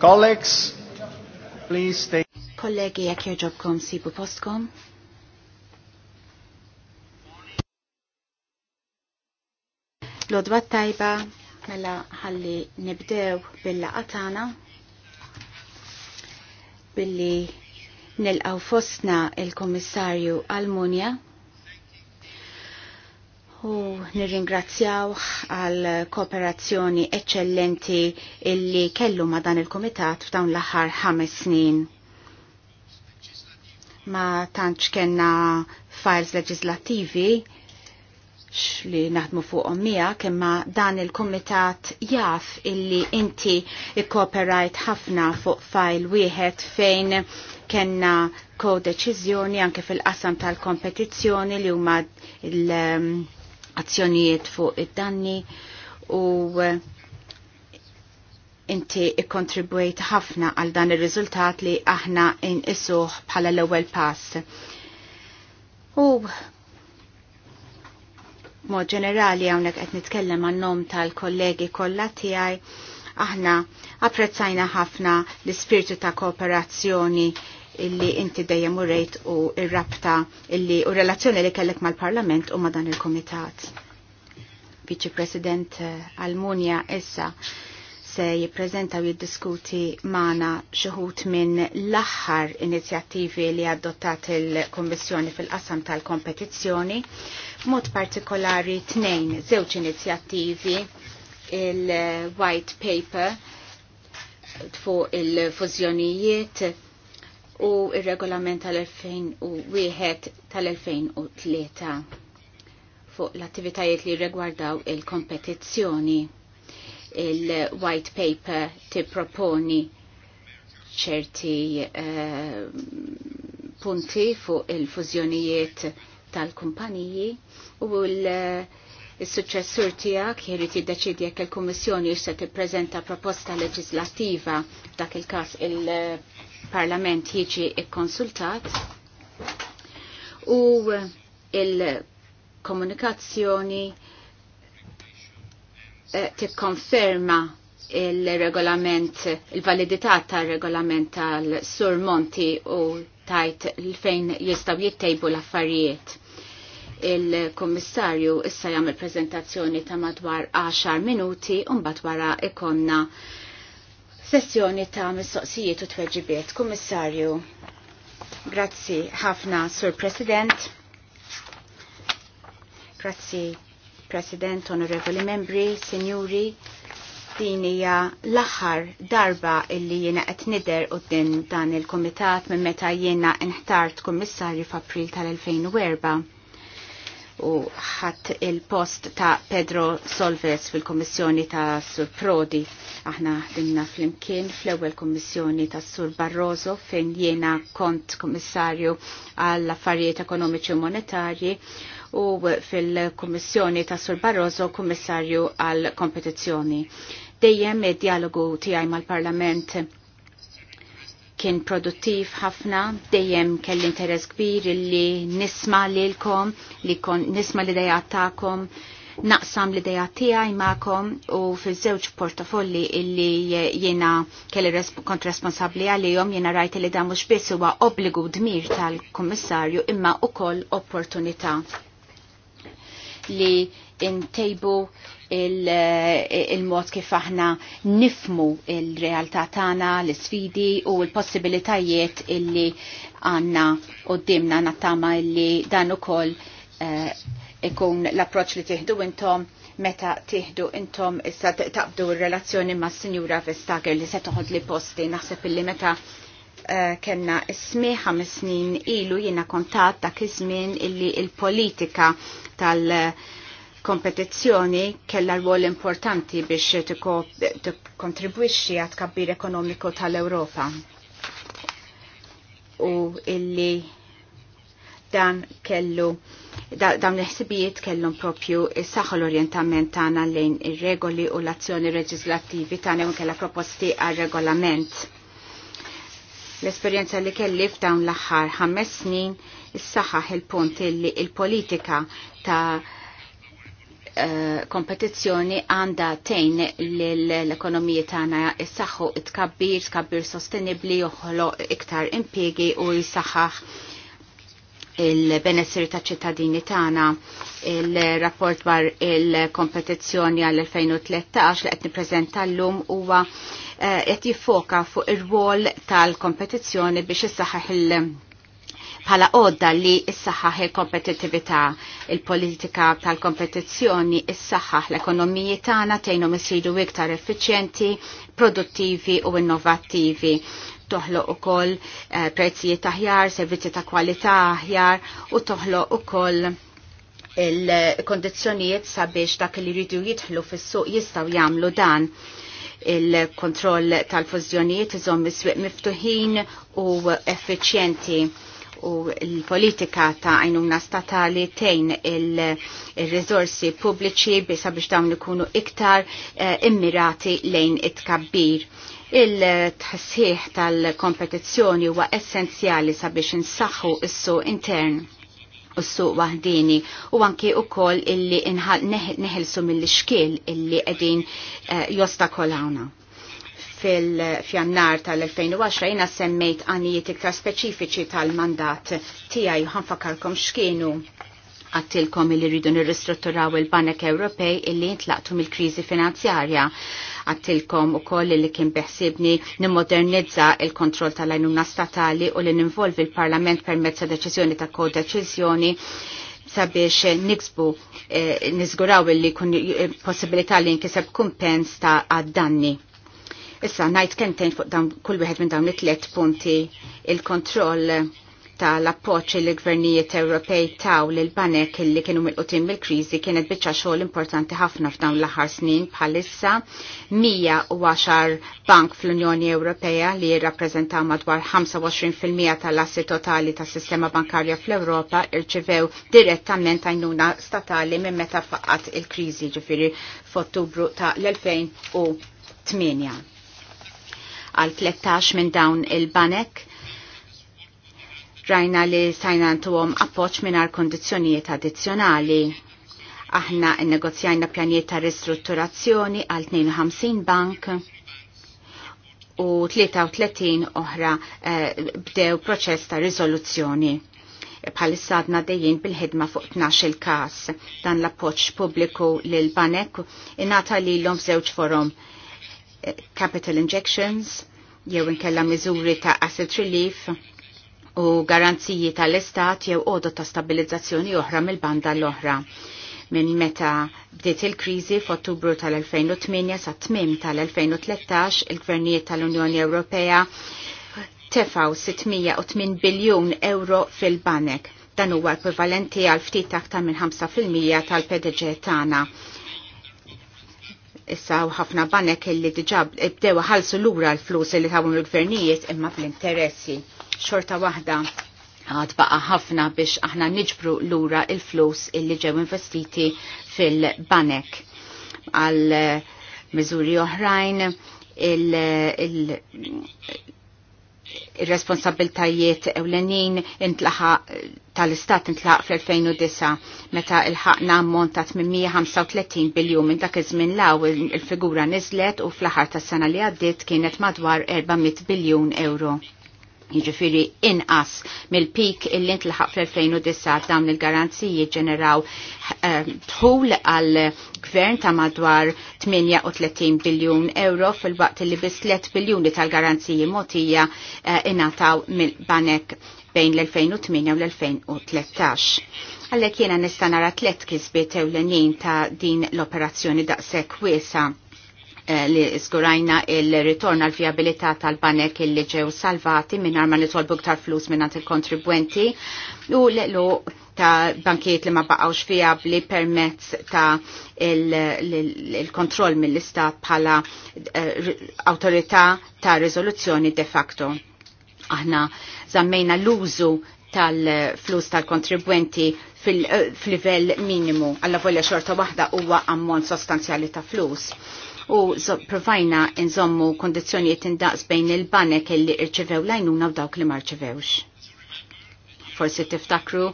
Colleagues, please stay. Kollegi, jak joġobkom sibu postkom. Lodwa tajba, mela ħalli nibdew billa qatana billi nilqaw fostna il-Komissarju Almunja U nirringrazzjaw għal kooperazzjoni eccellenti illi kellu ma dan il-komitat f'dawn l-aħħar ħames snin. Ma tantx kenna files leġislattivi li naħdmu fuqhom ommija kemma dan il-kumitat jaf illi inti ikkooperajt ħafna fuq file wieħed fejn kenna kodeċiżjoni anke fil-qasam tal-kompetizzjoni li huma il- azzjonijiet fuq id-danni u eh, inti ikkontribwejt ħafna għal dan ir-riżultat li aħna inqisuh bħala l-ewwel pass. U mod ġenerali hawnhekk qed nitkellem għan-nom tal-kollegi kollha tiegħi aħna apprezzajna ħafna l-ispirtu ta' kooperazzjoni illi inti dejjem urrejt u ir-rabta illi u relazzjoni li kellek mal-Parlament u ma' dan il-Komitat. Viċi President eh, Almunia issa se jipprezenta u jiddiskuti mana xuħut minn l-aħħar inizjattivi li adottat il-Kommissjoni fil-qasam tal-kompetizzjoni, mod partikolari tnejn żewġ inizjattivi il-White Paper fuq il-fużjonijiet u il-regolament tal-2001 tal-2003 fuq l-attivitajiet li regwardaw il-kompetizzjoni. Il-white paper ti proponi ċerti uh, punti fuq il-fużjonijiet tal-kumpaniji u l- uh, eh, Is-suċċessur tiegħek jrid jiddeċidi jekk il-Kummissjoni se tippreżenta proposta leġislattiva dak il-każ il il-Parlament jiġi ikkonsultat u il-komunikazzjoni eh, tikkonferma il-regolament, il-validità tal-regolament tal-Sur Monti u tajt l-fejn jistaw jittejbu l-affarijiet il-kommissarju issa jagħmel prezentazzjoni ta' madwar 10 minuti u mbagħad wara ikonna Sessjoni ta' mistoqsijiet u tweġibiet. Kummissarju, grazzi ħafna, Sur President. Grazzi, President, Onorevoli Membri, Signuri, din hija l-aħħar darba illi jiena qed nidher quddiem dan il-Kumitat minn meta jiena inħtart Kummissarju f'April tal-2004 u ħadd il-post ta' Pedro Solves fil-Kommissjoni ta' Sur Prodi. Aħna dinna fl-imkien fl-ewwel Kommissjoni ta' Sur Barroso fejn jiena kont Kommissarju għall affarijiet Ekonomiċi u Monetarji u fil-Kommissjoni ta' Sur Barroso Kommissarju għall kompetizzjoni Dejjem id-dialogu tiegħi mal-Parlament kien produttiv ħafna, dejjem kell interess kbir li nisma lilkom, li kon nisma li dejja ta'kom, naqsam li dejja tiegħi ma'kom u fiż-żewġ portafolli illi jiena kelli kont responsabbli għalihom jiena rajt li da mhux biss huwa obbligu dmir tal-Kummissarju imma koll opportunità li intejbu eh, il-mod kif aħna nifmu il-realtà tagħna, l-sfidi u l-possibilitajiet illi għanna dimna nattama illi dan ukoll eh, ikun l-approċċ li tieħdu intom meta tieħdu intom issa taqbdu r-relazzjoni ma' Sinjura Vestager li se toħod li posti naħseb illi meta uh, kenna ismi ħames snin ilu jiena kontat dak iż-żmien illi il-politika tal- uh, kompetizzjoni kella rwol importanti biex tikkontribwixxi għat kabbir ekonomiku tal-Ewropa. U illi dan kellu dawn neħsibijiet ħsibijiet kellhom propju saħħu l-orjentament tagħna lejn ir-regoli u l-azzjoni reġislattivi tagħna un kellha proposti għal regolament. L-esperjenza li kelli f'dawn l-aħħar ħames snin is-saħħaħ il-punt li il-politika ta' Eh, kompetizzjoni għanda tejn l-ekonomiji tagħna jsaħħu tkabbir, tkabbir sostenibbli joħlo iktar impiegi u jsaħħaħ il-benessir ta' ċittadini tagħna il-rapport bar il-kompetizzjoni għall 2013 li qed nippreżenta llum huwa eh, qed jiffoka fuq ir wol tal-kompetizzjoni biex issaħħaħ il- bħala għodda li s-saħħaħ il-kompetittività. Il-politika tal-kompetizzjoni issaħħaħ l-ekonomiji tagħna tgħinhom isiru iktar effiċjenti, produttivi u innovattivi toħloq ukoll eh, prezzijiet aħjar, servizzi ta' kwalità aħjar u toħloq ukoll il-kondizjonijiet sabiex dak li jridu jidħlu fis-suq jistgħu jagħmlu dan il-kontroll tal-fużjonijiet iżomm is-swieq miftuħin u effiċjenti u l-politika ta' għajnuna statali tejn il-rizorsi il pubbliċi bisa biex dawn ikunu iktar eh, immirati lejn it-kabbir. Il-tħassieħ tal-kompetizzjoni huwa essenzjali sabiex insaħħu issu intern u s-suq wahdini u anki u koll illi neħelsu mill-xkil illi għedin eh, jostakolawna fil-fjannar tal-2010 jina semmejt għanijiet iktar speċifiċi tal-mandat tijaj fakarkom xkienu għattilkom li rridu nirristrutturaw il-Banek Ewropej illi jintlaqtum il krizi finanzjarja għattilkom u koll li kien beħsibni nimmodernizza il-kontroll tal-għajnuna statali u li ninvolvi il-Parlament mezza deċizjoni ta' kod deċizjoni sabiex niksbu eh, nizguraw li kun possibilità li nkiseb kumpens ta' għad-danni Issa najt kentejn fuq dan kull wieħed minn dawn it-tlet punti il-kontroll tal-appoċ li gvernijiet Ewropej taw lil banek li kienu mill-qutim mill-kriżi kienet biċċa xogħol importanti ħafna f'dawn l-aħħar snin bħalissa 110 bank fl-Unjoni Ewropea li jirrappreżentaw madwar 25% tal-assi totali tas-sistema bankarja fl-Ewropa irċivew direttament għajnuna statali minn meta faqat il-kriżi ġifieri f'Ottubru ta' l-2008 għal 13 minn dawn il-banek rajna li sajna għom appoċ minn għal kondizjonijiet addizzjonali. Aħna negozjajna pjanijiet ta' ristrutturazzjoni għal 52 bank u 33 oħra eh, bdew proċess ta' rizoluzzjoni. Bħalissa għadna dejjin bil-ħidma fuq 12 il-kas dan l-appoċ pubbliku lil banek inata li l-lom zewċ forum eh, Capital Injections jew inkella miżuri ta' asset relief u garanziji tal-istat jew għodu ta' stabilizzazzjoni oħra mill-banda l-oħra. Minn meta bdiet il-kriżi f'Ottubru tal-2008 sa' tmim tal-2013 il-gvernijiet tal-Unjoni Ewropea tefaw 608 biljun euro fil-banek. Dan huwa ekwivalenti għal ftit aktar minn 5% tal-PDG tagħna Issa ħafna banek illi diġà bdew ħalsu lura l-flus li ħawnu l-gvernijiet imma fl-interessi. Xorta waħda għad baqa ħafna biex aħna niġbru l-ura l flus illi ġew investiti fil-banek. Għal miżuri oħrajn il-, il responsabiltajiet ewlenin intlaħa tal-istat intlaħ fl-2009 meta il-ħakna monta 835 biljum minn dak iż-żmien law il-figura nizlet u fl-aħħar tas-sena li għaddiet kienet madwar 400 biljun euro jiġifiri inqas mill-pik illi intlaħaq fl-2009 dawn il-garanziji ġeneraw eh, tħul għal gvern ta' madwar 38 biljun euro fil-waqt li bis 3 biljuni tal-garanziji motija eh, inataw mill-banek bejn l-2008 u l-2013. Għallek jena nista nara tlet kizbiet ewlenin ta' din l-operazzjoni daqsek wiesa' Eh, li zgurajna il-ritorn għal fiabilità tal-banek illi ġew salvati minn ma nitolbu ktar flus minn il-kontribwenti u l-lu ta' bankiet li ma baqawx fiabli permezz ta' il-kontroll mill-istat bħala eh, autorità ta' rizoluzzjoni de facto. Aħna zammejna l-użu tal-flus tal-kontribwenti fil-livell eh, minimu, għalla volja xorta wahda huwa ammont sostanzjali ta' flus u provajna nżommu kondizjoni indaqs bejn il-banek illi irċevew lajnuna u dawk li marċevewx. Forsi tiftakru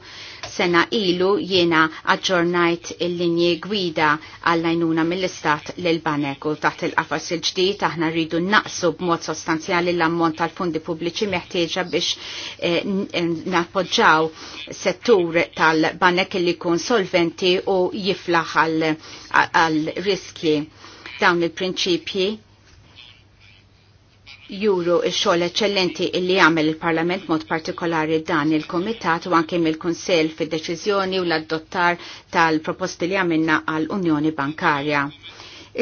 sena ilu jiena aġġornajt il-linji gwida għall-għajnuna mill-istat l-Banek u taħt il-qafas il-ġdijt aħna rridu naqsu b'mod sostanzjali l-ammont tal-fundi pubbliċi meħtieġa biex eh, napoġġaw settur tal-Banek li kun solventi u jiflaħ għal-riski. Dawn il-prinċipji juru il-xol eccellenti illi għamel il-Parlament mod partikolari dan il-Komitat u anke mill konsel fid deċiżjoni u l-addottar tal-proposti li għamilna għal-Unjoni Bankarja.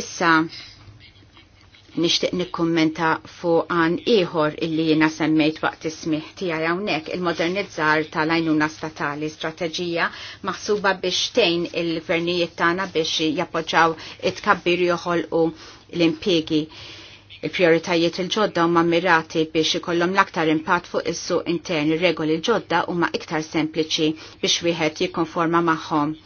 Issa, nishtiq nikkommenta fuq għan ieħor illi jiena semmejt waqt ismiħ tiegħi hawnhekk il-modernizzar tal-għajnuna statali strateġija maħsuba biex tejn il-gvernijiet tagħna biex jappoġġaw it-kabbir joħolqu l-impjegi. Il-prioritajiet il-ġodda huma mirati biex ikollhom l-aktar impatt fuq is-suq intern ir-regoli ġodda huma iktar sempliċi biex wieħed jikkonforma magħhom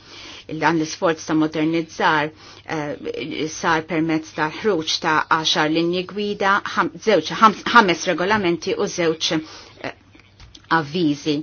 dan l-isforz ta' modernizzar eh, sar permezz ta' ħruġ ta' 10 linji gwida, ħames regolamenti u żewġ eh, avvizi.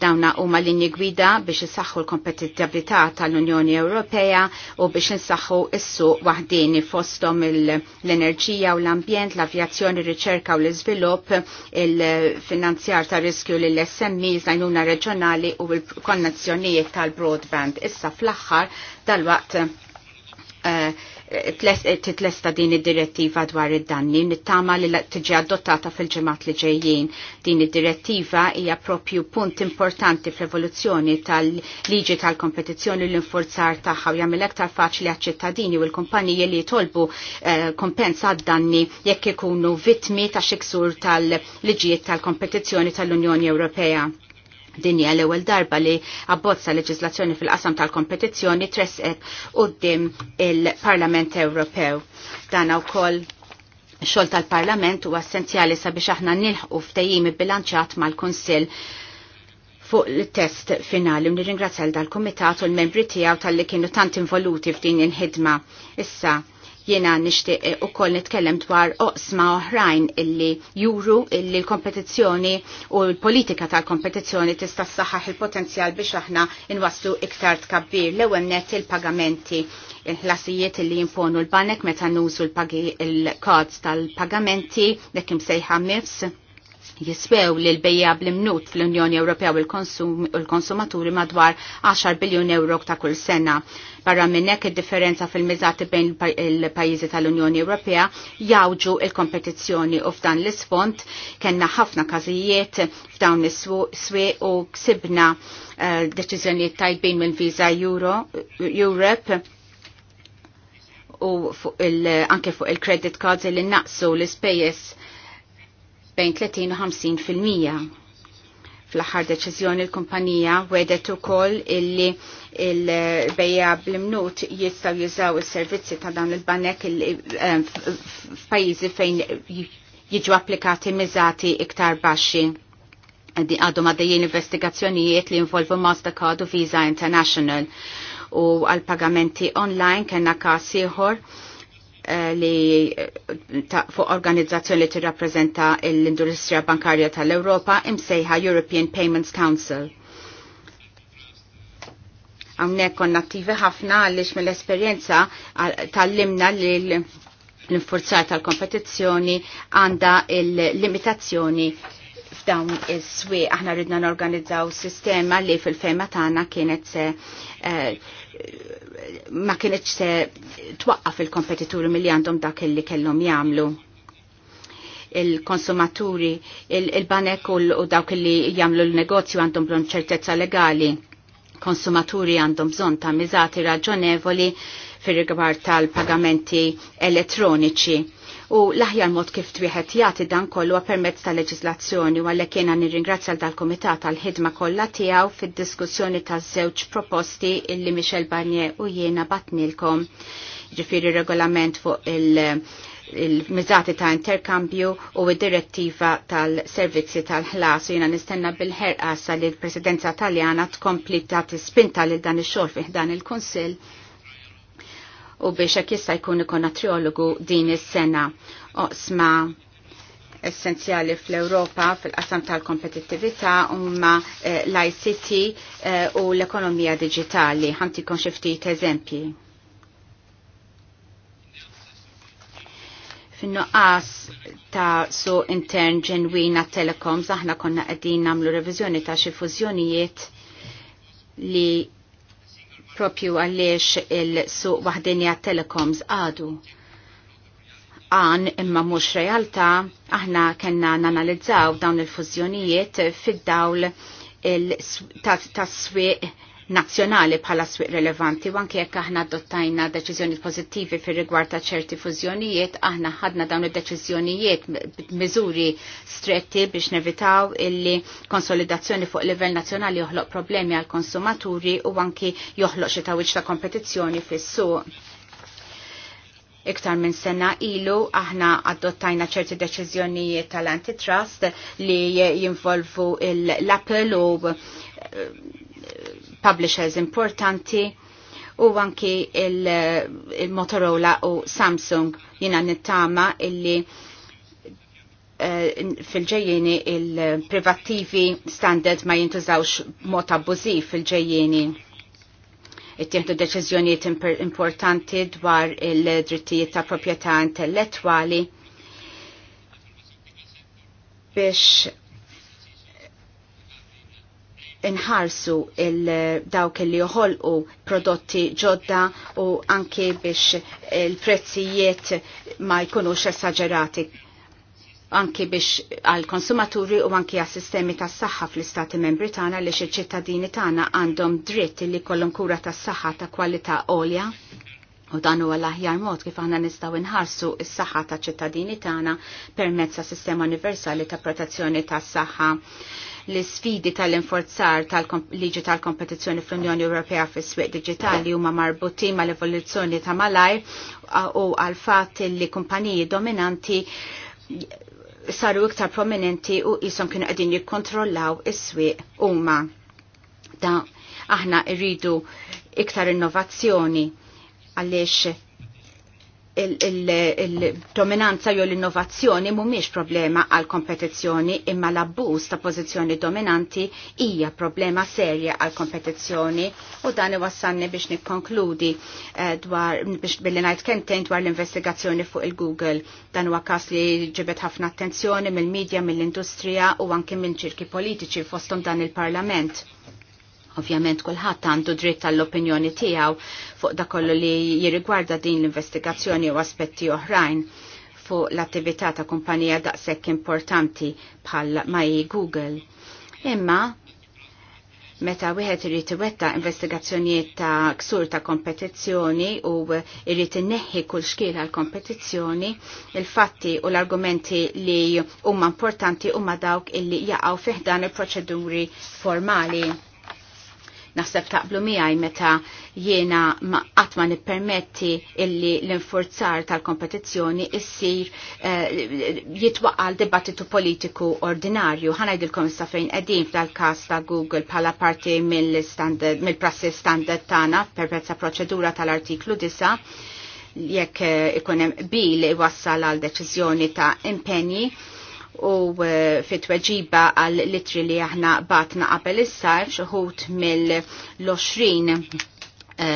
Dawna huma linji gwida biex insaħħu l kompetitabilità tal-Unjoni Ewropea u biex insaħħu is-suq waħdini fosthom l-enerġija u l-ambjent, l-avjazzjoni, riċerka u l-iżvilupp, il-finanzjar ta' riskju lill smi l-għajnuna reġjonali u l konnazzjonijiet tal-broadband. Issa fl-aħħar dal-waqt uh, Eh, titlesta din id-direttiva dwar id-danni, nittama li tiġi adottata fil-ġemat li ġejjin. Din id-direttiva hija propju punt importanti fl-evoluzzjoni tal-liġi tal-kompetizzjoni l-infurzar tagħha u jagħmel aktar faċli għaċ-ċittadini u l-kumpaniji li jitolbu eh, kompensa għad-danni jekk ikunu vittmi ta' xiksur tal-liġijiet tal-kompetizzjoni tal-Unjoni Ewropea dinja l ewwel darba li abbozza leġislazzjoni fil-qasam tal-kompetizzjoni tresqet qoddim il-Parlament Ewropew. Dan wkoll xogħol tal-Parlament huwa essenzjali sabiex aħna nilħqu ftehim bilanċat mal-Kunsill fuq il-test finali. Nirringrazzja l dal-Kumitat u l-membri tiegħu tal-li kienu tant involuti f'din il-ħidma. Issa, Jena nishtiq eh, u koll nitkellem dwar oqsma oħrajn illi juru illi l-kompetizzjoni u l-politika tal-kompetizzjoni tista' saħħaħ il-potenzjal biex aħna inwaslu iktar tkabbir l ewwel net il-pagamenti il-ħlasijiet illi jimponu l-banek meta nużu l-cards pagi tal-pagamenti, dak imsejħa MIFS jiswew li l-bejja bl-imnut fl-Unjoni Ewropew u l-konsumaturi madwar 10 biljun euro ta' kull sena. Barra minnek il-differenza fil-mizati bejn il-pajizi tal-Unjoni Ewropea jawġu il-kompetizzjoni u f'dan l-isfont kena ħafna kazijiet f'dawn l-swi u ksibna eh, deċizjoniet tajbin minn visa Euro, Europe u il, anke fuq il-credit cards li naqsu l-spejjes bejn 30 u 50 fil-mija. Fl-aħħar deċiżjoni l-kumpanija wedet ukoll illi il-bejja bl-imnut jistaw jużaw is-servizzi ta' dan il-banek eh, f'pajjiżi fejn jiġu applikati miżati iktar baxxi Għadu maddejjien investigazzjonijiet li involvu Mastercard u Visa International u għal pagamenti online kena kas ieħor Eh, li eh, fuq organizzazzjoni li tirrappreżenta l-Industrija Bankarja tal-Ewropa imsejħa European Payments Council. Hawnhekk konna attivi ħafna għaliex mill-esperjenza tal-limna li l-infurzar tal-kompetizzjoni għanda l limitazzjoni Dawn is-swi aħna ridna norganizzaw sistema li fil-fejma tagħna kienet se eh, ma kienet se twaqqaf il-kompetituri milli għandhom dak li kellhom jagħmlu il-konsumaturi, il-banek il u dawk li jagħmlu l-negozju għandhom blon ċertezza legali. Konsumaturi għandhom bżonn ta' miżati raġonevoli fir-rigward tal-pagamenti elettroniċi u l-aħjar mod kif twieħed jagħti dan kollu permezz ta' leġislazzjoni u għalhekk jiena nirringrazzja l dal-Kumitat għall-ħidma kollha tiegħu fid-diskussjoni taż-żewġ proposti illi Michel Barnier u jiena batnilkom Ġifieri regolament fuq il- il-mizzati ta' interkambju u id-direttiva tal-servizzi tal-ħlas u jina nistenna bil-ħerqa sa li l-presidenza taljana tkompli ta' tispinta li dan il-xol fiħdan il-konsil u biex jekk jista' jkun ikun triologu din is-sena. Oqsma essenzjali fl-Europa fil-qasam tal-kompetittività huma eh, l-ICT eh, u l-ekonomija digitali. Ħantikon xi ftit eżempji. Fin-nuqqas ta' su intern ġenwina telekom aħna konna qegħdin nagħmlu reviżjoni ta' xi fużjonijiet li propju għalliex il-suq wahdinja telekoms għadu. Għan imma mux realtà aħna kena nanalizzaw dawn il fuzjonijiet fid-dawl tas-swieq nazzjonali bħala swiq rilevanti u anke jekk aħna adottajna deċiżjoni pozittivi fir ta' ċerti fużjonijiet, aħna ħadna dawn id-deċiżjonijiet miżuri stretti biex nevitaw illi konsolidazzjoni fuq livell nazzjonali joħloq problemi għal konsumaturi u anke joħloq xi tawiċ ta' kompetizzjoni fis-suq iktar minn sena ilu aħna adottajna ċerti deċiżjonijiet tal-antitrust li jinvolvu l-Apple u eh, publishers importanti u anki il-Motorola il u Samsung jina nittama illi eh, fil-ġejjeni il-privattivi standard ma jintużawx mod abbużiv fil-ġejjeni ittieħdu deċiżjonijiet importanti dwar il-drittijiet ta' proprjetà intellettwali biex inħarsu il-dawk li joħolqu prodotti ġodda u anke biex il-prezzijiet ma jkunux esagerati anki biex għal konsumaturi u anki għal sistemi tas saħħa fl-istati membri tagħna li xieċittadini ċittadini tagħna għandhom dritt li kollum kura tas saħħa ta' kwalità għolja u dan huwa l-aħjar mod kif aħna nistgħu nħarsu s-saħħa ta' ċittadini tagħna permezz ta' sistema universali ta' protezzjoni tas saħħa l-sfidi tal-inforzar tal-liġi tal-kompetizzjoni fl-Unjoni Ewropea fis swieq digitali huma marbuti mal-evoluzzjoni ta' Malaj u għal fatt li kumpaniji dominanti saru iktar prominenti u jisom kienu qegħdin jikkontrollaw is-swieq huma. Da aħna rridu iktar innovazzjoni għaliex il-dominanza jew l-innovazzjoni mhumiex problema għal kompetizzjoni imma l-abbuż ta' pożizzjoni dominanti hija problema serja għal kompetizzjoni u dan iwassalni biex nikkonkludi eh, dwar biex billi ngħid kentejn dwar l-investigazzjoni fuq il-Google dan huwa każ li ġibet ħafna attenzjoni mill-medja mill-industrija u anke minn ċirki politiċi fostom dan il-Parlament Ovvjament kulħadd għandu dritt għall-opinjoni tiegħu fuq dakollu kollu li jirrigwarda din l-investigazzjoni u aspetti oħrajn fuq l-attività ta' kumpanija daqshekk importanti bħal mai Google. Imma meta wieħed irid iwetta investigazzjonijiet ta' ksur ta' kompetizzjoni u irid inneħħi kull xkiel għal kompetizzjoni, il-fatti u l-argumenti li huma importanti huma dawk illi jaqgħu fih dan il-proċeduri formali Naħseb taqblu miħaj meta jiena qatt ma nippermetti illi l-infurzar tal-kompetizzjoni issir eh, jitwaqal dibattitu politiku ordinarju. Ħanajdilkom issa fejn qegħdin fl-każ ta' Google bħala parti mill-prassi standard tagħna perpezza proċedura tal-artiklu 9 jekk eh, ikunem bil wassal għal deċiżjoni ta' impenji u e, fit-tweġiba għal litri li aħna batna qabel issa xuħut mill-20 e,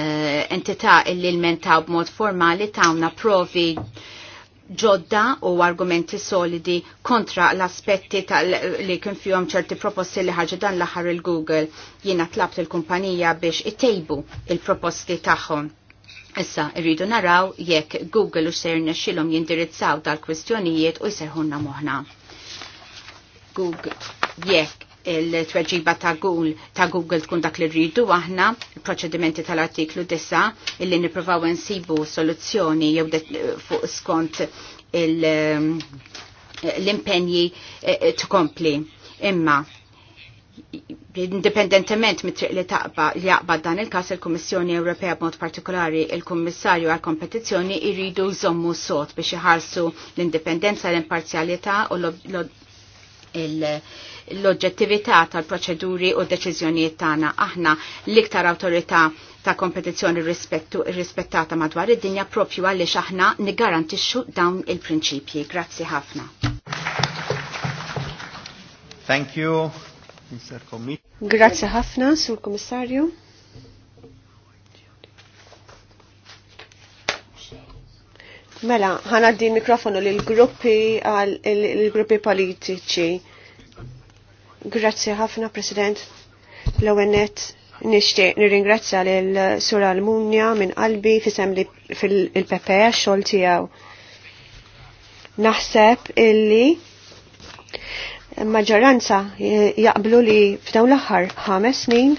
entità illi l-mentaw b'mod formali tawna provi ġodda u argumenti solidi kontra l-aspetti li kien fihom ċerti proposti li ħarġu dan l-aħħar il-Google jiena tlabt il-kumpanija biex itejbu il-proposti tagħhom. Issa, rridu naraw jekk Google u ser nexxilhom jindirizzaw dal-kwistjonijiet u jserħunna moħna. Google jekk il-tweġiba ta' Google, ta' Google tkun dak li rridu aħna il-proċedimenti tal-artiklu 9 illi niprofaw nsibu soluzzjoni jew fuq skont um, l-impenji eh, eh, tkompli. Imma indipendentement mit-triq li taqba li jaqba dan il-kas il-Kummissjoni Ewropea b'mod partikolari il-Kummissarju għal kompetizzjoni irridu jżommu sot biex iħarsu l-indipendenza, l-imparzjalità u l-oġġettività tal-proċeduri u d-deċiżjonijiet tagħna. Aħna l-iktar awtorità ta' kompetizzjoni rispettata madwar id-dinja propju għaliex aħna nigarantixxu dawn il-prinċipji. Grazzi ħafna. Thank you, Mr. Grazie ħafna, Sur Komissarju. Mela, di mikrofonu l-gruppi għal l-gruppi politiċi. Grazzi ħafna, President. L-għennet nir nirringrazzja l-Sura Almunja minn qalbi fisem li fil-PPA e xol tijaw. Naħseb illi maġġoranza jaqblu li f'dawn l-aħħar ħames snin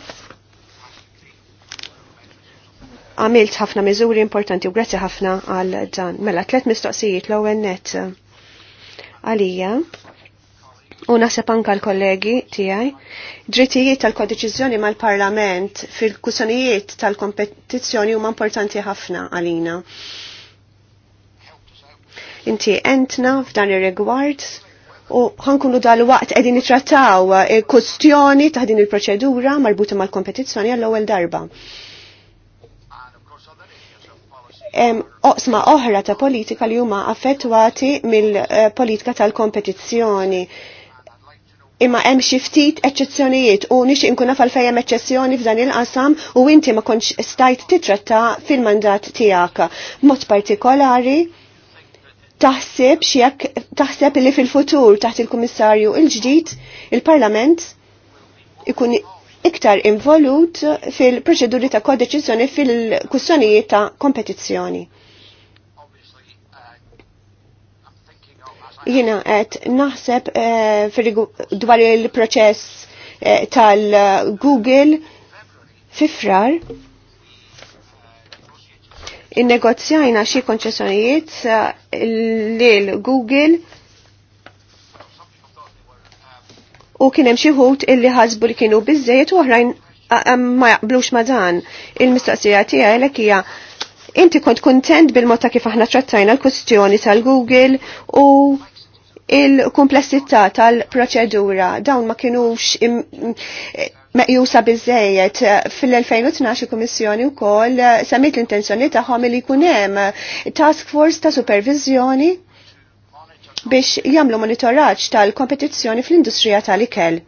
għamilt ħafna miżuri importanti u grazzi ħafna għal dan. Mela, tlet mistoqsijiet l-ewwel net eh, għalija u naħseb anka l-kollegi tiegħi drittijiet tal-kodeċiżjoni mal-Parlament fil-kussjonijiet tal-kompetizzjoni huma importanti ħafna għalina. Inti entna f'dan ir-rigward u ħankunu dal-waqt qegħdin nittrattaw kustjoni ta' din il-proċedura marbuta mal-kompetizzjoni għall-ewwel darba oqsma oħra ta' politika li huma affettwati mill-politika tal-kompetizzjoni imma hemm xi ftit eċċezzjonijiet u nixtieq inkun naf għalfejn hemm eċċezzjoni f'dan il-qasam u inti ma kontx stajt titratta fil-mandat tiegħek. Mod partikolari taħseb jekk taħseb li fil-futur taħt il-Kummissarju il-ġdid il-Parlament ikun iktar involut fil-proċeduri ta' kodeċizjoni fil-kussjonijiet ta' kompetizzjoni. Jina qed naħseb eh, dwar il-proċess eh, tal-Google fifrar in-negozjajna xi konċessjonijiet eh, lil Google u kien hemm xi ħut illi ħasbu li kienu biżejjed u oħrajn ma jaqblux ma dan. Il-mistoqsija tiegħek hija inti kont kontent bil modta kif aħna trattajna l kwistjoni tal-Google u il-komplessità tal-proċedura dawn ma kienux meqjusa bizzejiet fil-2012 kummissjoni wkoll eh, semmit l-intenzjoni tagħhom li jkun hemm task force ta' supervizjoni biex jagħmlu monitoraġġ tal-kompetizzjoni fl-industrija tal-ikel.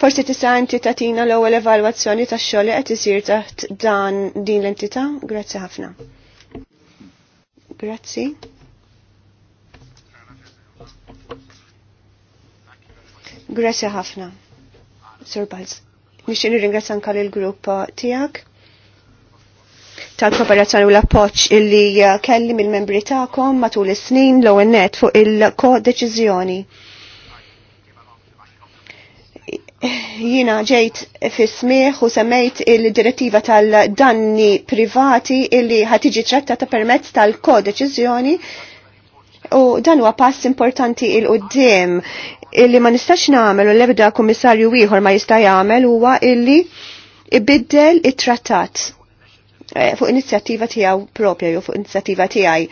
Forsi tista' inti tagħtina l-ewwel evalwazzjoni tax-xogħol li qed isir taħt dan din l-entità? Grazzi ħafna. Grazzi. Grazzi ħafna. Sir Balz. Nixtieq nirringrazzja anke lill-grupp tiegħek tal-kooperazzjoni u l-appoċ illi eh, kelli mill-membri ta'kom matul is-snin l net fuq il-ko-deċizjoni. Jina ġejt fis-smieħ u semmejt il-direttiva tal-danni privati illi ħatiġi trattata permezz tal-ko-deċizjoni U dan huwa pass importanti il qudiem illi ma nistax nagħmel u l-ebda kummissarju ieħor ma jista' jagħmel huwa illi ibiddel it-trattat. Eh, fuq inizjattiva tiegħu propja jew fuq inizjattiva tiegħi.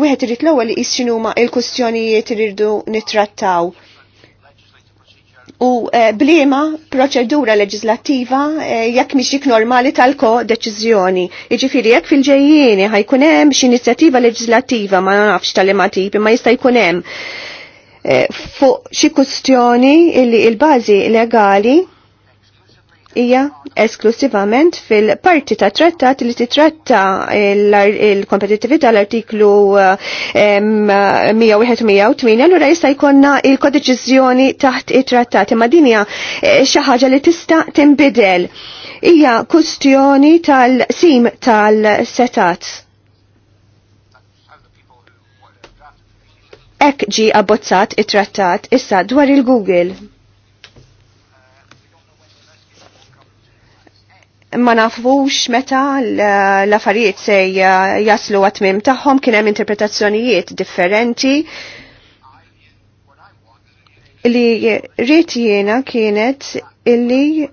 Wieħed irid l-ewwel iqis ma l-kwistjonijiet irridu nittrattaw u eh, blima proċedura leġislattiva eh, jekk mixik normali tal-ko deċiżjoni Jiġifieri jekk fil-ġejjieni ħajkun hemm inizjattiva leġislattiva ma nafx tal-ema tipi ma jista' jkun hemm fuq xi kustjoni li l-bażi legali hija esklusivament fil-parti ta' trattat li titratta il-kompetitività l-artiklu 101-108, allura jista' jkollna il kodeċizjoni taħt it-trattat, imma din hija eh, xi ħaġa li tista' tinbidel. Hija kustjoni tal-sim tal-setat. Ek ġi abbozzat it-trattat issa dwar il-Google. ma nafux meta l-affarijiet se jaslu għatmim taħħom kien hemm interpretazzjonijiet differenti li rrit jiena kienet illi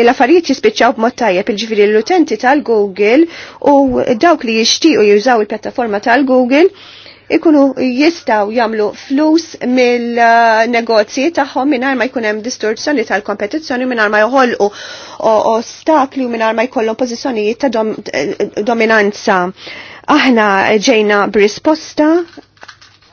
l-affarijiet jispiċċaw b'mod tajjeb il-ġifieri l-utenti tal-Google u dawk li jixtiequ jużaw il-pjattaforma tal-Google ikunu jistaw jamlu flus mill-negozji tagħhom mingħajr ma jkun hemm distorzjoni tal-kompetizzjoni mingħajr ma joħolqu ostakli u mingħajr ma jkollhom pożizzjonijiet ta' dom dominanza. Aħna ġejna b'risposta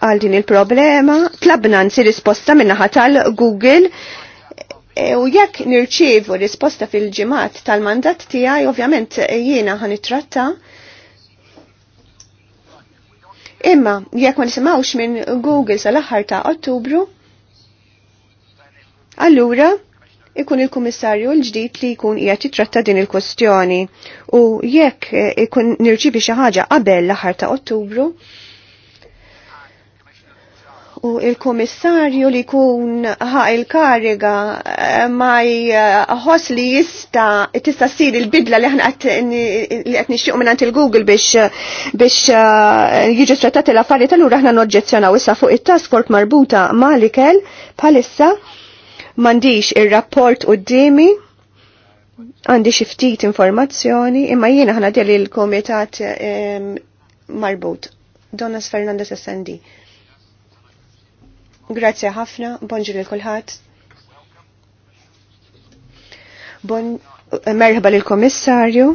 għal din il-problema, tlabna nsi risposta minnaħa tal-Google e, u jekk nirċievu risposta fil-ġimat tal-mandat tiegħi ovvjament jiena ħanitratta Imma, jekk ma nisimgħux minn Google sal-aħħar ta' Ottubru, allura ikun il-kummissarju l-ġdid li jkun qiegħed jitratta din il-kwestjoni u jekk ikun nirċivi xi ħaġa qabel l-aħħar ta' Ottubru, u il-komissarju li kun ħa il-kariga eh, ma jħos li jista tista sir il-bidla li ħna li għat nixtiq minn il-Google biex biex eh, jiġu trattat l-affarijiet allura ħna u issa fuq it-task force marbuta ma' likel bħalissa m'għandix ir-rapport qudiemi għandi xi ftit informazzjoni imma jiena ħna deli il komitat eh, marbut. Donas Fernandez Essendi. Grazie ħafna, bonġur il kulħadd. Bon, eh, merħba lil komissarju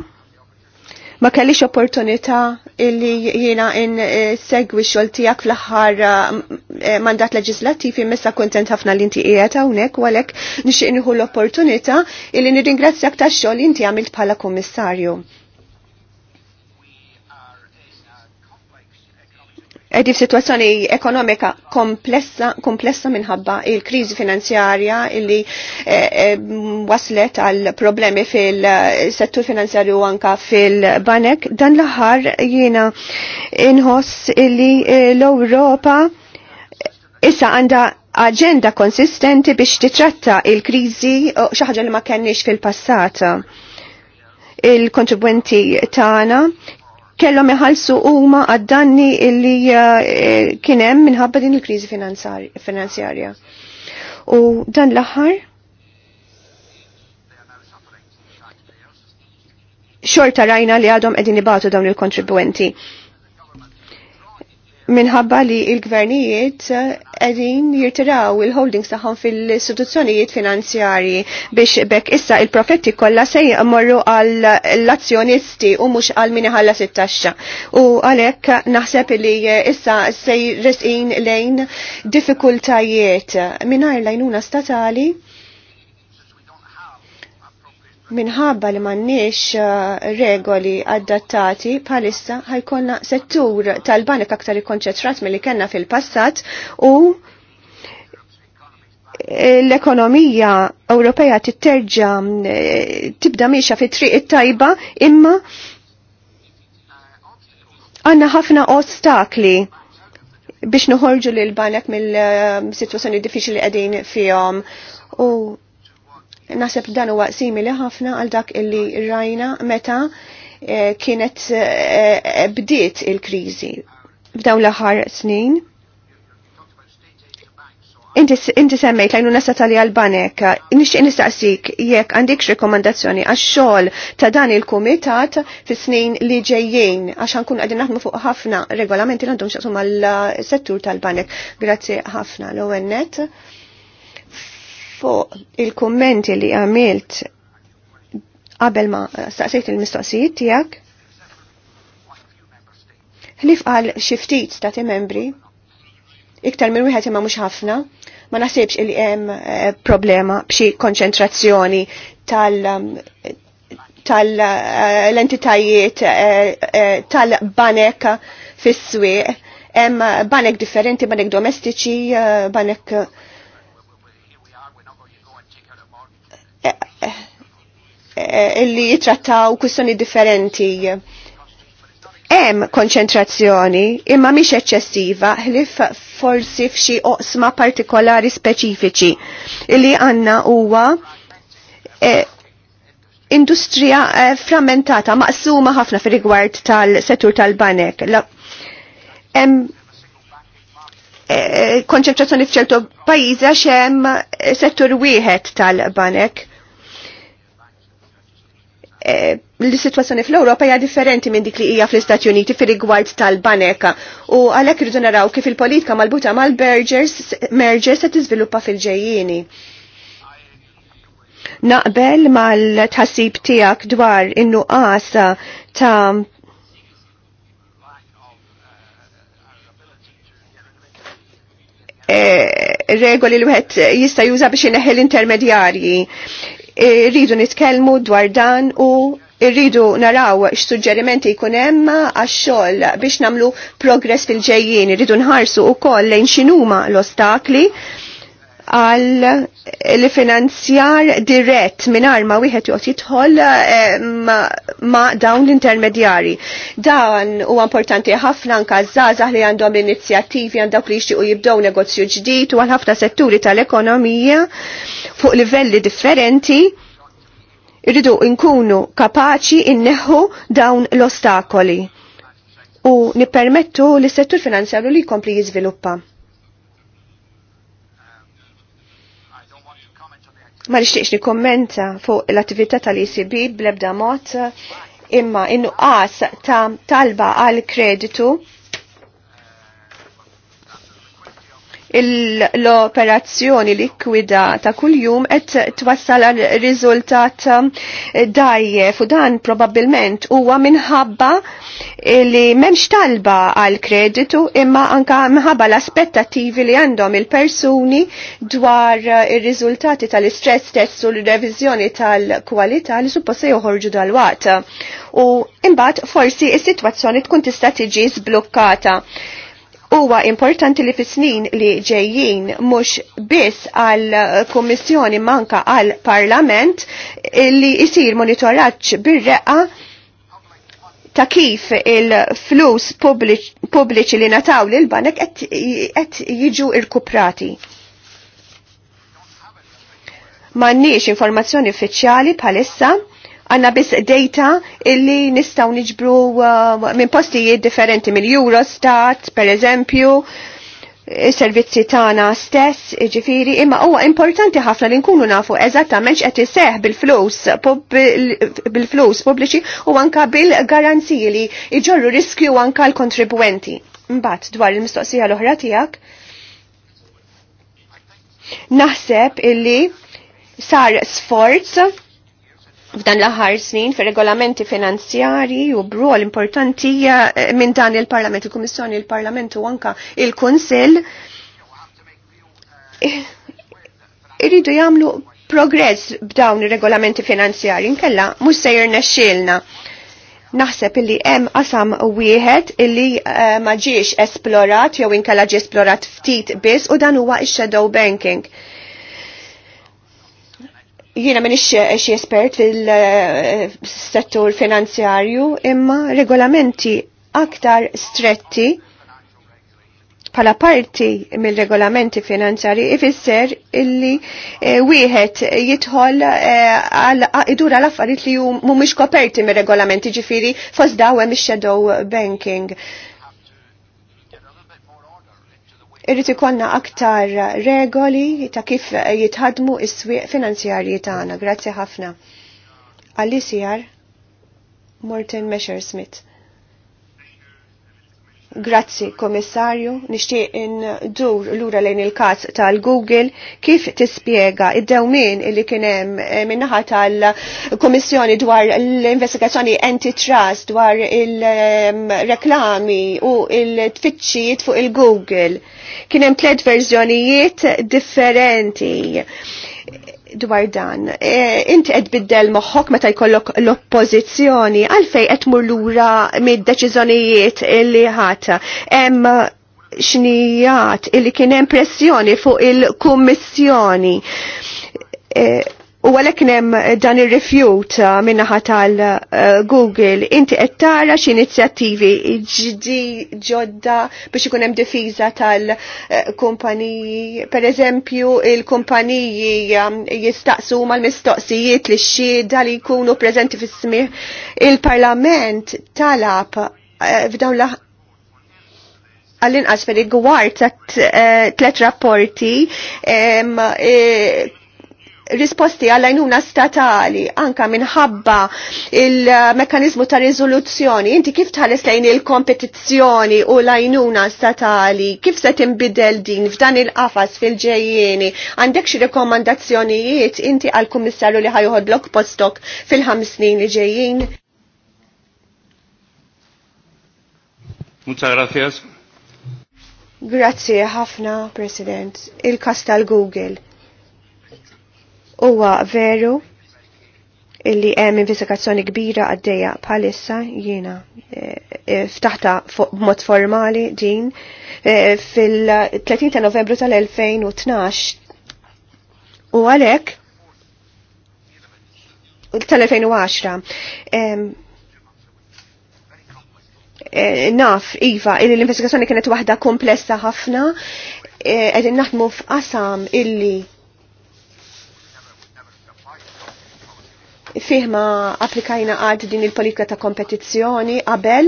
Ma kellix opportunità illi jiena in eh, segwi xogħol tiegħek fl-aħħar eh, mandat leġislattiv imissa kuntent ħafna li inti qiegħed hawnhekk u għalhekk nixtieq nieħu l-opportunità illi nirringrazzjak tax-xogħol inti għamilt bħala kummissarju. Edi f'sitwazzjoni ekonomika komplessa, komplessa minħabba il-kriżi finanzjarja illi eh, eh, waslet għal problemi fil-settur finanzjarju anka fil-banek. Dan l-aħħar jiena inħoss illi eh, l-Ewropa issa għandha aġenda konsistenti biex titratta il-kriżi xaħġa li ma kenniex fil-passata il-kontribwenti tagħna kellhom iħallsu huma għad-danni illi eh, kien hemm minħabba din il-kriżi finanzjarja. U dan l-aħħar xorta rajna li għadhom qegħdin ibatu dawn il-kontribwenti minħabba li il-gvernijiet eh, edin jirtiraw il-holdings taħħom fil-istituzzjonijiet finanzjari biex bekk issa il-profetti kollha se jmorru għall azzjonisti u mhux għal min ħalla sittaxxa. U għalhekk naħseb li issa se resqin lejn diffikultajiet mingħajr lajnuna statali minħabba li manniex uh, regoli adattati palissa ħajkonna settur tal-banek aktar ikkonċetrat mill-li kena fil-passat u l-ekonomija Ewropea titterġa eh, tibda miexa fit triq it-tajba imma għanna ħafna ostakli biex nħorġu l-banek mill-situazzjoni eh, diffiċli li għedin fihom u Naħseb dan huwa simili ħafna għal dak illi rajna meta eh, kienet eh, eh, bdiet il-kriżi f'dawn l-aħħar snin. Inti semmejt lajnu nasa tali għal-banek, nixtieq nistaqsik jekk għandik rekomandazzjoni għax xogħol ta' dan il-kumitat fis-snin li ġejjin għax nkun għadin naħdmu fuq ħafna regolamenti għandhom x'aqshom għal settur tal-banek. Grazzi ħafna l-ewwel fuq il-kommenti li għamilt qabel ma staqsejt il-mistoqsijiet tiegħek. Hlif għal xi ftit stati membri iktar minn wieħed imma mhux ħafna, ma naħsibx li hemm eh, problema b'xi konċentrazzjoni tal um, tal-entitajiet eh, eh, tal-banek fis-swieq, hemm banek differenti, banek domestiċi, banek illi jitrattaw kwistjoni differenti. Hemm konċentrazzjoni imma mhix eċċessiva ħlif forsi f'xi oqsma partikolari speċifiċi illi għandna huwa e, industrija e, frammentata maqsuma ħafna fir-rigward tal-settur tal-banek. Hemm e, konċentrazzjoni f'ċertu pajjiża x'hemm settur wieħed tal-banek Eh, l-situazzjoni fl-Ewropa hija differenti minn dik li hija fl-Istati Uniti fir-rigward tal-baneka u għalhekk irridu naraw kif il-politika malbuta mal bergers mergers se tiżviluppa fil-ġejjieni. Naqbel mal-tħassib tiegħek dwar in-nuqqas ta' eh, regoli li wieħed jista' juża biex ineħħel intermedjarji rridu nitkellmu dwar dan u irridu naraw x-suġġerimenti jkunem għax-xogħol biex namlu progress fil-ġejjien, irridu nħarsu u koll lejn xinuma l-ostakli għal li finanzjar dirett minar ma wieħed joqgħod jidħol eh, ma' dawn l-intermedjari. Dan huwa importanti ħafna anka żgħażagħ li għandhom inizjattivi għand li jixtiequ jibdew negozju ġdid u għal ħafna setturi tal-ekonomija fuq livelli differenti irridu nkunu kapaċi inneħħu dawn l-ostakoli u nippermettu li settur finanzjarju li jkompli jiżviluppa. ma nixtieqx nikkommenta fuq l-attività tal-ECB bl-ebda mod imma innuqqas ta' talba għal kreditu l-operazzjoni likwida ta' kuljum qed twassal għal riżultat um, dajjef u dan probabbilment huwa minħabba li m'hemmx talba għal kreditu imma anka minħabba l-aspettattivi li għandhom il-persuni dwar uh, ir-riżultati tal-istress test u l-reviżjoni tal-kwalità li suppost se joħorġu dal-waqt. U imbagħad forsi il sitwazzjoni tkun tista' tiġi sblukkata Huwa importanti li fis-snin li ġejjin mhux biss għal Kummissjoni manka għal Parlament li jsir monitoraġġ bir reqa ta' kif il-flus pubbliċi li nataw lil banek qed jiġu irkuprati. M'għandniex informazzjoni uffiċjali bħalissa għanna bis data illi nistaw niġbru uh, minn postijiet differenti minn Eurostat, per eżempju, servizzi tana stess, ġifiri, imma huwa importanti ħafna li nkunu nafu eżattament x'qed iseħ bil-flus bil-flus pubbliċi u anka bil-garanziji li iġorru riskju anka l-kontribwenti. Mbagħad dwar il-mistoqsija l-oħra tiegħek. Naħseb illi sar sforz f'dan l-aħħar snin fir regolamenti finanzjari u brol importanti eh, minn dan il-Parlament, il-Kummissjoni, il-Parlament u anka il-Kunsill eh, irridu jagħmlu progress b'dawn ir-regolamenti finanzjari nkella mhux se nexxielna. Naħseb illi hemm qasam wieħed illi eh, ma ġiex esplorat jew inkella ġie esplorat ftit biss u dan huwa x-shadow banking jiena minn xi espert fil-settur finanzjarju imma regolamenti aktar stretti pala parti mill-regolamenti finanzjari ifisser illi eh, wieħed jidħol eh, għal idur għal affarijiet li mhumiex koperti mir-regolamenti ġifieri fost daw hemm shadow banking. Irrid ikollna aktar regoli ta' kif jitħadmu is-swieq finanzjarji tagħna. Grazzi ħafna. Għalli Morten Mesher Smith. Grazzi, komissarju. Nishtiq dur lura lejn il-kas tal-Google kif tispiega id-dewmin il-li kienem eh, minnaħa tal-Komissjoni dwar l-investigazzjoni antitrust dwar il-reklami u il-tfittxijiet fuq il-Google. Kienem tlet verżjonijiet differenti dwar dan. E, inti qed biddel moħħok meta jkollok l-oppożizzjoni għalfej qed mur lura mid-deċiżjonijiet li ħadd. Hemm xnijat illi kien hemm pressjoni fuq il-kummissjoni. E, U għalek nem eh, dan il-refjut eh, minnaħa tal-Google, eh, inti qed tara x'inizjattivi ġodda biex ikun hemm tal-kumpaniji. Per eżempju, il-kumpaniji jistaqsu mal-mistoqsijiet li xieda li jkunu prezenti fis-smih. Il-Parlament talab f'dawn l għallin inqas fil-gwar tlet rapporti risposti għall-għajnuna statali anka minħabba il-mekanizmu ta' rizoluzzjoni, inti kif tħalis lejn il-kompetizzjoni u l-għajnuna statali, kif se timbidel din f'dan il-qafas fil-ġejjeni, għandek xie rekomandazzjonijiet inti għal-kummissarju li blok postok fil-ħams snin li ġejjin? Muchas gracias. Grazie ħafna, President. il kastal tal-Google Huwa veru illi hemm investigazzjoni kbira għaddejja bħalissa jiena eh, eh, ftaħta b'mod formali din eh, fil-30 ta' Novembru tal-2012 u għalhekk tal-2010 naf iva illi l-investigazzjoni kienet waħda komplessa ħafna qegħdin naħdmu f'qasam illi Fihma applikajna għad din il-politika ta' kompetizzjoni qabel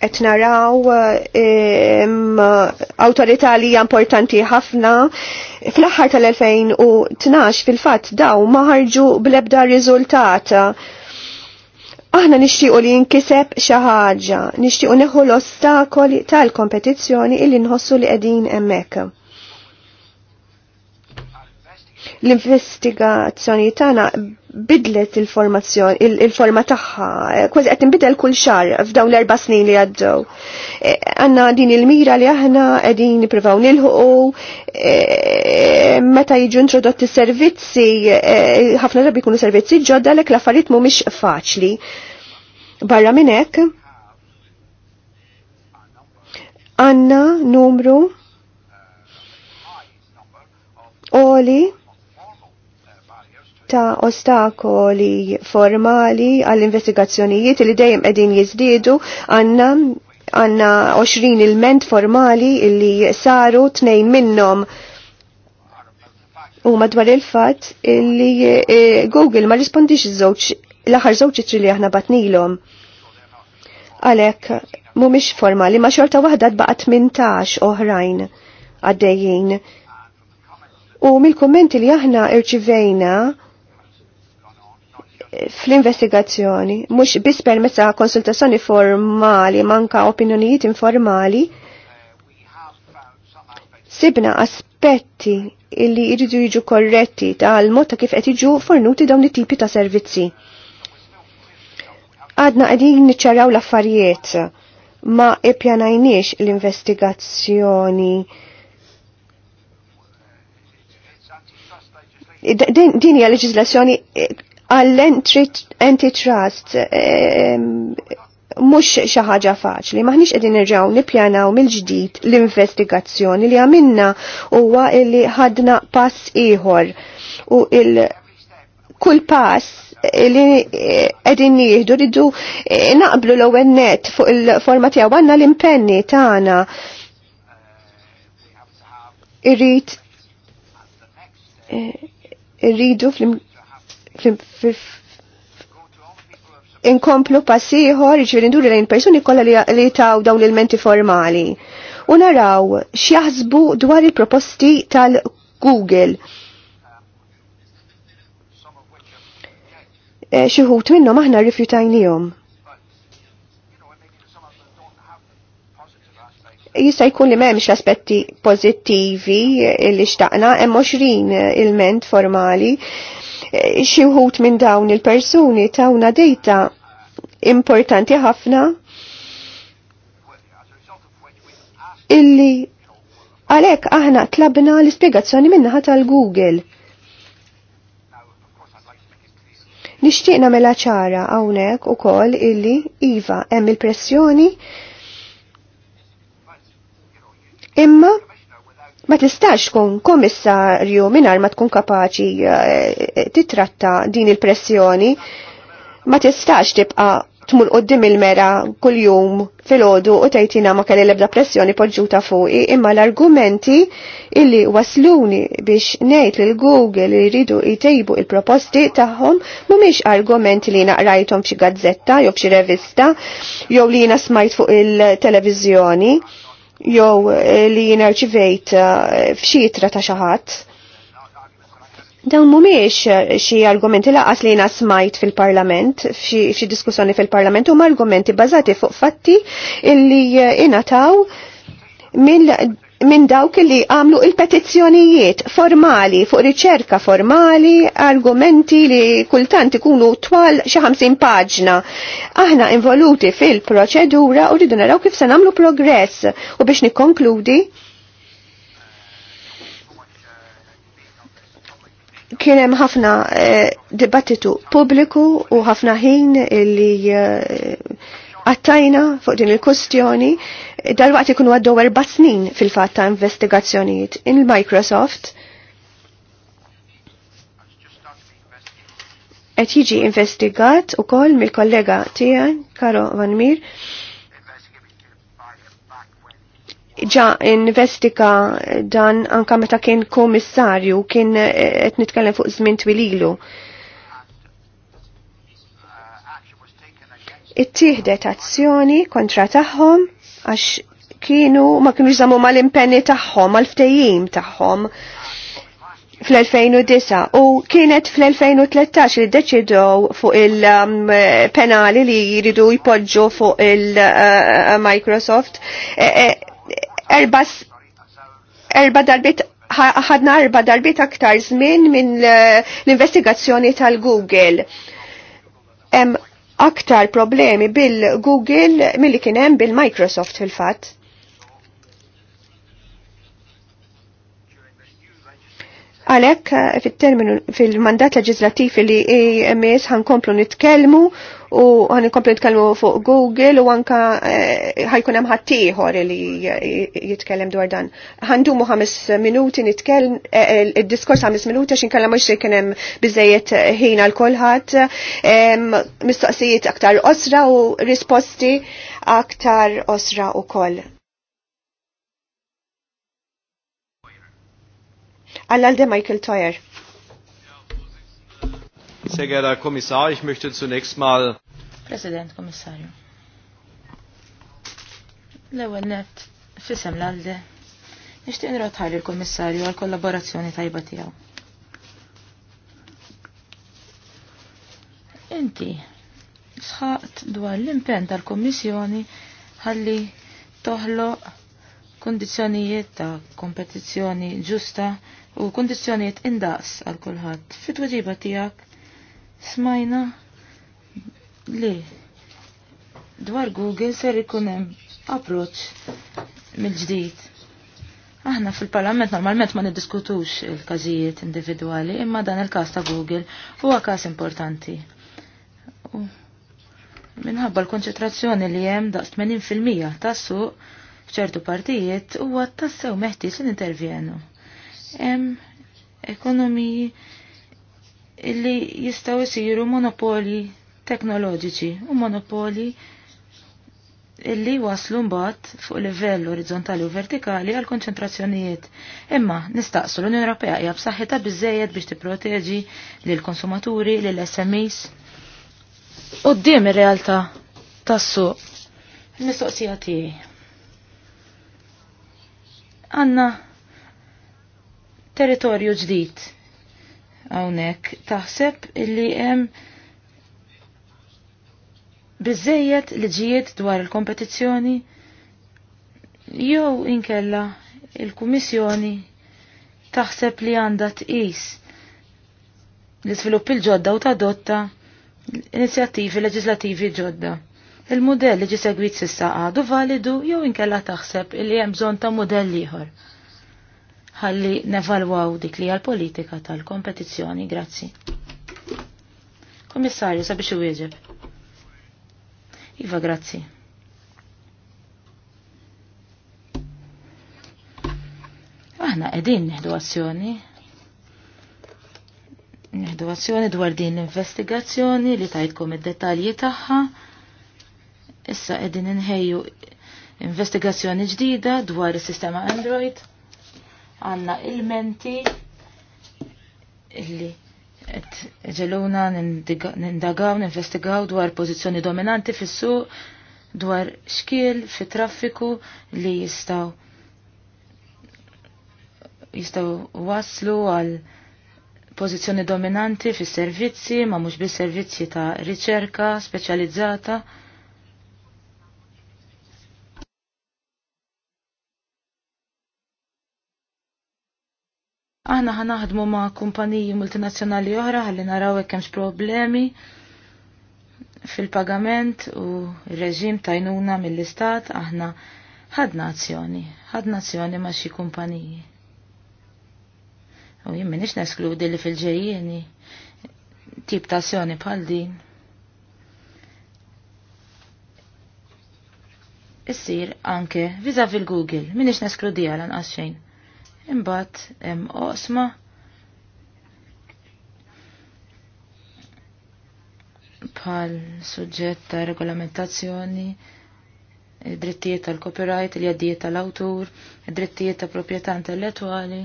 qed naraw eh, awtorità li hija importanti ħafna fl-aħħar tal-2012 fil-fatt daw ma ħarġu bl-ebda riżultat. Aħna nixtiequ li jinkiseb xi ħaġa, nixtiequ neħu l-ostakoli tal-kompetizzjoni illi nħossu li qegħdin hemmhekk. L-investigazzjoni tagħna bidlet il-formazzjoni, il-forma tagħha, eh, kważi qed inbidel kull xar f'dawn l-erba' snin li għaddew. Eh, għandna din il-mira li aħna qegħdin nippruvaw nilħu eh, meta jiġu introdotti servizzi, ħafna drabi jkunu servizzi ġodda lek l-affarijiet mhumiex faċli. Barra minn hekk għandna numru oli ta' ostakoli formali għall-investigazzjonijiet li dejjem qegħdin jiżdiedu għandna għandna 20 il-ment formali illi saru tnejn minnhom. u madwar il fatt illi e, Google ma rispondix l-aħħar żewġ itri li aħna batnilhom. Għalhekk mhumiex formali ma xorta waħda tbaqa' 18 oħrajn għaddejjin. U mill-kummenti li aħna irċivejna fl-investigazzjoni, mux bis permessa konsultazzjoni formali, manka opinjonijiet informali, sibna aspetti illi jridu jiġu korretti tal-mod ta' kif qed jiġu fornuti dawn it-tipi ta' servizzi. Għadna qegħdin niċċaraw l-affarijiet ma ippjanajniex l-investigazzjoni. Din hija leġiżlazzjoni eh, għall-antitrust mux ehm, xaħġa faċli, maħniċ edin irġaw nipjanaw mil-ġdid l-investigazzjoni li għamilna huwa li ħadna pass iħor u il- kull pass li edin eh, nieħdu riddu eh, naqblu l-ewwel net fuq il-forma tiegħu għandna l-impenni tagħna irrid eh, irridu fl inkomplu passiħor ġviri nduri lejn persuni kolla li taw dawn l-elementi formali. U naraw xjaħsbu dwar il-proposti tal-Google. Eh, Xieħut minnom aħna rifjutajnijom. jista' jkun li m'hemmx aspetti pożittivi li xtaqna hemm il ilment formali Eh, xi wħud minn dawn il-persuni tawna dejta importanti ħafna illi għalhekk aħna tlabna l-ispjegazzjoni minnaħa tal-Google. Nixtieq mela ċara hawnhekk ukoll illi iva hemm il-pressjoni imma ma tistax tkun komissarju minar ma tkun kapaċi eh, titratta din il-pressjoni, ma tistax tibqa tmur qoddim il-mera kull-jum fil-ħodu u tajtina ma kelli lebda pressjoni poġġuta fuqi, imma l-argumenti illi wasluni biex nejt l google li jridu jtejbu il-proposti taħħom mumiex argumenti li naqrajtom fxie gazzetta jew fxie revista jew li jina smajt fuq il-televizjoni jew eh, li nerċivejt eh, f'xitra ta' xaħat. Dawn mumiex eh, xi argumenti laqas li smajt fil-parlament, f'xi diskussjoni fil-parlament, huma argumenti bażati fuq fatti illi inataw mill minn dawk li għamlu il-petizzjonijiet formali fuq riċerka formali, argumenti li kultant ikunu twal xi 50 paġna. Aħna involuti fil-proċedura u rridu naraw kif se nagħmlu progress u biex nikkonkludi kien hemm ħafna eh, dibattitu pubbliku u ħafna ħin li eh, għattajna fuq din il-kustjoni dal-waqt ikun għaddu erba' snin fil-fatt ta' investigazzjonijiet. Il-Microsoft qed jiġi investigat ukoll mill-kollega tiegħi Karo Van Mir ġa investiga dan anka meta kien komissarju kien eh, qed nitkellem fuq żmien twililu. ilu ittieħdet azzjoni kontra tagħhom għax kienu ma kienu jżammu mal-impenni tagħhom, mal-ftejjim tagħhom fl-2009 u kienet fl-2013 li deċidow fuq il-penali um, li jridu jpoġġu fuq il-Microsoft uh, e, e, erba darbit ħadna erba darbit aktar żmien minn uh, l-investigazzjoni tal-Google aktar problemi bil-Google milli kien hemm bil-Microsoft fil-fatt. Għalek, eh, fil-mandat leġislativ li jemmis ħankomplu nitkelmu u għan ikompli nitkellmu fuq Google u għanka eh, ħajkun hemm ħaddieħor li jitkellem dwar dan. Ħandumu ħames minuti nitkellem eh, eh, id-diskors ħames minuti għax inkellem mhux kien hemm biżejjed ħin għal kulħadd, mistoqsijiet aktar osra u risposti aktar osra wkoll. Għallal de Michael Toyer. Sehr geehrter Herr Kommissar, ich möchte zunächst mal. Präsident, Kommissarju. L-ewwel net fisem l-għalde. Nixtieq nirotħajli l-Kommissarju għal kollaborazzjoni tajba tiegħu. Inti sħaqt dwar l-impenn tal-Kommissjoni ħalli toħloq kondizjonijiet ta' kompetizzjoni ġusta u kondizjonijiet indaqs għal kulħadd. Fit-tweġiba tiegħek smajna li dwar Google ser ikun hemm approċ mill-ġdid. Aħna fil-parlament normalment ma niddiskutux il-każijiet individwali, imma dan il-każ ta' Google huwa każ importanti. minħabba l-konċentrazzjoni li hemm daqs 80% ta' suq f'ċertu partijiet huwa tassew meħtieġ li nintervjenu. Hemm ekonomiji illi jistaw jisiru monopoli teknoloġiċi u monopoli illi waslu mbagħad fuq livell orizzontali u vertikali għal konċentrazzjonijiet. Imma nistaqsu l-Unjoni Ewropea hija b'saħħitha biżejjed biex tipproteġi lil konsumaturi lil SMEs. Qudiem ir-realtà tas-suq. Il-mistoqsija tiegħi. Għandna territorju ġdid hawnhekk. Taħseb illi hemm biżejjed liġijiet dwar il-kompetizzjoni jew inkella il-Kummissjoni taħseb li għandha tqis l svilupp il-ġodda u tadotta inizjattivi leġislativi ġodda. Il-modell li ġisegwit sissa għadu validu jew inkella taħseb li hemm bżonn ta' modell ieħor ħalli nevalwaw dik li għal-politika tal-kompetizzjoni. Grazzi. Kommissarju, sabiex wieġeb? Iva, grazzi. Aħna qegħdin nieħdu azzjoni. Neħdu azzjoni dwar din l-investigazzjoni li tajtkom id-dettalji tagħha. Issa qegħdin inħejju investigazzjoni ġdida dwar is-sistema Android għanna il-menti illi ġeluna nindagaw, ninvestigaw dwar pozizjoni dominanti fis-suq, dwar xkiel fi traffiku li jistaw jistaw waslu għal pozizjoni dominanti fis servizzi ma mhux biss servizzi ta' riċerka speċjalizzata Aħna ħan naħdmu ma' kumpaniji multinazzjonali oħra ħalli naraw hekk hemmx problemi fil-pagament u reġim tajnuna mill-istat aħna ħadna azzjoni, ħadna azzjoni ma' xi kumpaniji. U jien minix neskludi li fil-ġejjieni tip ta' azzjoni bħal din. Issir anke viza fil-Google, minix neskludi lanqas xejn. Imbagħad hemm osma bħal suġġett ta' regolamentazzjoni, id-drittijiet tal-copyright, il-jaddijiet tal-awtur, id-drittijiet ta' proprjetà intellettwali.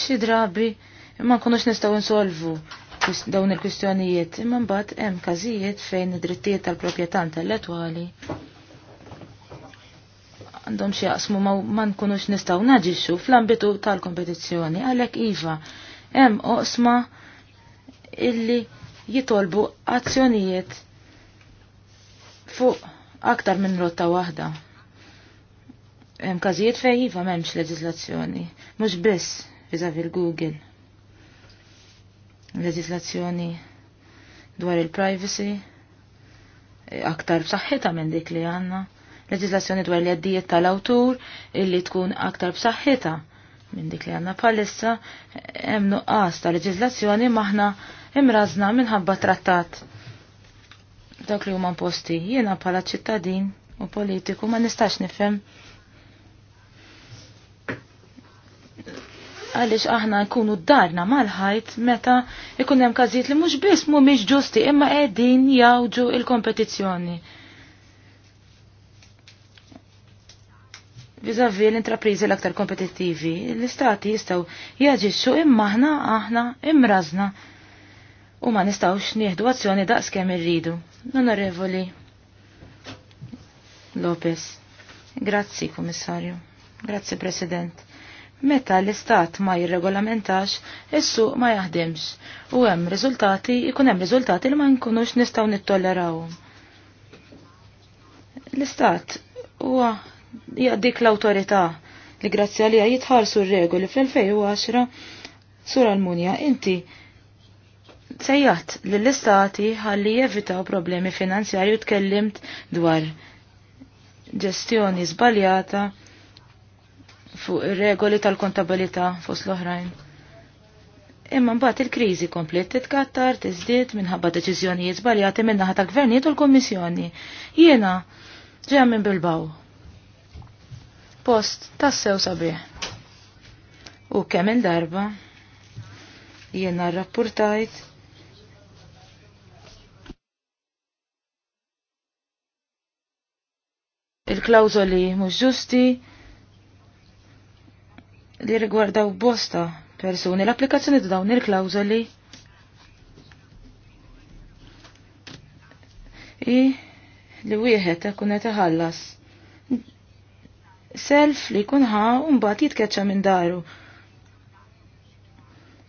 Xi drabi imma nkunux nistgħu insolvu dawn il-kwistjonijiet, imma mbagħad hemm każijiet fejn id-drittijiet tal-proprjetà intellettwali għandhom xi jaqsmu ma nkunux nistgħu naġixxu fl-ambitu tal-kompetizzjoni għalhekk iva hemm oqsma illi jitolbu azzjonijiet fuq aktar minn rotta waħda. Hemm każijiet fejn iva m'hemmx leġiżlazzjoni, mhux biss viżavi l-Google. Leġiżlazzjoni dwar il-privacy eh, aktar b'saħħitha minn dik li għandna leġislazzjoni dwar li għaddijiet tal-awtur illi tkun aktar b'saħħitha minn dik li għanna palissa hemm nuqqas ta' leġislazzjoni maħna imrażna minħabba trattat. Dak li huma posti, jiena bħala ċittadin u politiku ma nistax nifhem għaliex aħna nkunu darna mal-ħajt meta jkun hemm każijiet li mhux biss mhumiex ġusti imma qegħdin jawġu il-kompetizzjoni. il il kompetizzjoni vizavi l intraprizi l-aktar kompetittivi. L-istati jistaw jaġixxu immaħna, aħna imrazna. u ma nistawx nieħdu azzjoni daqs kemm irridu. L-Onorevoli Lopez. Grazzi, Kummissarju. Grazzi, President. Meta l-istat ma jirregolamentax, issu ma jaħdimx u hemm riżultati, ikun hemm riżultati li ma nkunux nistgħu nittollerawhom. L-istat huwa hija dik l-awtorità li grazzi għalija jitħarsu r-regoli fl-2010 Sur Almunja, inti sejjat lill-istati ħalli jevitaw problemi finanzjarju tkellimt dwar ġestjoni zbaljata fuq ir-regoli tal-kontabilità fost l-oħrajn. Imma mbagħad il-kriżi komplet titkattar, tiżdied minħabba deċiżjonijiet żbaljati minnaħa ta' gvernijiet u l-Kummissjoni. Jiena ġejja minn Bilbaw post tassew sabiħ. U kemm il-darba jiena rrappurtajt il-klawżoli mhux ġusti li rigwardaw bosta persuni. L-applikazzjoni ta' dawn il-klawżoli i li wieħed ikun qed iħallas self li jkun ħa u mbagħad jitkeċċa minn daru.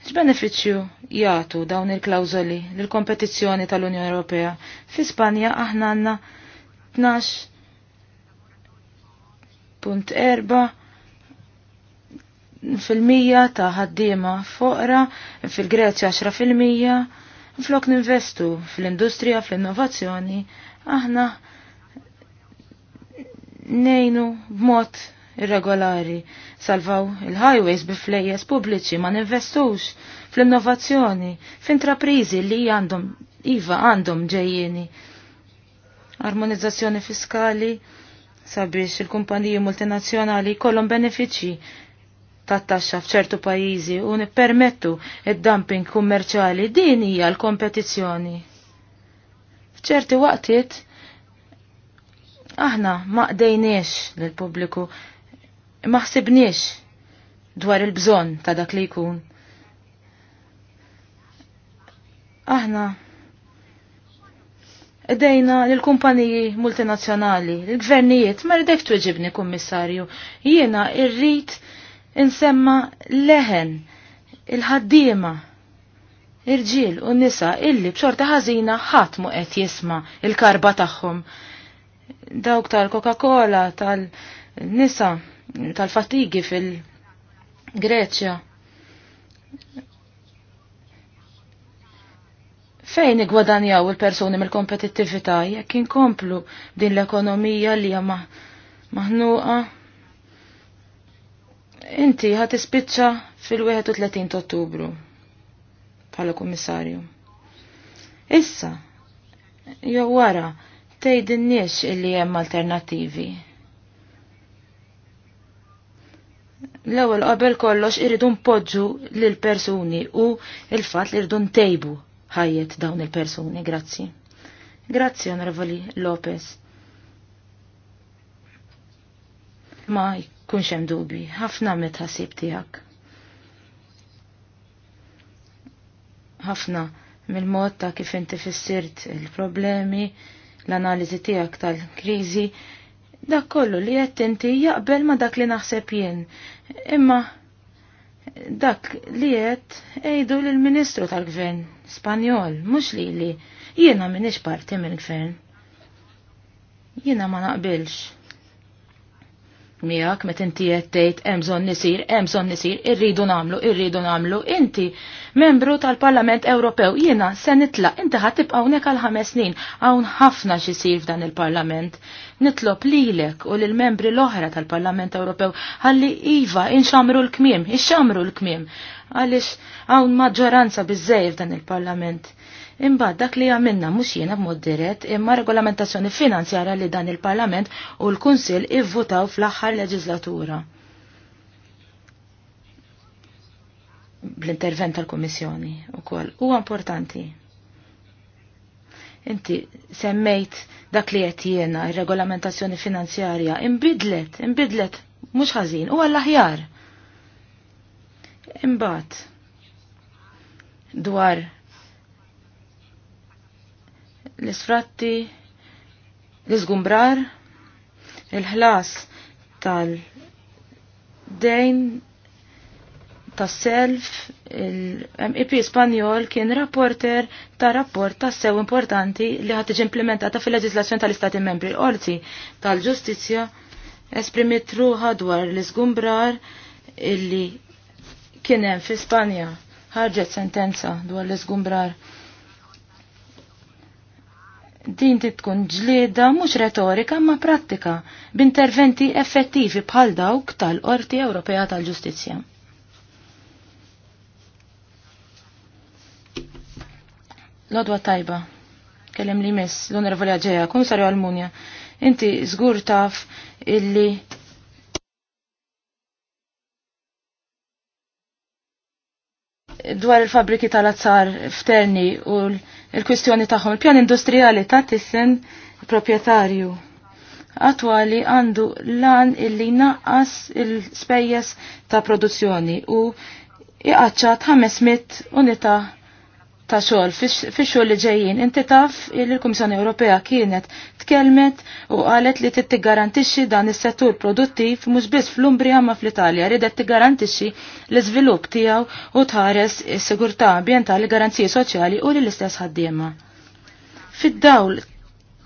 X'benefiċċju jagħtu dawn il-klawżoli lill kompetizzjoni tal-Unjoni Ewropea? Fi Spanja aħna għandna 12.4 fil-mija ta' ħaddiema foqra, fil-Greċja 10 fil-mija, flok ninvestu fl-industrija, fl-innovazzjoni, aħna nejnu b'mod irregolari, salvaw il-highways bi flejjes pubbliċi ma ninvestux fl-innovazzjoni, f'intraprizi li għandhom iva għandhom ġejjini. Armonizzazzjoni fiskali sabiex il-kumpaniji multinazzjonali kollhom benefiċċji tat-taxxa f'ċertu pajjiżi u nippermettu id-dumping kummerċjali din hija l-kompetizzjoni. F'ċerti waqtiet Aħna ma qdejniex lill-pubbliku, ma ħsibniex dwar il-bżonn ta' dak li jkun. Aħna qdejna l-kumpaniji multinazzjonali, l-gvernijiet, ma rridek tuġibni kummissarju, jiena irrit insemma leħen, il-ħaddima, irġil u nisa illi bċorta ħażina ħatmu qed jisma il-karba tagħhom dawk tal-Coca-Cola, tal-nisa, tal-fatigi fil-Greċja. Fejn igwadanjaw il-persuni mill-kompetittività jekk inkomplu din l-ekonomija li hija maħnuqa. Inti ħat ispiċċa fil-31 Ottubru bħala kummissarju. Issa, jew wara in-nies illi hemm alternattivi. L-ewwel qabel kollox iridu npoġġu lil persuni u il-fatt li rridu ntejbu ħajjet dawn il-persuni. Grazzi. Grazzi Onorevoli Lopez. Ma jkunx hemm dubi, ħafna mitħassib tiegħek. Ħafna mill-mod ta' kif inti fissirt il-problemi, l-analiżi tiegħek tal-kriżi, dak kollu li qed inti jaqbel ma dak li naħseb jien. Imma dak li qed ejdu lill ministru tal-Gvern Spanjol, mhux lili, jiena minix parti mill-Gvern. Jiena ma naqbilx miegħek meta inti qed tgħid hemm bżonn nisir, hemm bżonn nisir, irridu nagħmlu, irridu nagħmlu. Inti membru tal-Parlament Ewropew, jiena se nitlaq, inti ħad tibqa' hawnhekk għal ħames snin, hawn ħafna xi jsir f'dan il-Parlament. Nitlob lilek u lil membri l-oħra tal-Parlament Ewropew ħalli iva inxamru l-kmiem, ixxamru l-kmiem. Għaliex hawn maġġoranza biżejjed f'dan il-Parlament. Imbagħad dak li għamilna mhux jiena b'mod dirett imma regolamentazzjoni finanzjarja li dan il-Parlament u l-Kunsill ivvutaw fl-aħħar leġislatura. Bl-intervent tal-Kummissjoni ukoll huwa importanti. Inti semmejt dak li għet jiena ir-regolamentazzjoni finanzjarja imbidlet, imbidlet mhux ħażin u għall-aħjar. Imbagħad dwar l-isfratti, l-izgumbrar, il-ħlas tal-dejn, tas-self, il-MEP Spanjol kien rapporter ta' rapport ta' sew importanti li ħat implementata fil-leġislazzjoni tal-Istati membri. Orti tal-ġustizja esprimit ruħa dwar l-izgumbrar illi kienem fi Spanja ħarġet sentenza dwar l-izgumbrar din tkun ġlieda mhux retorika ma prattika b'interventi effettivi bħal dawk tal-Qorti Ewropea tal-Ġustizzja. Lodwa tajba, kellem li miss l-Onorevoli Aġeja, Komissarju Almunja, inti żgur taf illi dwar il-fabriki tal-azzar f'Terni u l- il-kwistjoni tagħhom. Il-pjan industrijali ta' tissen proprjetarju attwali għandu lan illi naqqas il-spejjeż ta' produzzjoni u iqaċċat 500 unità ta' xogħol fix-xogħol li ġejjin. Inti taf li l-Kummissjoni Ewropea kienet tkellmet u qalet li t garantixi dan is-settur produttiv mhux biss fl-Umbrija ma fl-Italja ridet tiggarantixxi l-iżvilupp tiegħu u tħares s sigurtà ambjentali, garanziji soċjali u lill-istess ħaddiema. Fid-dawl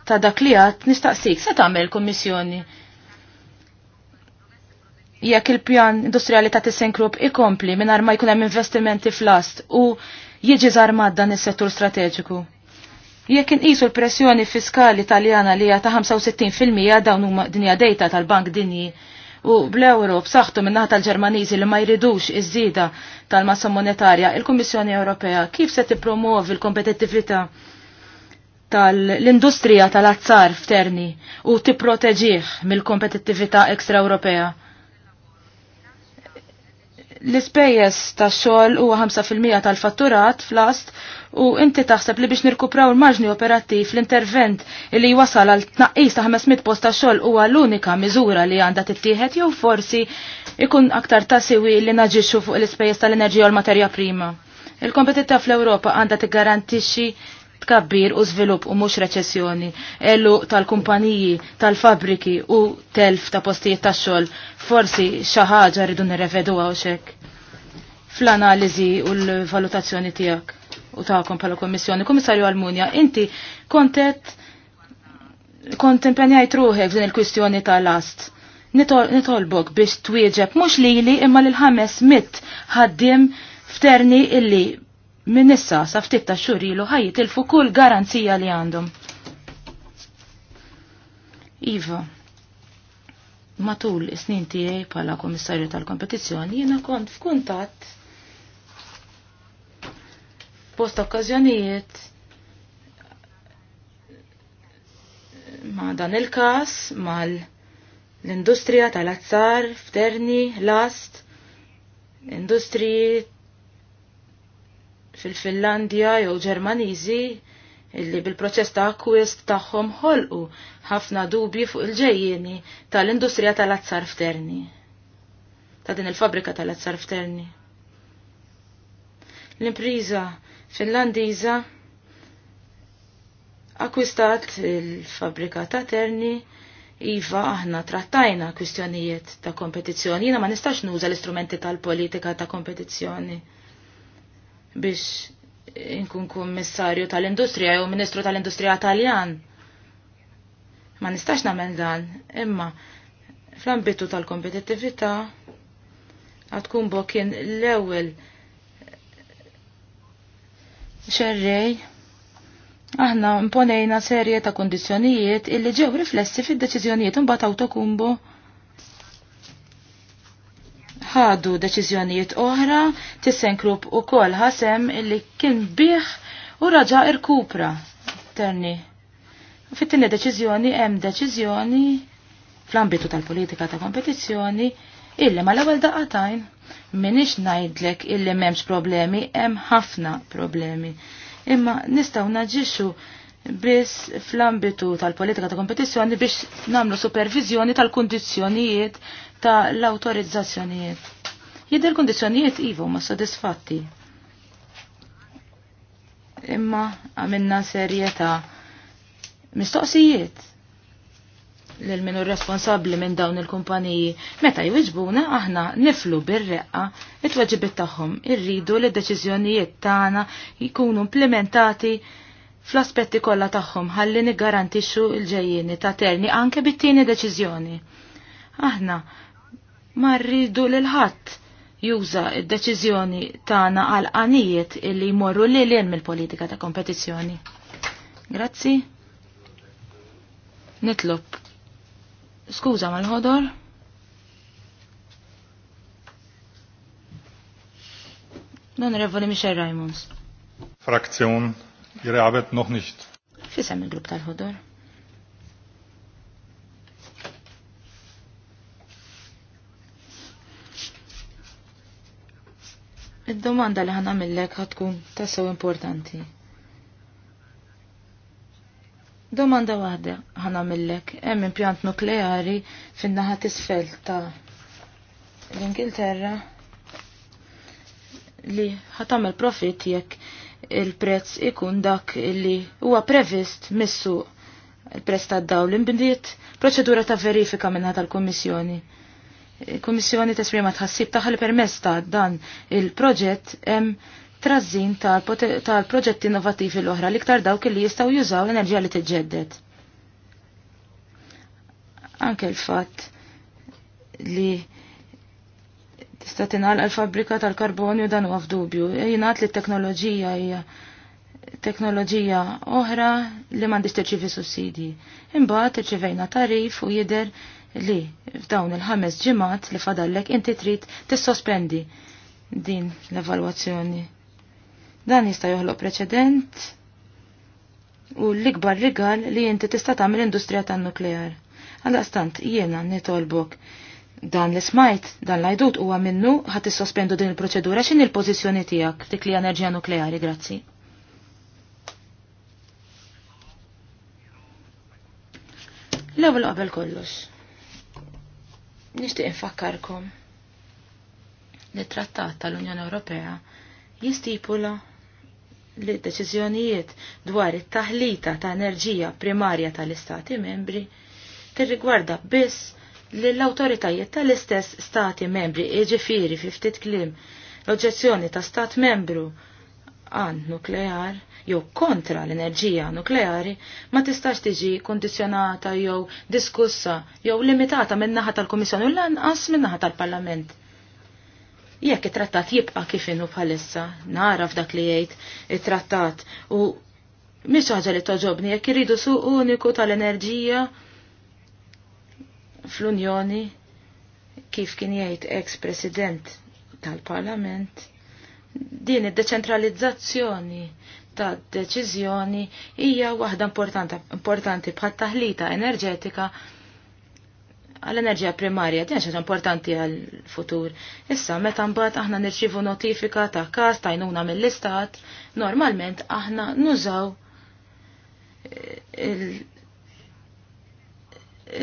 ta' dak li għat nistaqsik, se tagħmel għamil kummissjoni jekk il-pjan industrijali ta' t-Sengrup ikompli mingħajr ma jkun hemm investimenti fl-ast u jiġi zarmad dan is-settur strateġiku. Jekk inqisu l-pressjoni fiskali Taljana li hija ta' 65% dawn huma dinja dejta tal-Bank Dinji u bl-euro b'saħħtu min tal-Ġermaniżi li ma jridux iż-żieda tal-massa monetarja, il-Kummissjoni Ewropea kif se tippromovi l-kompetittività tal-industrija tal-azzar f'terni u tipproteġih mill-kompetittività ekstra Ewropea. L-ispejjeż tax-xogħol huwa 5% tal-fatturat flast u inti taħseb li biex nirkupraw il-marġni operattiv l-intervent li wasal għal tnaqqis ta' 500 post ta' xogħol huwa l-unika miżura li għandha tittieħed jew forsi ikun aktar tasiwi li naġixxu fuq l-ispejjeż tal-enerġija u l-materja prima. Il-kompetittività fl-Ewropa għandha tiggarantixxi tkabbir u żvilupp u mhux reċessjoni, elu tal-kumpaniji, tal-fabriki u telf ta' postijiet tax-xogħol, forsi xaħġa ħaġa rridu nirreveduha xek. Fl-analiżi u l-valutazzjoni tiegħek u tagħkom bħala Kommissjoni. Komissarju Almunja, inti kontet kont impenjajt ruħek f'din il-kwistjoni tal-last. Nitolbok biex twieġeb mhux lili imma l ħames mit ħaddim f'terni illi minn issa sa ftit lu xhur ilu ħajjitilfu kull garanzija li għandhom. Iva, matul is-snin tiegħi bħala Kummissarju tal-Kompetizzjoni jiena kont f'kuntatt post okkażjonijiet ma' dan il-każ mal l-industrija tal-azzar, f'terni, last, industriji fil-Finlandja jew Ġermaniżi illi bil-proċess ta' akwist tagħhom ħolqu ħafna dubji fuq il-ġejjieni tal-industrija tal-azzar fterni. Ta' din il-fabrika tal-azzar fterni. L-impriża Finlandiża akkwistat il-fabrika ta' terni Iva, aħna trattajna kwistjonijiet ta' kompetizzjoni, jina ma nistax nuża l-istrumenti tal-politika ta' kompetizzjoni biex inkun kummissarju tal-industrija jew ministru tal-industrija taljan. Ma nistax nagħmel dan, imma fl-ambitu tal-kompetittività għatkun bo kien l-ewwel xerrej aħna imponejna serje ta' kondizjonijiet illi ġew riflessi fid-deċiżjonijiet bat autokumbo kumbo ħadu deċiżjonijiet oħra, tissenklub u kol ħasem illi kien biħ u raġa irkupra terni. fit-tini deċiżjoni hemm deċiżjoni fl-ambitu tal-politika ta' kompetizzjoni illi ma l-ewwel daqatajn minix ngħidlek illi m'hemmx problemi, hemm ħafna problemi. Imma nistgħu naġixxu biss fl-ambitu tal-politika ta' kompetizzjoni biex namlu supervizjoni tal-kundizzjonijiet ta' l-autorizzazzjonijiet. Jidher kondizzjonijiet ivu ma' sodisfatti. Imma għamilna serje ta' mistoqsijiet lil minu responsabli minn dawn il-kumpaniji. Meta jwiġbuna aħna niflu bir-reqqa it-tweġibit tagħhom irridu li d-deċiżjonijiet tagħna jkunu implementati fl-aspetti kollha tagħhom ħalli niggarantixxu l-ġejjieni ta' terni anke bit-tieni deċiżjoni. Aħna Ma rridu lil ħadd juża id-deċiżjoni tagħna għal qanijiet illi jmorru lil hemm mill-politika ta' kompetizzjoni. Grazzi. Nitlob. Skuża mal-ħodor. Non revoli Michel Raimons. Fraktion, jiraħbet noħ nicht. Fisem il-grupp tal-ħodor. Id-domanda li ħana millek ħatkun tassew importanti. Domanda waħda ħana millek, hemm impjant nukleari fin-naħa tisfel ta' l-Ingilterra li ħatamel profit jekk il-prezz ikun dak li huwa previst missu il-prezz tad dawl imbindiet proċedura ta' verifika minna tal kummissjoni il-Kummissjoni tesprima tħassib taħli permess ta' dan il-proġett hemm trażin tal-proġetti innovattivi l-oħra l-iktar dawk li jistgħu jużaw l-enerġija li tiġġedded. Anke l-fatt li tista' tingħal il-fabbrika tal-karbonju dan huwa f'dubju. E jingħad li t-teknoloġija hija teknoloġija oħra li m'għandix tirċivi sussidji. Imbagħad irċivejna tarif u jidher li f'dawn il-ħames ġimgħat li fadallek inti trid tissospendi din l-evalwazzjoni. Dan jista' joħloq preċedent u l-ikbar rigal li inti tista' tagħmel industrija tan-nuklear. stant, jiena nitolbok dan li smajt dan l-ajdut huwa minnu ħadd sospendu din il-proċedura x'in il-pożizzjoni tiegħek dik li enerġija nukleari, grazzi. L-ewwel qabel kollox Nixtieq infakkarkom li trattat tal-Unjoni Ewropea jistipula li deċiżjonijiet dwar it-taħlita ta' enerġija primarja tal-Istati membri tirrigwarda biss li l-autoritajiet tal-istess Stati membri iġifiri fi ftit klim l-oġġezzjoni ta' Stat membru għan nuklear jew kontra l-enerġija nukleari ma tistax tiġi kondizjonata jew diskussa jew limitata minn naħa tal-Komissjoni u lanqas minn naħa tal-Parlament. Jekk it-trattat jibqa' kif inhu bħalissa, nara f'dak li jgħid it-trattat u mhix ħaġa li toġobni jekk iridu suq uniku tal-enerġija fl-Unjoni kif kien jgħid ex-President tal-Parlament din id-deċentralizzazzjoni ta' deċiżjoni hija waħda importanti bħat taħlita enerġetika għall-enerġija primarja, din xaġa importanti għall-futur. Issa, meta mbagħad aħna nirċivu notifika ta' każ tajnuna mill-istat, normalment aħna nużaw eh,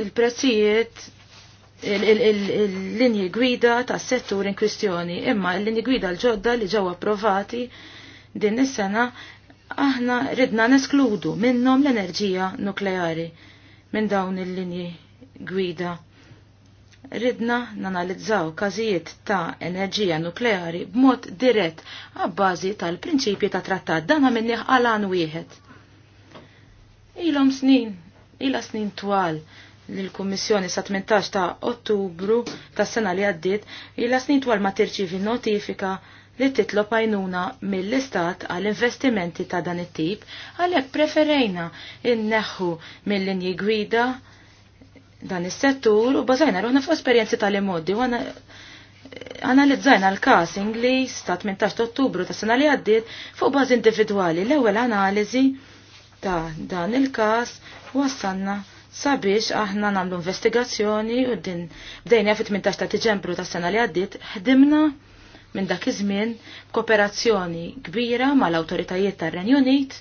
il-prezzijiet il il-linji gwida ta' settur in kwistjoni, imma l linji gwida l-ġodda li ġew approvati din is-sena aħna ridna neskludu minnhom l-enerġija nukleari minn dawn il-linji gwida. Ridna nanalizzaw każijiet ta' enerġija nukleari b'mod dirett għabbażi tal-prinċipji ta' trattat dana minn għalan wieħed. Ilhom snin, ilha snin twal l-Kummissjoni sa 18 ta' Ottubru ta' sena li għaddiet ila snin twal ma tirċivi notifika li titlob għajnuna mill-istat għal investimenti ta' dan it-tip għalhekk preferejna inneħħu mill-linji gwida dan is-settur u bażajna ruħna fuq esperjenzi tal-imoddi u analizzajna l-każ Ingliż ta' 18 Ottubru ta' sena li għaddiet fuq bażi individwali l-ewwel analiżi ta' dan il-każ wassanna sabiex aħna nagħmlu investigazzjoni u din bdejna fit-18 ta' Deċembru tas sena li għaddiet ħdimna minn dak iż-żmien kooperazzjoni kbira mal-awtoritajiet tar-Renju Unit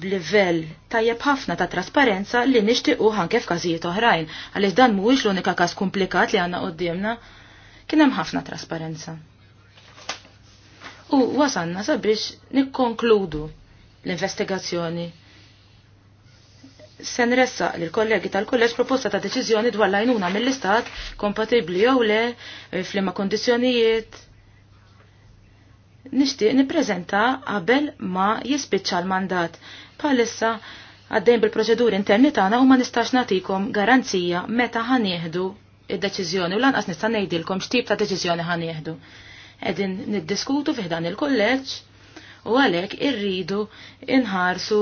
b'livell tajjeb ħafna ta' trasparenza li nixtiequ anke f'każijiet oħrajn, għaliex dan mhuwiex l-unika każ komplikat li għandna qudiemna, kien hemm ħafna trasparenza. U wasanna sabiex nikkonkludu l-investigazzjoni sen ressa l kollegi tal-kolleġ proposta ta' deċiżjoni dwar lajnuna mill-istat kompatibli jew le eh, flima kondizjonijiet. Nixtieq nippreżenta qabel ma jispiċċa l-mandat. Palissa għaddejn bil-proċeduri interni tagħna u ma nistax nagħtikom garanzija meta ħanieħdu id-deċiżjoni u lanqas nista' ngħidilkom x'tip ta' deċiżjoni ħanieħdu. Qegħdin niddiskutu fih dan il-kolleġġ u għalek irridu inħarsu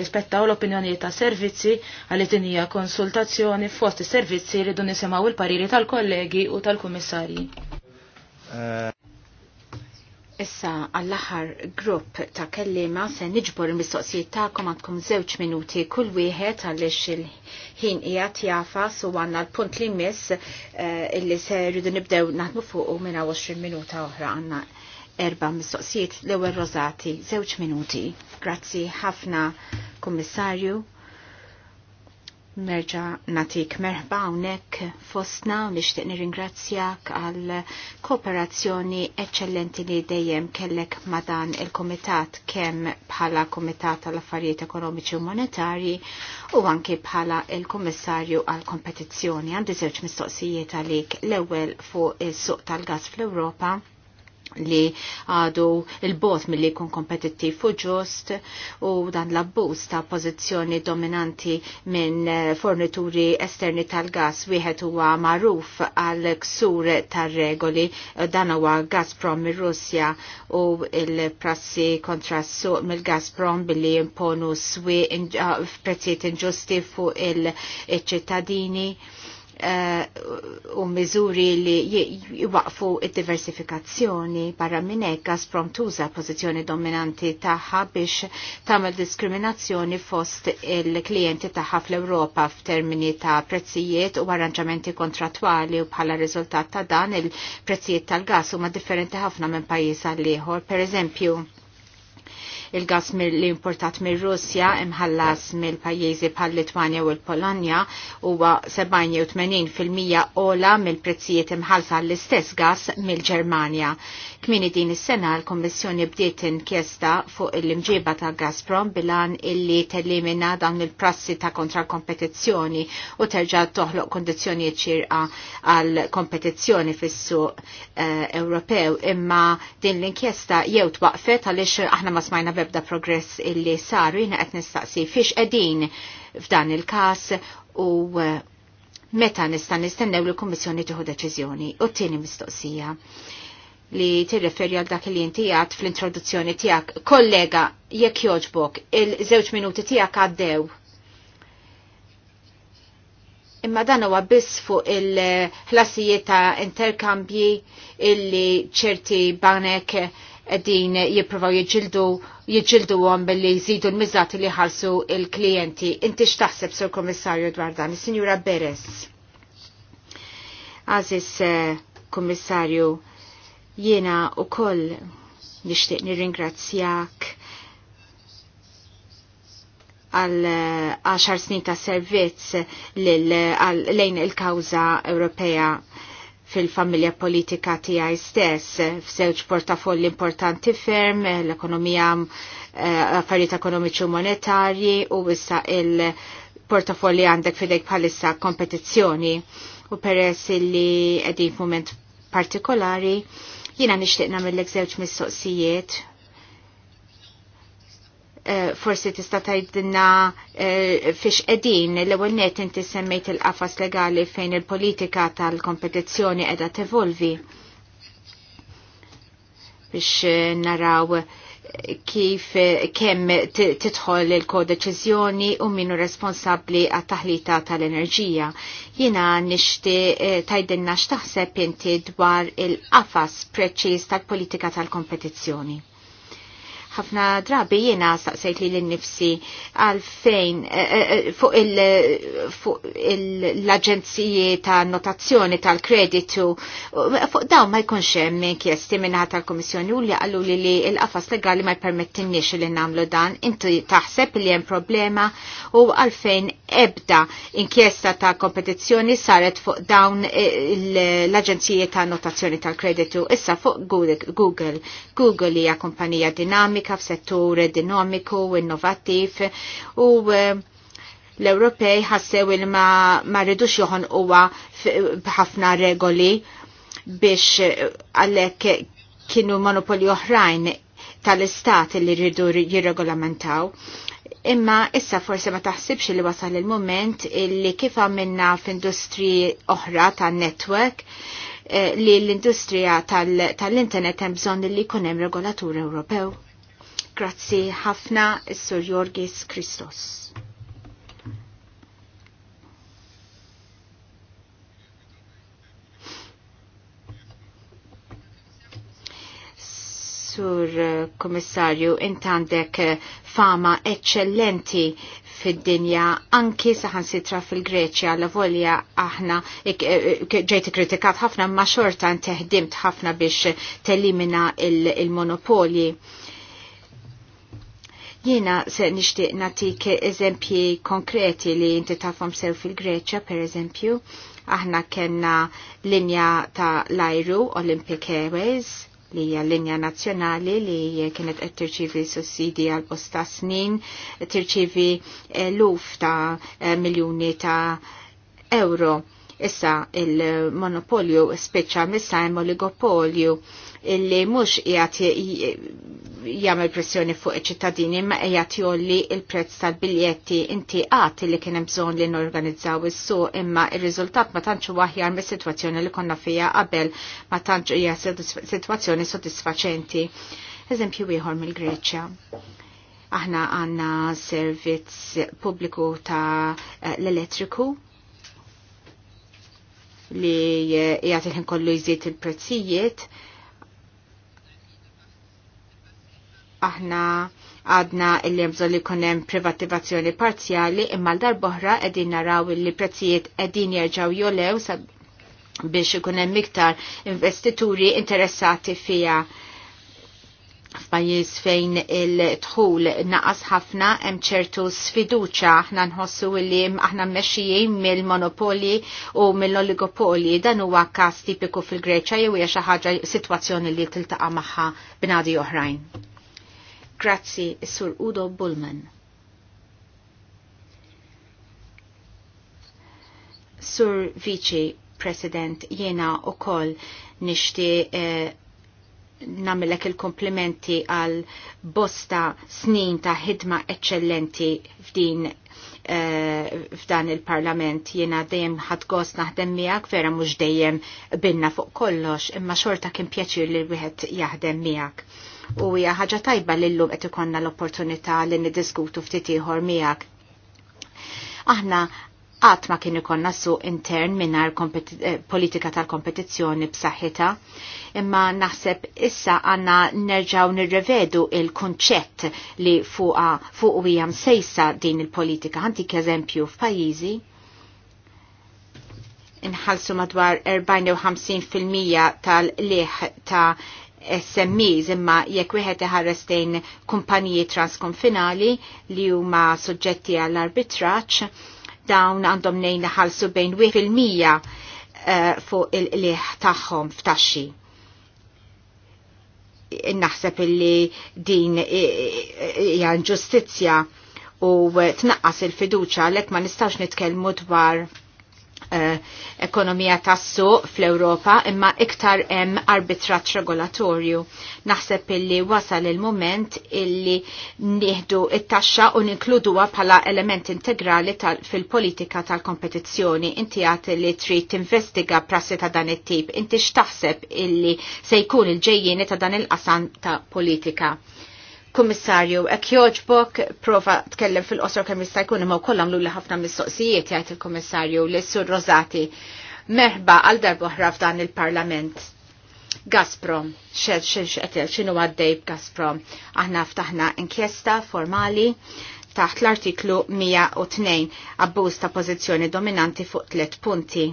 rispettaw l-opinjoni ta' servizzi għalli tinija konsultazzjoni fost servizzi li dun nisimaw il-pariri tal-kollegi u tal-kummissarji. Eh. Issa għall-aħħar grupp ta' kellima se niġbor il-mistoqsijiet ta'kom għandkom żewġ minuti kull wieħed għaliex il-ħin qiegħed jafas u għandna l-punt li miss eh, illi se rridu nibdew naħdmu fuq u minn 20 minuta oħra għandna erba mistoqsijiet l-ewwel rozati, żewġ minuti. Grazzi ħafna kummissarju. Nerġa natik merħba hawnhekk fostna u nixtieq nirringrazzjak għal kooperazzjoni eċċellenti li dejjem kellek ma' dan il-Kumitat kemm bħala Kumitat tal affarijiet Ekonomiċi u Monetari u anki bħala il-Kummissarju għal Kompetizzjoni. Għandi żewġ mistoqsijiet għalik l-ewwel fuq is-suq tal-gas fl-Ewropa li għadu il-bot mill-li kun kompetittiv u ġust u dan l-abbuż ta' pozizjoni dominanti minn fornituri esterni tal-gas wieħed huwa magħruf għal ksur tar-regoli dan huwa Gazprom mir-Russja u l-prassi kontra suq mill-Gazprom billi imponu swi f'prezzijiet inġusti fuq il-ċittadini. il ċittadini Eh, u miżuri li jwaqfu id-diversifikazzjoni barra minnek Gazprom tuża pożizzjoni dominanti tagħha biex tagħmel diskriminazzjoni fost il-klijenti tagħha fl-Ewropa f'termini ta' prezzijiet u arranġamenti kontrattwali u bħala riżultat ta' dan il-prezzijiet tal-gas huma differenti ħafna minn pajjiż għal ieħor. Per eżempju, il-gas li importat mir russja imħallas mill-pajjiżi bħal Litwanja u l-Polonja huwa fil-mija ola mill-prezzijiet imħallsa l-istess gas mill-Ġermanja. Kmini din is-sena l-Kommissjoni bdiet inkjesta fuq l-imġiba ta' Gazprom bilan illi tellimina dan il-prassi ta' kontra kompetizzjoni u terġa' toħloq kondizzjoni ċirqa għal kompetizzjoni fis uh, eh, Ewropew imma din l-inkjesta jew twaqfet għaliex aħna ma smajna bebda progress illi saru jina qed nistaqsi fiex qegħdin f'dan il-każ u uh, meta nista' nistennew li kummissjoni tieħu deċiżjoni. U t-tieni mistoqsija li tirreferi għal dak li inti għad fl-introduzzjoni tiegħek. Kollega, jekk joġbok, il-żewġ minuti tiegħek għaddew imma dan huwa biss fuq il-ħlasijiet ta' interkambji illi ċerti banek din jipprovaw jġildu jġildu għom billi jżidu l mizzat li ħalsu il-klienti. Inti xtaħseb sur komissarju dwar dan, signora Beres. Aziz eh, komissarju, jena u koll nishtiq nirringrazzjak għal 10 eh, snin ta' servizz lejn il-kawza Ewropea fil-familja politika tiegħi stess, f'żewġ portafoll importanti ferm, l-ekonomija, eh, affarijiet ekonomiċi u monetarji u issa il-portafolli għandek fidejk bħalissa kompetizzjoni. U peress li qegħdin f'mument partikolari, jiena nixtieq nagħmel żewġ mistoqsijiet Eh, forsi tista' tgħidilna eh, fiex qegħdin l-ewwel net inti semmejt il-qafas legali fejn il-politika tal-kompetizzjoni qiegħda tevolvi biex eh, naraw kif kemm titħol il-kodeċiżjoni u minu responsabbli għat taħlita tal-enerġija. Jina nishti tajdinna x'taħseb inti dwar il-qafas preċiż tal-politika tal-kompetizzjoni ħafna drabi jiena staqsejt li l-nifsi għalfejn eh, eh, eh, fuq l-aġenziji ta' notazzjoni tal-kreditu fuq dawn ma jkunx hemm inkjesti minnaħa tal-Kummissjoni u li qalu li li l-qafas legali ma jpermettinniex li nagħmlu dan, inti taħseb li hemm problema u għalfejn ebda inkjesta ta' kompetizzjoni saret fuq dawn l-aġenziji ta' notazzjoni tal-kreditu issa fuq Google. Google hija kumpanija dinamika riċerka f'settur dinamiku, innovattiv u eh, l-Ewropej ħassew il ma, ma rridux joħon uwa bħafna regoli biex eh, għallek kienu monopoli oħrajn tal-istat li rridu jirregolamentaw. Imma issa forse ma taħsibx li wasal il-moment li kif għamilna f'industri oħra tan-network eh, li l-industrija tal-internet hemm bżonn li jkun hemm regolatur Ewropew. Grazzi ħafna Sur Jorgis Christos. Sur eh, Komissarju, intandek eh, fama eccellenti fid-dinja anki saħansitra fil-Greċja la volja aħna eh, ġejti kritikat ħafna ma xorta teħdimt ħafna biex telimina il-monopoli. il monopoli il Jiena se nixtieq natik eżempji konkreti li inti tafhom sew fil-Greċja, per eżempju, aħna kellna linja ta' l-ajru Olympic Airways li hija linja nazzjonali li kienet qed tirċivi sussidi għal bosta snin, tirċivi eh, luf ta' eh, miljuni ta' euro. Issa il-monopolju speċa missa hemm oligopolju illi mhux qiegħed jagħmel pressjoni fuq iċ-ċittadini ma qiegħed jolli il-prezz tal-biljetti inti qatt li kien hemm bżonn li norganizzaw is-suq imma ir-riżultat ma tantx huwa aħjar mis-sitwazzjoni li konna fija qabel ma tantx hija sitwazzjoni sodisfaċenti. Eżempju ieħor mill-Greċja aħna għanna servizz pubbliku ta' l-elettriku li jgħat il kollu jżid il-prezzijiet aħna għadna il-li jemżol li kunem privativazzjoni parzjali imma l-darboħra edin naraw li prezzijiet edin jerġaw jolew biex ikunem miktar investituri interessati fija f'pajjiż fejn il-dħul naqas ħafna hemm ċertu sfiduċa aħna nħossu li aħna mmexxijin mill-monopoli u mill-oligopoli dan huwa każ tipiku fil-Greċja jew hija xi ħaġa sitwazzjoni li tiltaqa' magħha bnadi oħrajn. Grazzi, Sur Udo Bullman. Sur Vici President, jena u koll nishti eh, namillek il-komplimenti għal bosta snin ta' hidma eccellenti f'din eh, f'dan il-parlament jena dejjem ħad gost naħdem miegħek vera mhux dejjem binna fuq kollox imma xorta kien pjaċir li wieħed jaħdem miegħek u hija ħaġa tajba li llum qed ikonna l-opportunità li niddiskutu ftit ieħor miegħek. Aħna qatt ma kien ikonna suq intern mingħajr eh, politika tal-kompetizzjoni b'saħħitha, imma naħseb issa għandna nerġgħu nirrevedu il-kunċett li fuqa fuq hija msejsa din il-politika. Ħantik eżempju f'pajjiżi inħalsu madwar 54% tal-liħ ta' SMEs imma jekk wieħed iħares dejn kumpaniji transkonfinali li huma suġġetti għall arbitraġġ dawn għandhom nejn ħalsu bejn 1% mija eh, fuq il-liħ tagħhom f'taxxi. Naħseb illi din hija ġustizzja u tnaqqas il-fiduċa lek ma nistax nitkellmu dwar Eh, ekonomija tassu fl-Ewropa imma iktar hemm arbitrat regolatorju. Naħseb illi wasal il-moment illi nieħdu it-taxxa u ninkluduha bħala element integrali fil-politika tal-kompetizzjoni. Inti għat li trid tinvestiga prassi ta' dan it-tip, inti x'taħseb illi se jkun il-ġejjieni ta' dan il-qasam ta' politika. Kummissarju, ek joġbok prova tkellem fil-qosor kemm jista' jkun imma wkoll għamlu ħafna mistoqsijiet jgħid il-Kummissarju li sur Rosati meħba għal darbohra f'dan il-Parlament. Gazprom, xed xed xinu għaddej Gazprom. Aħna ftaħna inkjesta formali taħt l-artiklu 102 abbuż ta' pożizzjoni dominanti fuq tliet punti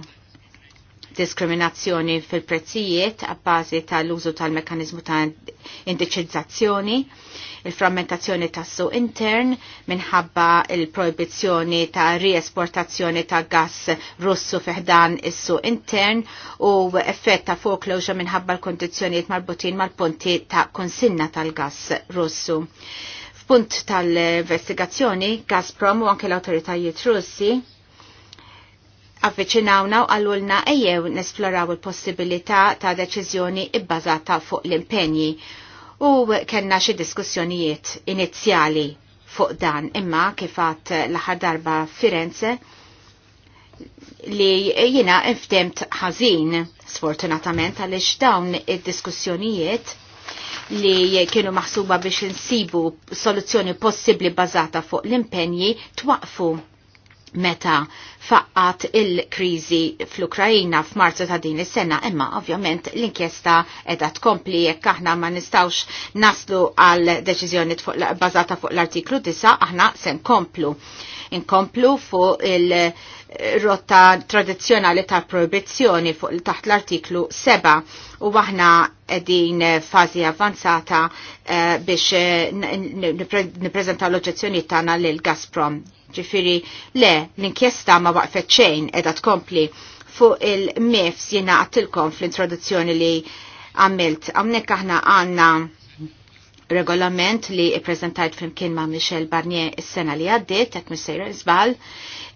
diskriminazzjoni fil-prezzijiet għabbażi tal-użu tal-mekanizmu ta' indiċizzazzjoni, il-frammentazzjoni tas-suq intern minħabba il-proibizzjoni ta' riesportazzjoni ta' gas russu fiħdan is-suq intern u effett ta' foreclosure minħabba l-kondizzjonijiet marbutin mal-punti ta' konsinna tal-gas russu. F'punt tal-investigazzjoni, Gazprom u anke l-autoritajiet russi avviċinawna u għallulna ejjew nesploraw il-possibilità ta' deċiżjoni ibbażata fuq l-impenji u kenna xie diskussjonijiet inizjali fuq dan imma kifat l-aħħar darba Firenze li jina iftemt ħażin sfortunatament għaliex dawn id-diskussjonijiet li kienu maħsuba biex insibu soluzzjoni possibbli bazata fuq l-impenji twaqfu meta faqqat il-krizi fl-Ukrajina f'Marzu ta' din is-sena, imma ovvjament l-inkjesta edha tkompli jekk aħna ma nistawx naslu għal deċiżjoni bażata fuq l-artiklu 9, aħna se nkomplu. Inkomplu fuq il-rotta tradizzjonali ta' proibizzjoni fuq taħt l-artiklu 7 u aħna din fazi avanzata biex niprezentaw l-oġezzjoni tagħna l Gazprom Ġifiri, le, l-inkjesta ma waqfet xejn edha tkompli fuq il-mifs jina għattilkom fl-introduzzjoni li għamilt. Għamnek aħna għanna regolament li prezentajt flimkien ma' Michel Barnier is-sena li għaddit, għet missejra izbal,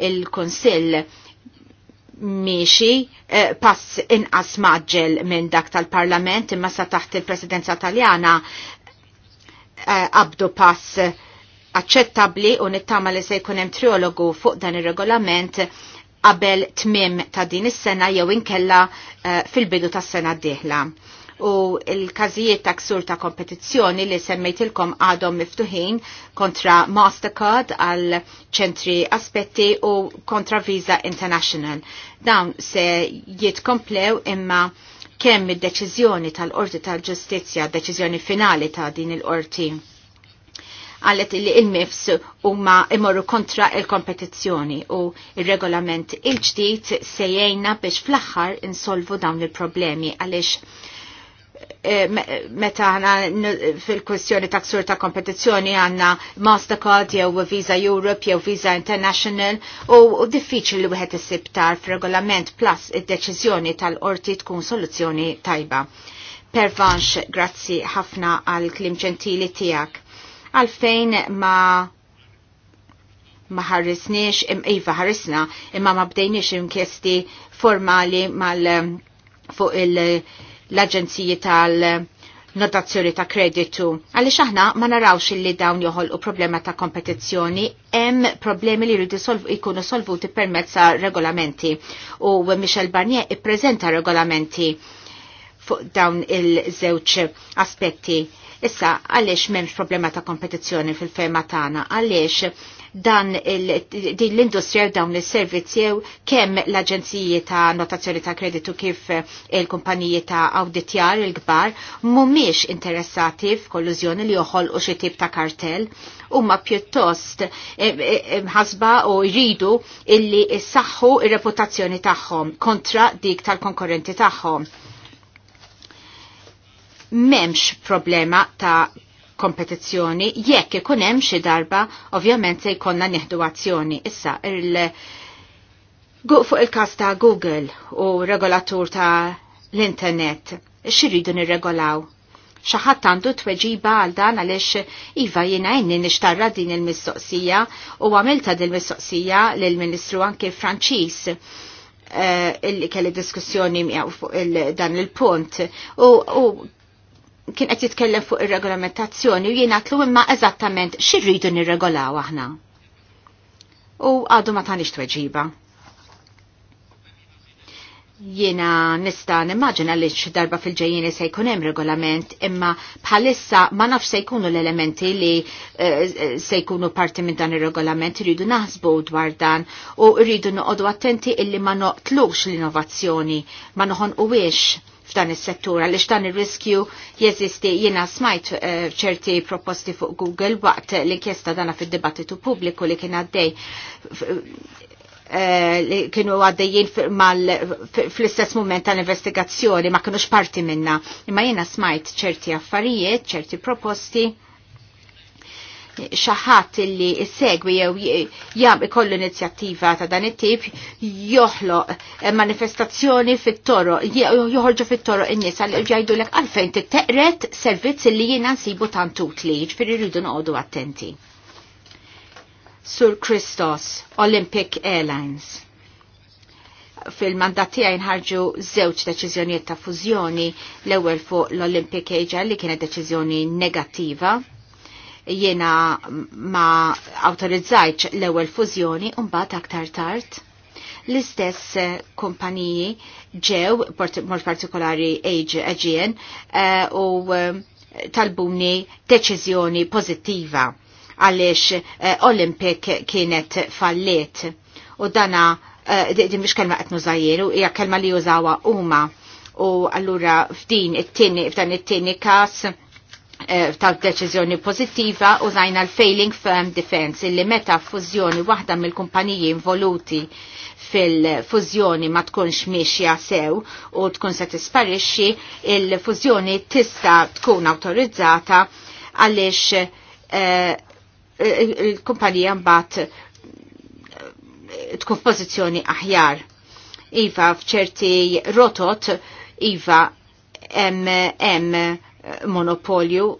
il-Konsil miexi eh, pass inqas maġġel minn dak tal-Parlament imma sa taħt il-Presidenza Taljana eh, abdu pass aċċettabbli u nittama li se jkun hemm triologu fuq dan ir-regolament qabel tmim ta' din is-sena jew inkella eh, fil-bidu tas-sena d-dieħla u il-kazijiet ta' ksur ta' kompetizzjoni li semmejtilkom għadhom miftuħin kontra Mastercard għal ċentri aspetti u kontra Visa International. Dawn se jitkomplew imma kemm id-deċiżjoni tal-Qorti tal-Ġustizzja, deċiżjoni finali ta' din il-Qorti għallet li il-MIFS huma imorru kontra il-kompetizzjoni u il-regolament il-ġdid sejjena biex fl-aħħar insolvu dawn il-problemi għaliex eh, meta għana fil-kwestjoni ta' ksur ta' kompetizjoni għanna Mastercard jew Visa Europe jew Visa International u diffiċli li wieħed isib tarf regolament plus id-deċiżjoni tal-qorti tkun soluzzjoni tajba. Pervanx, grazzi ħafna għal klim ġentili tijak għalfejn ma ma ħarrisniex, iva ħarrisna, imma ma bdejniex inkjesti formali mal fuq l-Aġenziji tal-Notazzjoni ta' Kreditu. Għaliex aħna ma narawx li dawn joħolqu problema ta' kompetizzjoni, hemm problemi li jridu ikunu solvuti permezz ta' regolamenti. U Michel Barnier ippreżenta regolamenti fuq dawn il-żewġ aspetti Issa, għaliex memx problema ta' kompetizzjoni fil-ferma tagħna, għaliex dan din l-industrija u dawn l-servizzi kemm l-aġenziji ta' notazzjoni ta' kreditu kif il-kumpaniji ta' awditjar il-kbar mhumiex interessati f'kollużjoni li joħolqu xi tip ta' kartell huma pjuttost eh, eh, ħasba u jridu illi issaħħu ir-reputazzjoni tagħhom kontra dik tal-konkurrenti tagħhom memx problema ta' kompetizzjoni jekk ikun hemm xi darba ovvjament se jkollna nieħdu azzjoni. Issa il fuq il-każ ta' Google u regolatur ta' l-internet xirridu nirregolaw. ħadd għandu tweġiba għal dan għaliex Iva jiena inni nixtarra din il-mistoqsija u għamilta din il-mistoqsija lill ministru anke Franċiż eh, li kelli diskussjoni fuq dan il-punt u kien qed jitkellem fuq ir-regolamentazzjoni u jien għatlu imma eżattament xirridu nirregolaw aħna. U għadu ma tagħniex tweġiba. Jiena nista nimmaġina li darba fil-ġejjini se jkun hemm regolament imma bħalissa ma nafx se jkunu l-elementi li eh, se jkunu parti minn dan ir-regolament irridu naħsbu dwar dan u rridu noqogħdu attenti illi ma noqtlux l-innovazzjoni ma noħonquwiex f'dan is-settur għaliex dan ir-riskju jeżisti jiena smajt eh, ċerti uh, proposti fuq Google waqt l-inkjesta dana fid-dibattitu pubbliku li kien għaddej eh, li kienu għaddejjien fl-istess moment tal-investigazzjoni ma kienux parti minna. Imma jiena smajt ċerti affarijiet, ċerti proposti xaħat illi segwi jew jam ikollu inizjattiva ta' dan it-tip joħloq eh, manifestazzjoni fit-toro, joħorġu fit-toro in-nies għal jgħidu lek għalfejn titteqret servizz illi jiena nsibu tantut li ġifieri rridu noqogħdu attenti. Sur Christos, Olympic Airlines fil-mandat tiegħi nħarġu żewġ deċiżjonijiet ta' fużjoni l-ewwel fuq l-Olympic Age li kienet deċiżjoni negattiva Jiena ma autorizzajċ l-ewel fużjoni un-bat aktar tard l-istess eh, kumpaniji ġew, mod partikolari AGN, eh, u eh, talbuni deċiżjoni pozittiva għaliex Olympic kienet falliet. U dana, din biex kelma għetnu zaħiru, hija kelma li jużawa huma. U allura f'din it-tini, f'dan it-tini kas, Eh, tal-deċiżjoni pozittiva użajna l-failing firm defense illi meta fużjoni waħda mill-kumpaniji involuti fil-fużjoni ma tkunx miexja sew u tkun se tisparixxi, il-fużjoni tista' tkun awtorizzata għaliex eh, il-kumpanija mbagħad eh, tkun f'pożizzjoni aħjar. Iva f'ċerti rotot, iva hemm Eh, monopolju.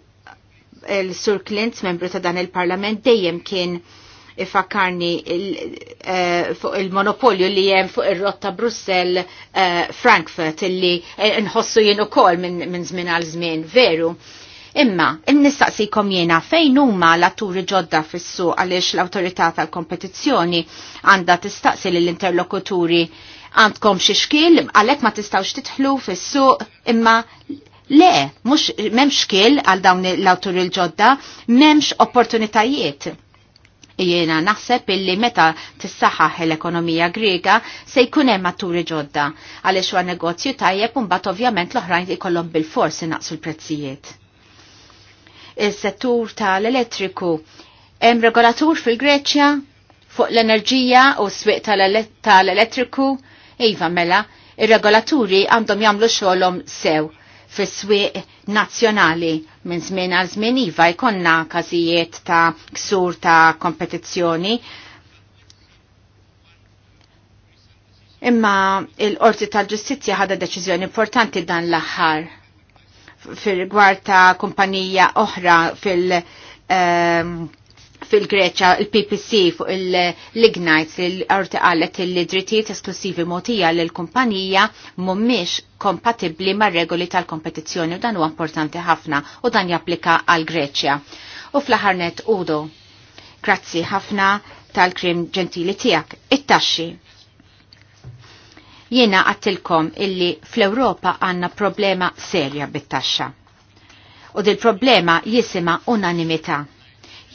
Il-Sur Clint, membru ta' dan il-Parlament, dejjem kien ifakarni eh, fuq il-monopolju li jem fuq il-rotta Brussel eh, Frankfurt illi nħossu jien ukoll minn żmien għal żmien veru. Imma, nistaqsikom jena fejn huma l-atturi ġodda fissu għaliex l-autorità tal-kompetizzjoni għandha tistaqsi l-interlokuturi għandkom xi għalek għalhekk ma tistgħux titħlu fis-suq imma Le, mux memx kiel għal dawn l-awtur il-ġodda, memx opportunitajiet. Jiena naħseb illi meta tissaħħaħ l-ekonomija grega se jkun hemm ġodda għaliex huwa negozju tajjeb u mbagħad ovvjament l-oħrajn ikollhom bil forsi naqsu l-prezzijiet. Is-settur tal-elettriku hemm regolatur fil-Greċja fuq l-enerġija u s-swieq tal-elettriku, iva mela, ir-regolaturi għandhom jagħmlu xogħolhom sew fis-swieq nazzjonali minn żmien għal żmien iva jkollna każijiet ta' ksur ta' kompetizzjoni. Imma il-Qorti tal-Ġustizzja ħadha deċiżjoni importanti dan l-aħħar fir-rigward ta' kumpanija oħra fil- um, fil-Greċa il-PPC fuq l-Ignite l-arti għallet il-drittijiet esklusivi motija l-kumpanija mummiex kompatibli ma' regoli tal-kompetizjoni u dan u importanti ħafna u dan japplika għal Greċja. U fl-ħarnet Udo, grazzi ħafna tal-krim ġentili tijak, it-taxxi. Jena għattilkom illi fl-Europa għanna problema serja bit-taxxa. U dil-problema jisima unanimita'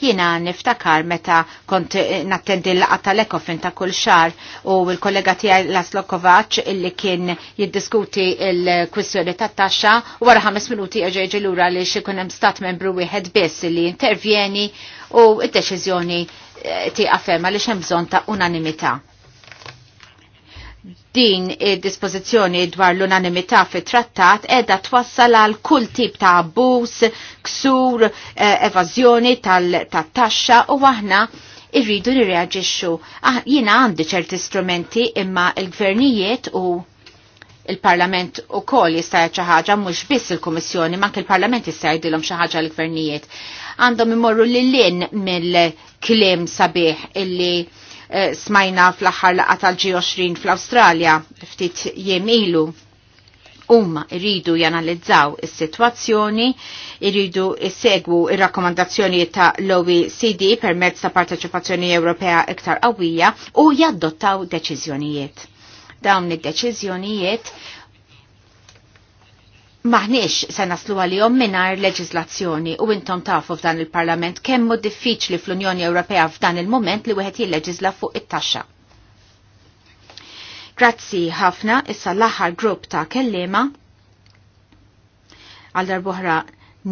Jiena niftakar meta kont eh, nattendi l-laqa tal-ekofin ta' kull xar u l-kollega tiegħi Laszlo Kovac illi kien jiddiskuti l-kwissjoni tat taxxa u wara ħames minuti eġeġi lura li xikun hemm stat membru wieħed biss li intervjeni u id deċiżjoni eh, ti fema li hemm bżonn ta' unanimità din id-dispożizzjoni dwar l-unanimità fit trattat edha twassal għal kull tip ta' abbuż, ksur, eh, evażjoni tal-taxxa u aħna irridu nirreagġixxu. Ah, jiena għandi ċerti strumenti imma il-gvernijiet u il-Parlament u kol jista' xi ħaġa mhux biss il-Kummissjoni, ma anke il-Parlament jista' jgħidilhom xi ħaġa l-gvernijiet. Għandhom imorru lil lin mill-kliem sabiħ illi Eh, smajna fl-aħħar laqgħa tal-G20 fl-Awstralja ftit jemilu. ilu. Umma irridu janalizzaw is-sitwazzjoni, irridu segwu ir-rakkomandazzjoni ta' l-OECD permezz ta' parteċipazzjoni Ewropea iktar qawwija u jaddottaw deċiżjonijiet. Dawn id-deċiżjonijiet maħniex se naslu għalihom mingħajr leġislazzjoni u intom tafu f'dan il-Parlament kemmu diffiċli fl-Unjoni Ewropea f'dan il-moment li wieħed jilleġisla fuq it-taxxa. Grazzi ħafna issa l-aħħar grupp ta' kellima għal darbohra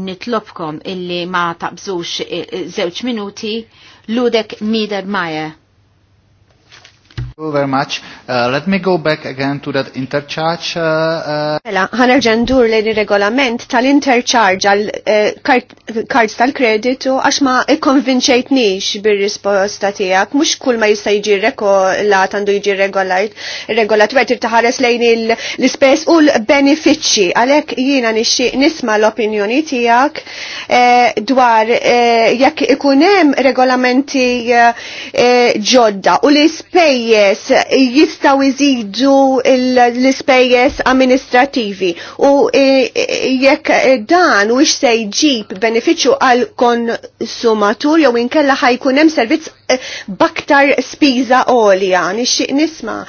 nitlobkom illi ma taqbżux eh, eh, żewġ minuti Ludek Miedermajer. Thank you very much. Uh, let me go back again to that intercharge. Uh, uh, mela, uh, ħanerġa ndur lejn ir-regolament tal-intercharge għal eh, kards tal-kreditu għax ma ikkonvinċejtnix bir-risposta tiegħek. Mhux kull ma jista' jiġi regolat għandu jiġi regolat. Regolat għet irtaħares lejn l-ispess u l-benefiċċji. Għalhekk jiena nixtieq nisma' l-opinjoni tiegħek eh, dwar eh, jekk ikun hemm regolamenti ġodda u l ispejje spejjes jistaw iżidu l-spejjes amministrativi u e, e, jekk dan u se jġib beneficju għal konsumatur jew inkella ħajkun hemm servizz e, baktar spiża għolja nixtieq nisma'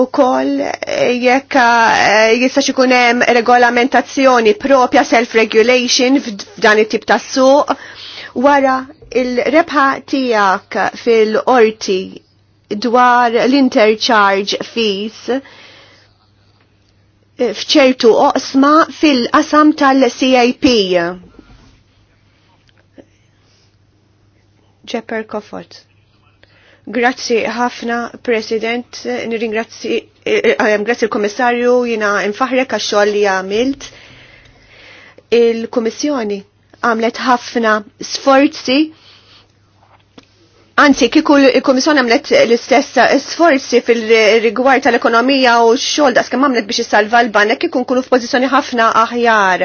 u koll jekk jistax ikun hemm regolamentazzjoni propja self-regulation f'dan it-tip ta' suq wara il-rebħa tiegħek fil orti dwar l-intercharge fees fċertu oqsma fil-qasam tal-CIP. Ġepper Kofot. Grazzi ħafna, President, nirringrazzi, eh, eh, grazzi il-Komissarju jina infaħrek għax-xogħol li għamilt. Il-Komissjoni għamlet ħafna sforzi Anzi, kiku il komissjon għamlet l-istess sforzi fil-rigward tal-ekonomija u x-xogħol da skemm għamlet biex issalva l-banek kiku nkunu f'pożizzjoni ħafna aħjar.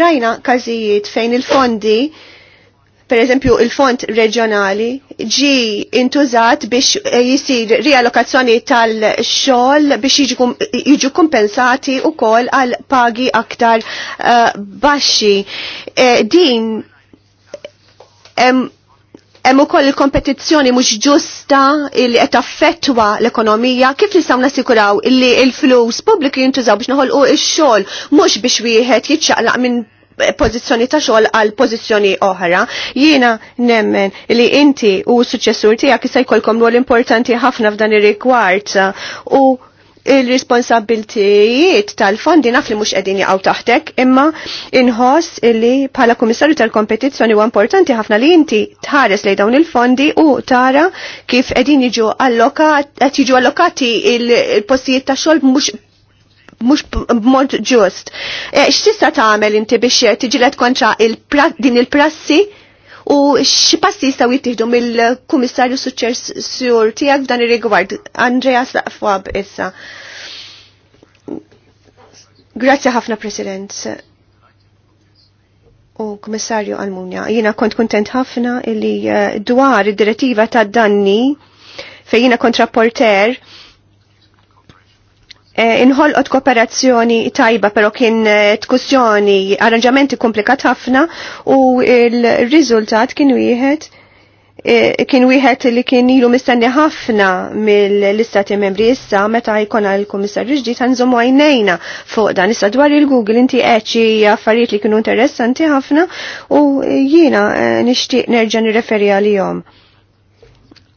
Rajna każijiet fejn il-fondi per eżempju il-fond reġjonali ġi intużat biex eh, jisir riallokazzjoni tal-xogħol biex jiġu kompensati wkoll għal pagi aktar uh, baxxi. Eh, din em, Hemm ukoll il-kompetizzjoni mhux ġusta li qed affettwa l-ekonomija, kif nistgħu nassikuraw illi l-flus pubbliku jintużaw biex noħolqu ix xogħol mhux biex wieħed jiċċaqlaq minn pozizjoni ta' xogħol għal pozizjoni oħra. Jiena nemmen li inti u s-suċessur tiegħek se jkollkom rol importanti ħafna f'dan ir-rigward u il-responsabiltijiet tal-fondi naf li mux edin jaqaw taħtek, imma inħoss li bħala komissarju tal-kompetizzjoni u importanti ħafna li inti tħares li dawn il-fondi u tara kif edin jiġu allokati, allokati il-postijiet ta' xol mux mux b'mod ġust. E, X'tista' tagħmel inti biex tiġilet kontra il din il-prassi u passi jistgħu jittieħdu mill-Kummissarju Suċċessur tiegħek f'dan ir-rigward. Andrea Saqfab issa. Grazzi ħafna President u Kummissarju Almunja. Jiena kont kuntent ħafna illi eh, dwar id-direttiva tad danni fejn kontra porter Eh, inħolqot kooperazzjoni tajba, pero kien tkussjoni, eh, arranġamenti komplikat ħafna u il-riżultat kien wieħed eh, kien wieħed li kien ilu mistenni ħafna mill-istati membri issa meta jkun l-kummissarju ġdid għanżomu għajnejna fuq dan issa dwar il-Google inti eċi xi affarijiet li kienu interessanti ħafna u jiena nixtieq nerġa' nirreferi għalihom.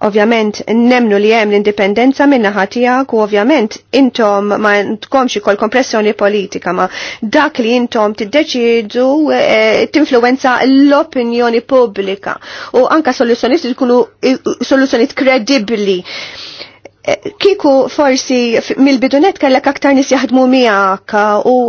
Ovvjament nemnu li hemm l-indipendenza minna tiegħek u ovvjament intom ma tkomx ikoll kompressjoni politika ma dak li intom tiddeċidu e, eh, tinfluwenza l-opinjoni pubblika u anka soluzzjonijiet li tkunu eh, soluzzjonijiet kredibbli eh, kiku forsi mill-bidunet kellek aktar nis jaħdmu miegħek u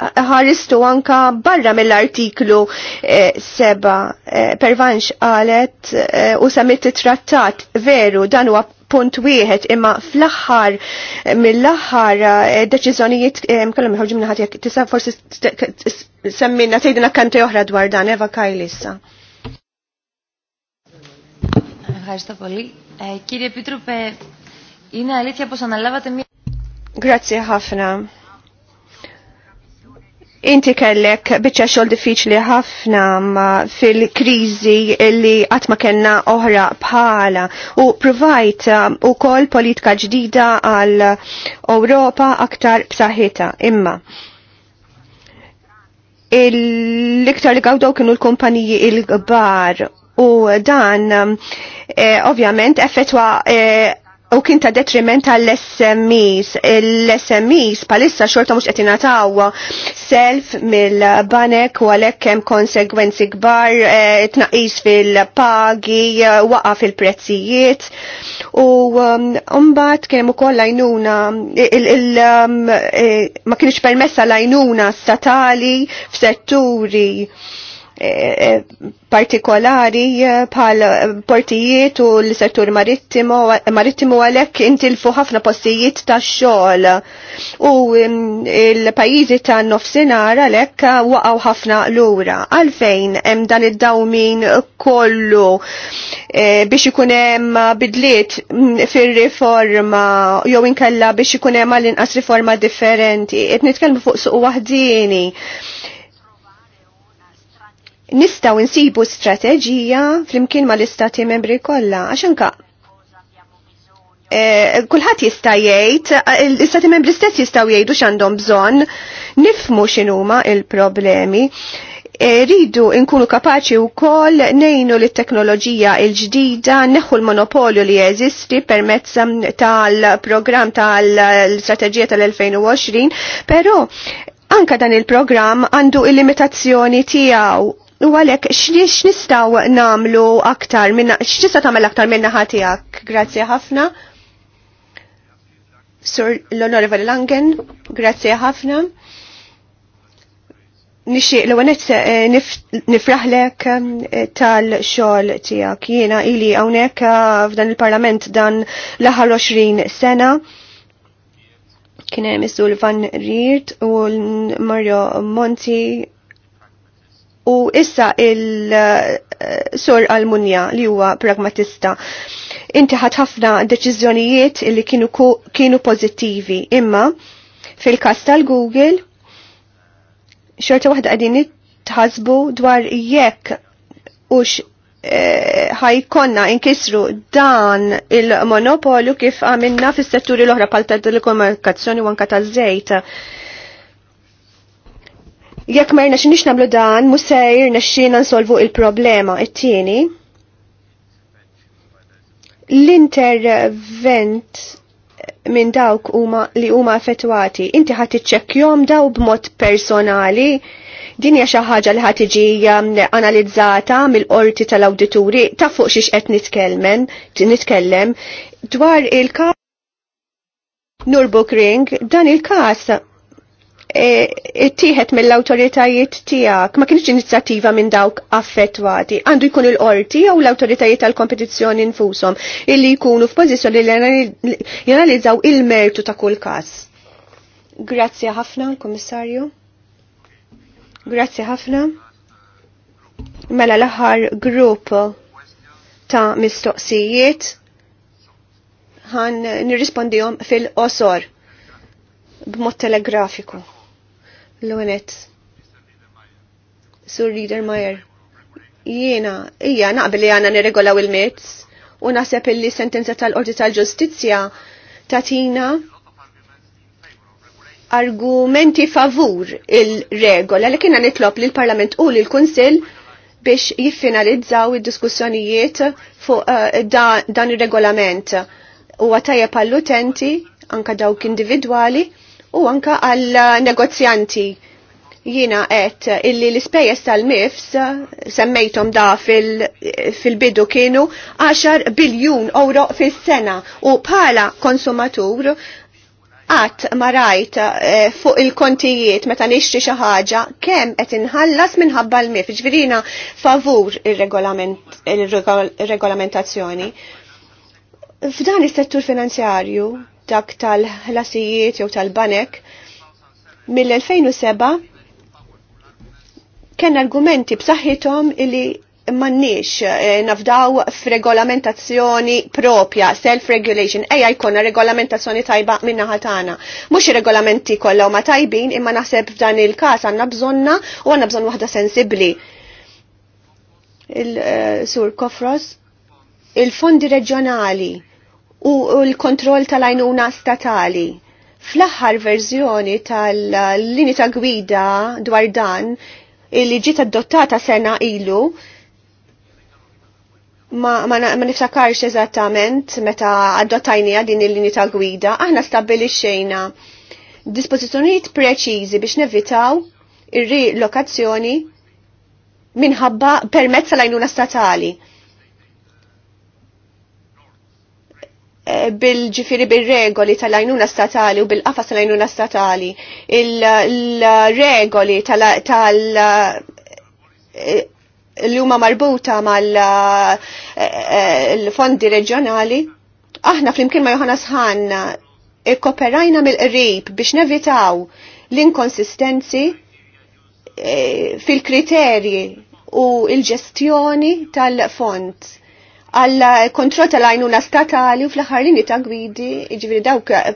ħaristu anka barra mill-artiklu eh, seba eh, pervanx għalet eh, u samit trattat veru dan huwa punt wieħed imma fl-aħħar mill-aħħar eh, deċiżjonijiet eh, kellhom iħorġu minn ħadd jekk tisa' forsi semmina tgħidilna kanti oħra dwar dan Eva Kajlissa. Ευχαριστώ πολύ. Ε, κύριε Επίτροπε, είναι αλήθεια πως αναλάβατε μία... Grazie, Hafna. Inti kellek bieċa xol diffiċli ħafna fil-krizi li għatma kena oħra bħala u provajt u um, kol politika ġdida għal ewropa aktar b'saħħita imma. L-iktar li għawdaw kienu l-kumpaniji il-gbar u dan um, eh, ovvjament effettwa eh, u kien ta' detriment għall smis L-SMEs palissa xorta mux qed ingħataw self mill-banek u għalhekk hemm konsegwenzi kbar, eh, tnaqis fil-pagi, waqa fil-prezzijiet. U um, mbagħad um, kien eh, ukoll lajnuna ma kienx permessa lajnuna statali f'setturi Eh, eh, partikolari eh, bħal portijiet u l-settur marittimu għalek intilfu ħafna postijiet ta' xogħol u mm, il-pajjiżi ta' nofsinhar għalek waqgħu ħafna lura. Għalfejn hemm dan id-dawmin kollu biex ikun hemm bidliet mm, fir-riforma jew inkella biex ikun hemm għall-inqas riforma differenti. Qed nitkellmu fuq suq waħdini nistaw insibu strateġija flimkien ma l-istati membri kollha għax anka e, kulħadd jista' jgħid l-istati membri stess jistgħu jgħidu x'għandhom bżonn nifmu x'inhuma il-problemi. E, eh, ridu nkunu kapaċi wkoll nejnu li teknoloġija il-ġdida neħu l-monopolju li jeżisti permezz mm, tal-programm tal-strateġija tal-2020, però anka dan il-programm għandu il-limitazzjoni tiegħu U għalek, x'nistaw namlu aktar minna, x'tista' tagħmel aktar minna ħatijak? Grazzi ħafna. Sur l-Onorevoli Langen, grazzi ħafna. Nixi, l-għanet eh, nifraħlek eh, tal-xol tijak. Jena ili hawnhekk eh, f'dan il-parlament dan l aħħar 20 sena kienem Isul Van Riert u Mario Monti u issa il għal eh, Almunja li huwa pragmatista. Inti ħadd ħafna deċiżjonijiet li kienu, kienu pozittivi, imma fil-kas tal-Google xorta waħda qegħdin tħasbu dwar jekk ux eh, ħajkonna e, inkisru dan il-monopolju kif għamilna fis setturi l-oħra pal telekomunikazzjoni u anka taż-żejt. Jekk ma jirnex nix namlu dan, musejr nexxina nsolvu il-problema. It-tieni, l-intervent minn dawk li huma effettwati, inti ħadd iċċekkjhom daw b'mod personali, din hija xi ħaġa li ħadd tiġi um, analizzata mill-qorti tal-awdituri ta' fuq xiex qed nitkellmen, nitkellem dwar il-każ Nurburgring, dan il-każ E, ittieħed mill-awtoritajiet tiegħek ma kienx inizjattiva minn dawk affettwati. Għandu jkun il-qorti jew l-awtoritajiet tal-kompetizzjoni nfushom illi jkunu f'pożizzjoni li janalizzaw il-mertu ta' kull każ. Grazzi ħafna, Kummissarju. Grazzi ħafna. Mela l-aħħar grupp ta' mistoqsijiet ħan nirrispondihom fil-qosor b'mod telegrafiku. L-għonet. Sur Reader Meyer. Jiena, ija naqbel li għana nirregolaw il-mezz u naħseb illi sentenza tal-Qorti tal-Ġustizzja tatina argumenti favur il-regola li kiena nitlob l parlament u l kunsill biex jiffinalizzaw id-diskussjonijiet fuq uh, da, dan ir-regolament. Huwa tajjeb għall-utenti anka dawk individwali u anka għal negozjanti. Jina għet illi l-ispejjeż tal-MIFS semmejtom da fil-bidu fil kienu 10 biljun euro fil-sena u pala konsumatur għat marajt eh, fuq il-kontijiet meta nixti xi ħaġa kemm qed inħallas minħabba l-mif, ġvirina favur ir-regolamentazzjoni. F'dan is-settur finanzjarju dak tal-ħlasijiet jew tal-banek mill-2007 kien argumenti b'saħħithom illi mannix eh, nafdaw f'regolamentazzjoni propja, self-regulation, eja jkunna regolamentazzjoni tajba minna ħatana. Mux regolamenti kollha ma tajbin, imma naħseb f'dan il-kas għanna bżonna u għanna bżon waħda sensibli. Il-sur eh, Kofros, il-fondi reġjonali u l-kontroll tal-għajnuna statali. Fl-aħħar verżjoni tal-lini ta' gwida dwar dan li ġiet adottata sena ilu ma, ma, ma niftakarx eżattament meta adottajnija din il-lini ta' gwida, aħna stabbilixxejna dispożizzjonijiet preċiżi biex nevitaw ir-rilokazzjoni minħabba permezz tal-għajnuna statali bil-ġifiri bil-regoli tal-għajnuna statali u bil-qafas tal-għajnuna statali, il-regoli tal- l eh, huma marbuta mal-fondi eh, reġjonali, aħna flimkien ma Johannes Hahn ikkoperajna mill-qrib biex nevitaw l-inkonsistenzi eh, fil-kriterji u l ġestjoni tal fonds għal kontrol tal-għajnuna statali u fl-ħarlini ta' gwidi, iġviri dawk eh,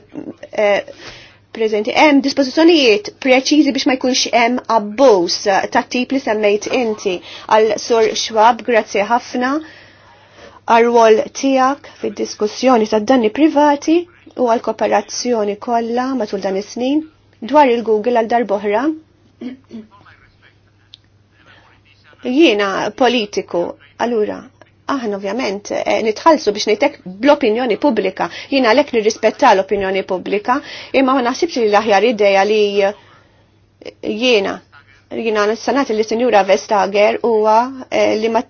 eh, prezenti, hemm dispożizzjonijiet preċiżi biex ma jkunx hemm abbuż ta' tip li semmejt inti għal Sur Schwab, grazzi ħafna għal-rwol tijak fil-diskussjoni ta' danni privati u għal-kooperazzjoni kollha matul dan is-snin dwar il-Google għal darboħra. Jiena politiku, allura aħna ovvjament eh, nitħalsu biex ngħidlek bl-opinjoni pubblika. Jiena għalhekk nirrispetta l-opinjoni pubblika, imma ma naħsibx li l-aħjar idea li eh, jiena jiena sanat li Sinjura Vestager huwa eh, li ma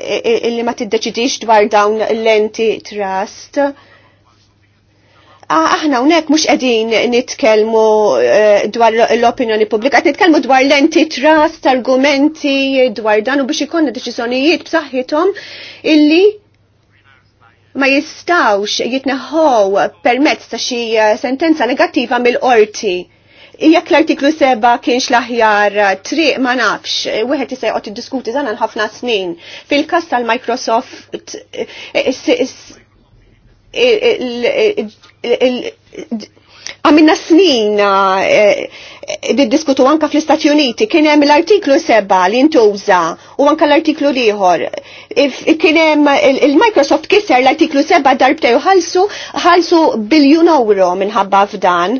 li ma tiddeċidix dwar dawn l-enti trust aħna unek mux edin nitkelmu eh, dwar l-opinjoni publika, għat nitkelmu dwar l-antitrust, argumenti dwar dan u biex ikonna deċizjonijiet b'saħħithom illi ma jistawx jitneħħow permezz ta' xi eh, sentenza negattiva mill-qorti. Jekk l-artiklu seba' kienx l-aħjar triq ma nafx, eh, wieħed jista' jqgħod iddiskuti dan għal ħafna snin. Fil-każ tal-Microsoft għamilna snin eh, eh, diskutu anka fl-Istati Uniti kien hemm l-artiklu seba' li ntuża u anka l-artiklu ieħor. Kien hemm il-Microsoft kisser l-artiklu seba darbtej ħalsu ħalsu biljun euro minħabba f'dan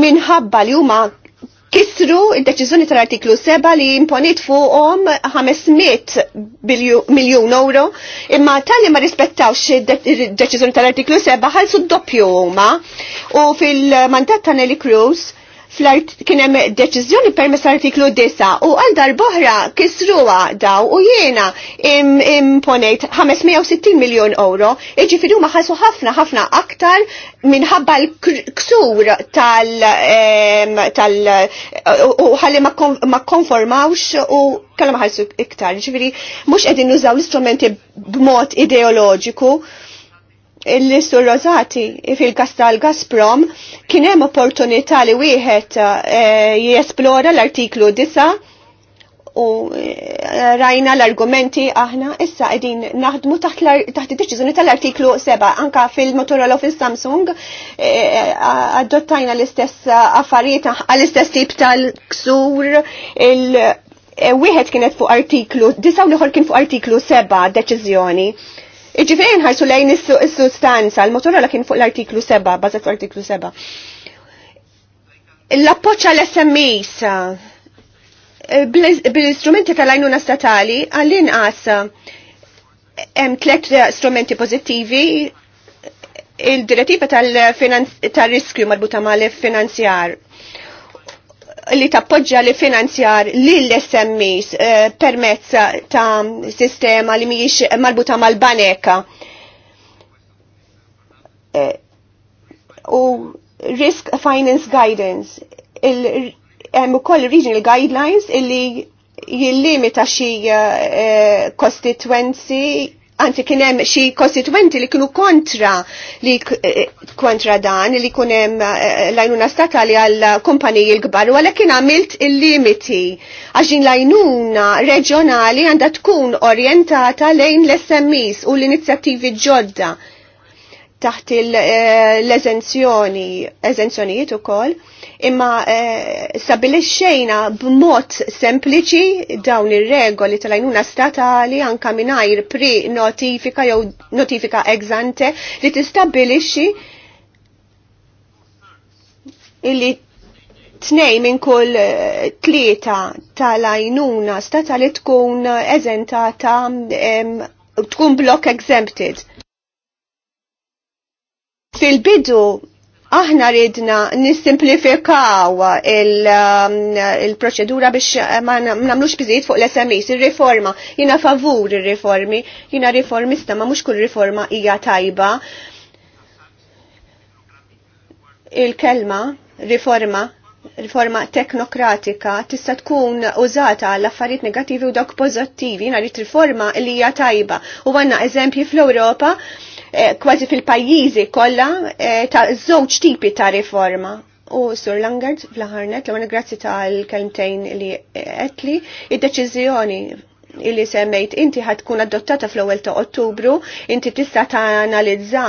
minħabba li huma kisru id-deċiżjoni tal-artiklu 7 li imponit fuqhom 500 miljun euro imma li ma rispettawx id-deċiżjoni tal-artiklu 7 ħalsu d-doppju huma u fil-mandat ta' Nelly Cruz kien hemm deċiżjoni permess artiklu 9 u għal darboħra kisruha daw u jiena imponejt 560 miljon euro, iġifieri huma ħasu ħafna ħafna aktar minħabba l-ksur tal- tal- u ħalli ma konformawx u kellhom ħarsu iktar, ġifieri mhux qegħdin nużaw l-istrumenti b'mod ideoloġiku l-istur Rozati, fil kastal gazprom kien hemm opportunità li wieħed eh, jesplora l-artiklu 9 u eh, rajna l-argumenti aħna issa qegħdin naħdmu taħt id-deċiżjoni tal-artiklu 7 anka fil-Motorola u fil-Samsung eh, adottajna l-istess affarijiet għall-istess tip tal-ksur il wieħed kienet fuq artiklu, disaw u liħor kien fuq artiklu 7 deċiżjoni Iġifiri nħarsu lejn is-sustanza, l-Motorola kien fuq l-artiklu 7, bazzat fuq artiklu 7. L-appoċċ għal SMEs eh, bil-istrumenti tal-għajnuna statali għall-inqas eh, hemm tliet strumenti pozittivi, il-direttiva tal-riskju tal marbuta mal finanzjar li tappoġġa li finanzjar lill-SMEs eh, permezz ta' sistema li mhijiex marbuta mal-baneka. Eh, u Risk Finance Guidance, hemm ukoll Regional Guidelines illi jillimita xi kostituenzi eh, anzi kien hemm xi kostituenti li kienu kontra li eh, eh, kontra dan li kunem hemm eh, lajnuna statali għal kumpaniji l-kbar u għalhekk kien għamilt il-limiti għaxin lajnuna reġjonali għandha tkun orjentata lejn l smis u l-inizjattivi ġodda taħt eh, l-eżenzjoni, eżenzjonijiet u koll, imma eh, stabilixxejna b'mod sempliċi dawn ir-regoli tal-għajnuna statali anka mingħajr pri notifika jew notifika ex li tistabilixxi illi tnej minn kull eh, tlieta tal-għajnuna statali tkun eżentata tkun block exempted. Fil-bidu aħna ridna nissimplifikaw um, il-proċedura biex eh, ma namlux biżiet fuq l-SMS, il-riforma, jina favur il-riformi, jina riformista ma mux kull riforma hija tajba. Il-kelma, riforma, riforma teknokratika tista' tkun użata għall affarijiet negattivi u dok pożittivi, jina riforma li hija tajba. U għandna eżempji fl-Ewropa Eh, kważi fil-pajjiżi kollha eh, ta' żewġ tipi ta' riforma. U Sur Langard fl-ħarnet, l grazzi tal-kelmtejn li eh, għetli, id-deċizjoni illi semmejt inti ħad tkun adottata fl-ewwel ta' Ottubru, inti tista' tanalizza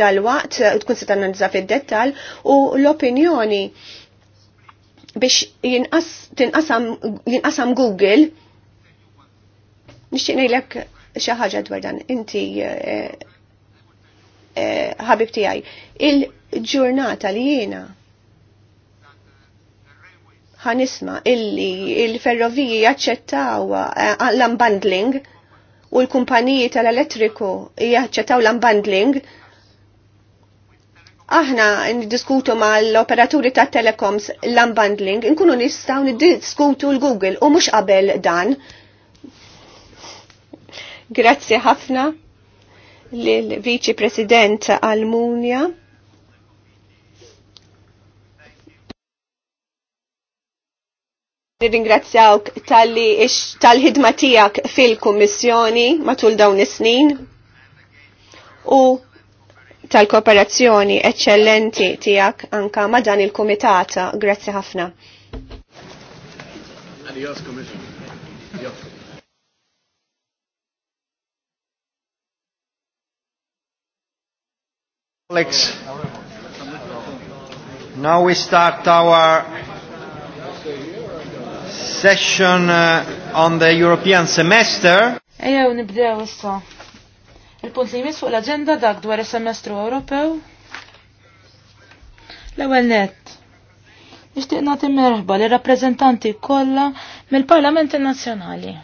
dal-waqt, tkun se analizza fid-dettal u l-opinjoni biex jinqasam Google nixtieq ngħidlek xi ħaġa dwar dan. Inti ħabib tiegħi. Il-ġurnata li jiena ħanisma illi il-ferroviji jaċċettaw eh, l-unbundling u l-kumpaniji tal-elettriku jaċċettaw l-unbundling aħna niddiskutu ma l-operaturi ta' telecoms l-unbundling, nkunu nistaw niddiskutu l-Google u mux qabel dan. Grazzi ħafna l vici President Almunia. Nirringrazzjawk tal ħidma tijak fil-Kummissjoni matul dawn is-snin u tal-kooperazzjoni eccellenti tijak anka ma dan il-Kumitata. Grazzi ħafna. Adios, Commissioner. Alex, now we start our session uh, on the European semester. Ejjew nibdew issa. Il-punt li jmiss fuq l-agenda dak dwar is-semestru Ewropew. L-ewwel nett. Nixtieq nagħti merħba li rappreżentanti kollha mill-Parlamenti Nazzjonali.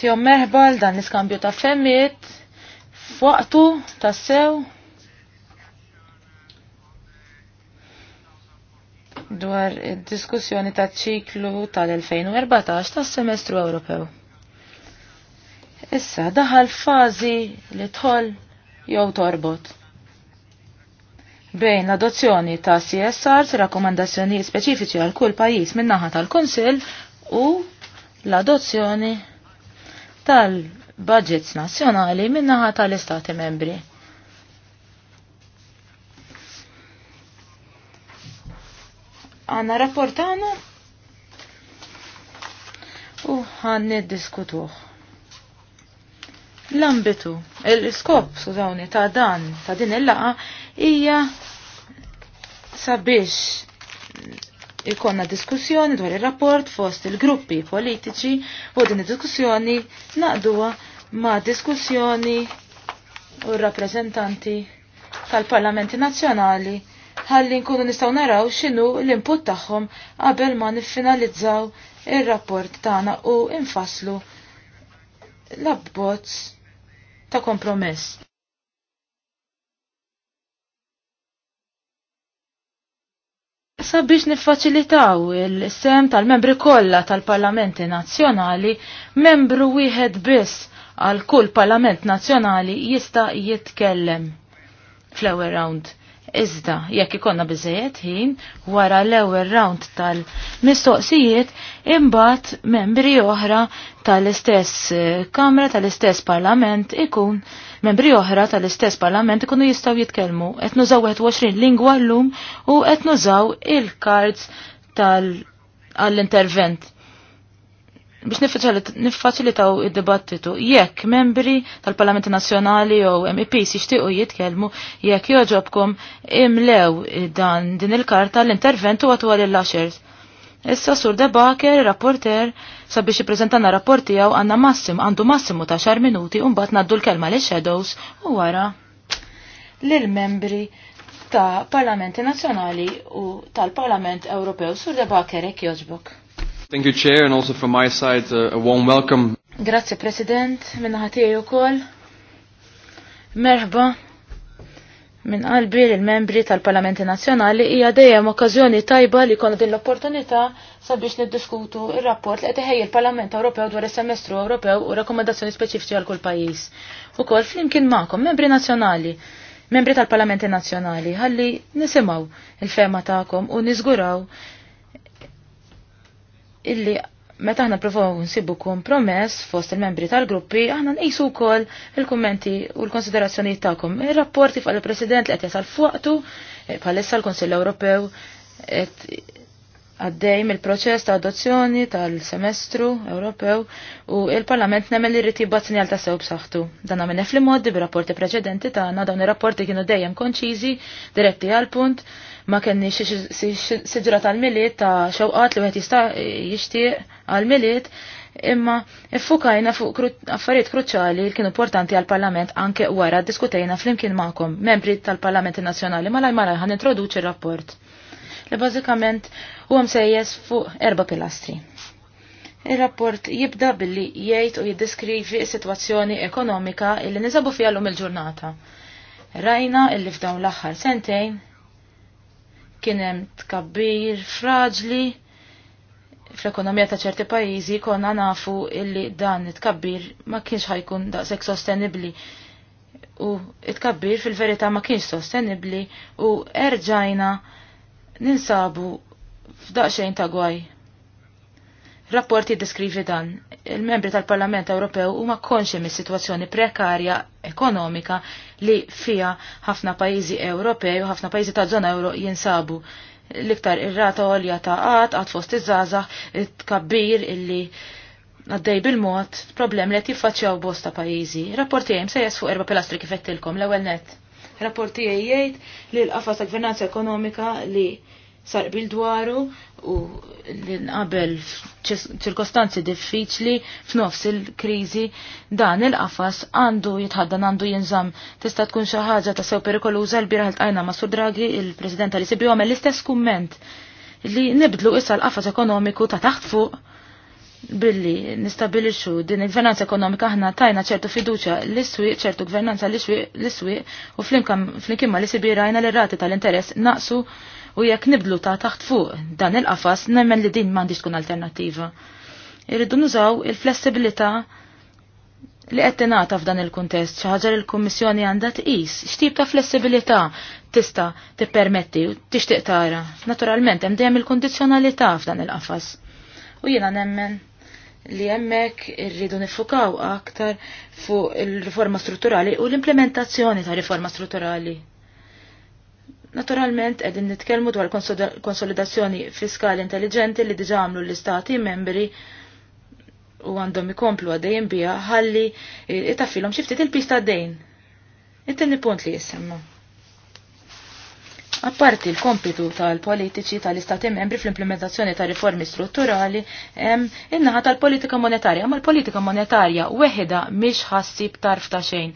Tihom merħba l dan l-iskambju ta' femmiet f'waqtu tassew dwar id-diskussjoni ta' ċiklu tal-2014 tas semestru Ewropew. Issa daħal fażi li tħol jew torbot. Bejn l-adozzjoni ta' CSR rakkomandazzjoni speċifiċi għal kull pajjiż min-naħa tal-Kunsill u l-adozzjoni tal budgets nazzjonali minnaħa tal-Istati membri. Għanna rapportana u għanni diskutuħ. L-ambitu, il-skop, skużawni, ta' dan, ta' din il-laqa, hija sabiex ikonna diskussjoni dwar ir-rapport fost il-gruppi politiċi u din id-diskussjoni naqduha ma' diskussjoni u rappreżentanti tal-Parlamenti Nazzjonali ħalli nkunu nistgħu naraw x'inhu l-input tagħhom qabel ma niffinalizzaw ir-rapport tagħna u infaslu l-abbozz ta' kompromess. sabiex niffaċilitaw il-sem tal-membri kollha tal-Parlamenti Nazzjonali, membru wieħed biss għal kull Parlament Nazzjonali jista' jitkellem fl-ewwel round. Iżda, jekk ikonna biżejjed ħin, wara l-ewwel round tal-mistoqsijiet, imbagħad membri oħra tal-istess eh, Kamra, tal-istess Parlament ikun membri oħra tal-istess parlament ikunu jistaw jitkellmu. Qed nużaw 21 lingwa llum u qed nużaw il kards tal-intervent biex niffaċilitaw id-dibattitu jekk membri tal-Parlamenti Nazzjonali jew MEPs jixtiequ jitkellmu jekk joġobkom imlew dan din il-karta l-intervent u għal il-laxers. Issa sur debaker, rapporter, sabiex jiprezentana rapport tiegħu għandna massim għandu massimu ta' xar minuti u mbagħad ngħaddu l-kelma li shadows u wara lil membri ta' Parlamenti Nazzjonali u tal-Parlament Ewropew sur debaker ek jogħġbok. Thank you Chair and also from my side uh, a warm welcome. Grazie President, minna u ukoll. Merħba minn qalbi l membri tal-Parlamenti Nazzjonali hija dejjem okkażjoni tajba li konu din l-opportunità sabiex niddiskutu ir-rapport li qed il-Parlament Ewropew dwar is-semestru Ewropew u rakkomandazzjoni speċifiċi għal kull pajjiż. Ukoll flimkien magħkom membri nazzjonali, membri tal-Parlamenti Nazzjonali, ħalli nisimgħu il-fema tagħkom u niżguraw illi meta aħna provaw nsibu kompromess fost il-membri tal-gruppi, aħna nqisu wkoll il-kummenti u l-konsiderazzjonijiet ta'kom. Ir-rapporti fuq il-President li qed jasal fuqtu eh, bħalissa l-Kunsill Ewropew qed għaddej mill-proċess ta' adozzjoni tal-semestru Ewropew u il-Parlament nemmen li rriti sinjal ta' sew b'saħħtu. Dan għamil fl bir-rapporti preċedenti tagħna dawn ir-rapporti kienu dejjem konċiżi, diretti għal punt, ma kenni siġra tal-miliet ta' xewqat li għet jista' jixtieq għal-miliet imma iffukajna fuq affarijiet kruċali li kienu importanti għal-Parlament anke wara diskutejna flimkien ma'kom, membri tal-Parlament Nazzjonali malaj malaj ħan introduċi rapport li bażikament huwa msejjes fuq erba' pilastri. Il-rapport jibda billi jgħid u jiddeskrivi s-sitwazzjoni ekonomika illi niżabu fiha lum il-ġurnata. Rajna illi f'dawn l-aħħar sentejn kienem tkabbir fraġli fl-ekonomija ta' ċerti pajjiżi konna nafu illi dan tkabbir ma kienx ħajkun daqshekk sostenibbli. U it-tkabbir fil-verità ma kienx sostenibbli u erġajna ninsabu f'daqxejn ta' gwaj. Rapporti deskrivi dan. Il-membri tal-Parlament Ewropew huma konxi mis-sitwazzjoni prekarja ekonomika li fija ħafna pajjiżi Ewropej u ħafna pajjiżi ta' żona Ewro jinsabu l-iktar ir-rata għolja ta' għad, għad fost iż-żazax, it-kabbir illi għaddej bil-mod, problem li jiffaċċjaw bosta pajizi. Rapportijem se fuq erba pilastri kifettilkom l-ewel net. Rapporti jgħid li l-qafas ta' gvernanza ekonomika li bil dwaru u l-inqabel ċirkostanzi diffiċli f'nofs il-krizi dan il-qafas għandu jitħaddan għandu jinżam tista' tkun xi ħaġa ta' sew perikoluża l bieraħ tqajna ma' Sur Draghi il-President li sibi għamel l-istess kumment li nibdlu issa l-qafas ekonomiku ta' taħt fuq billi nistabilixu din il-gvernanza ekonomika ħna tajna ċertu fiduċa l-iswiq, ċertu gvernanza l-iswiq, u flimkien ma e li sibirajna l-rati tal-interess naqsu u jekk nibdlu ta' taħt fuq dan il-qafas nemmen li din m'għandix tkun alternattiva. Irridu nużaw il-flessibilità li qed tingħata f'dan il-kuntest xi ħaġa li l-Kummissjoni għandha tqis x'tip ta' flessibilità tista' tippermetti u tixtieq tara. Naturalment hemm dejjem il-kondizzjonalità f'dan il-qafas. U jiena nemmen li jemmek irridu nifukaw aktar fuq il-riforma strutturali u l-implementazzjoni ta' riforma strutturali. Naturalment, edin nitkelmu dwar konsolidazzjoni fiskali intelligenti li diġa għamlu l-istati membri u għandhom ikomplu għaddejn bija ħalli itaffilhom xi ftit il-pista għaddejn. it punt li jessemma. Apparti l-kompitu tal-politiċi tal-istati membri fl-implementazzjoni ta' riformi strutturali, in tal-politika monetarja, ma l-politika monetarja weħida miex ħassib tarf ta' xejn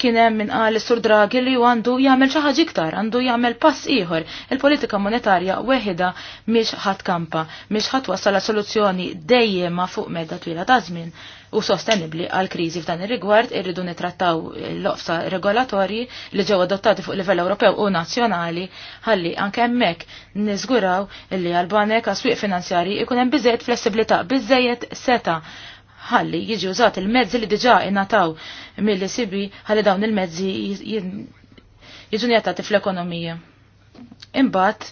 kien hemm min qal sur Draghi li għandu jagħmel xi ħaġa iktar, għandu jagħmel pass ieħor. Il-politika monetarja weħida mhix ħadd kampa, mhix ħadd wassal soluzzjoni ma' fuq medda twila ta' żmien u sostenibbli għal kriżi f'dan ir-rigward irridu nitrattaw l oqsa regolatorji li ġew adottati fuq livell Ewropew u nazzjonali ħalli anke hemmhekk niżguraw li għal banek għas-swieq finanzjarji ikun hemm biżejjed flessibilità, biżejjed seta' ħalli jiġi użat il-mezzi li diġa inataw mill-sibi ħalli dawn il-mezzi jiġun jattati fl-ekonomija. Imbat,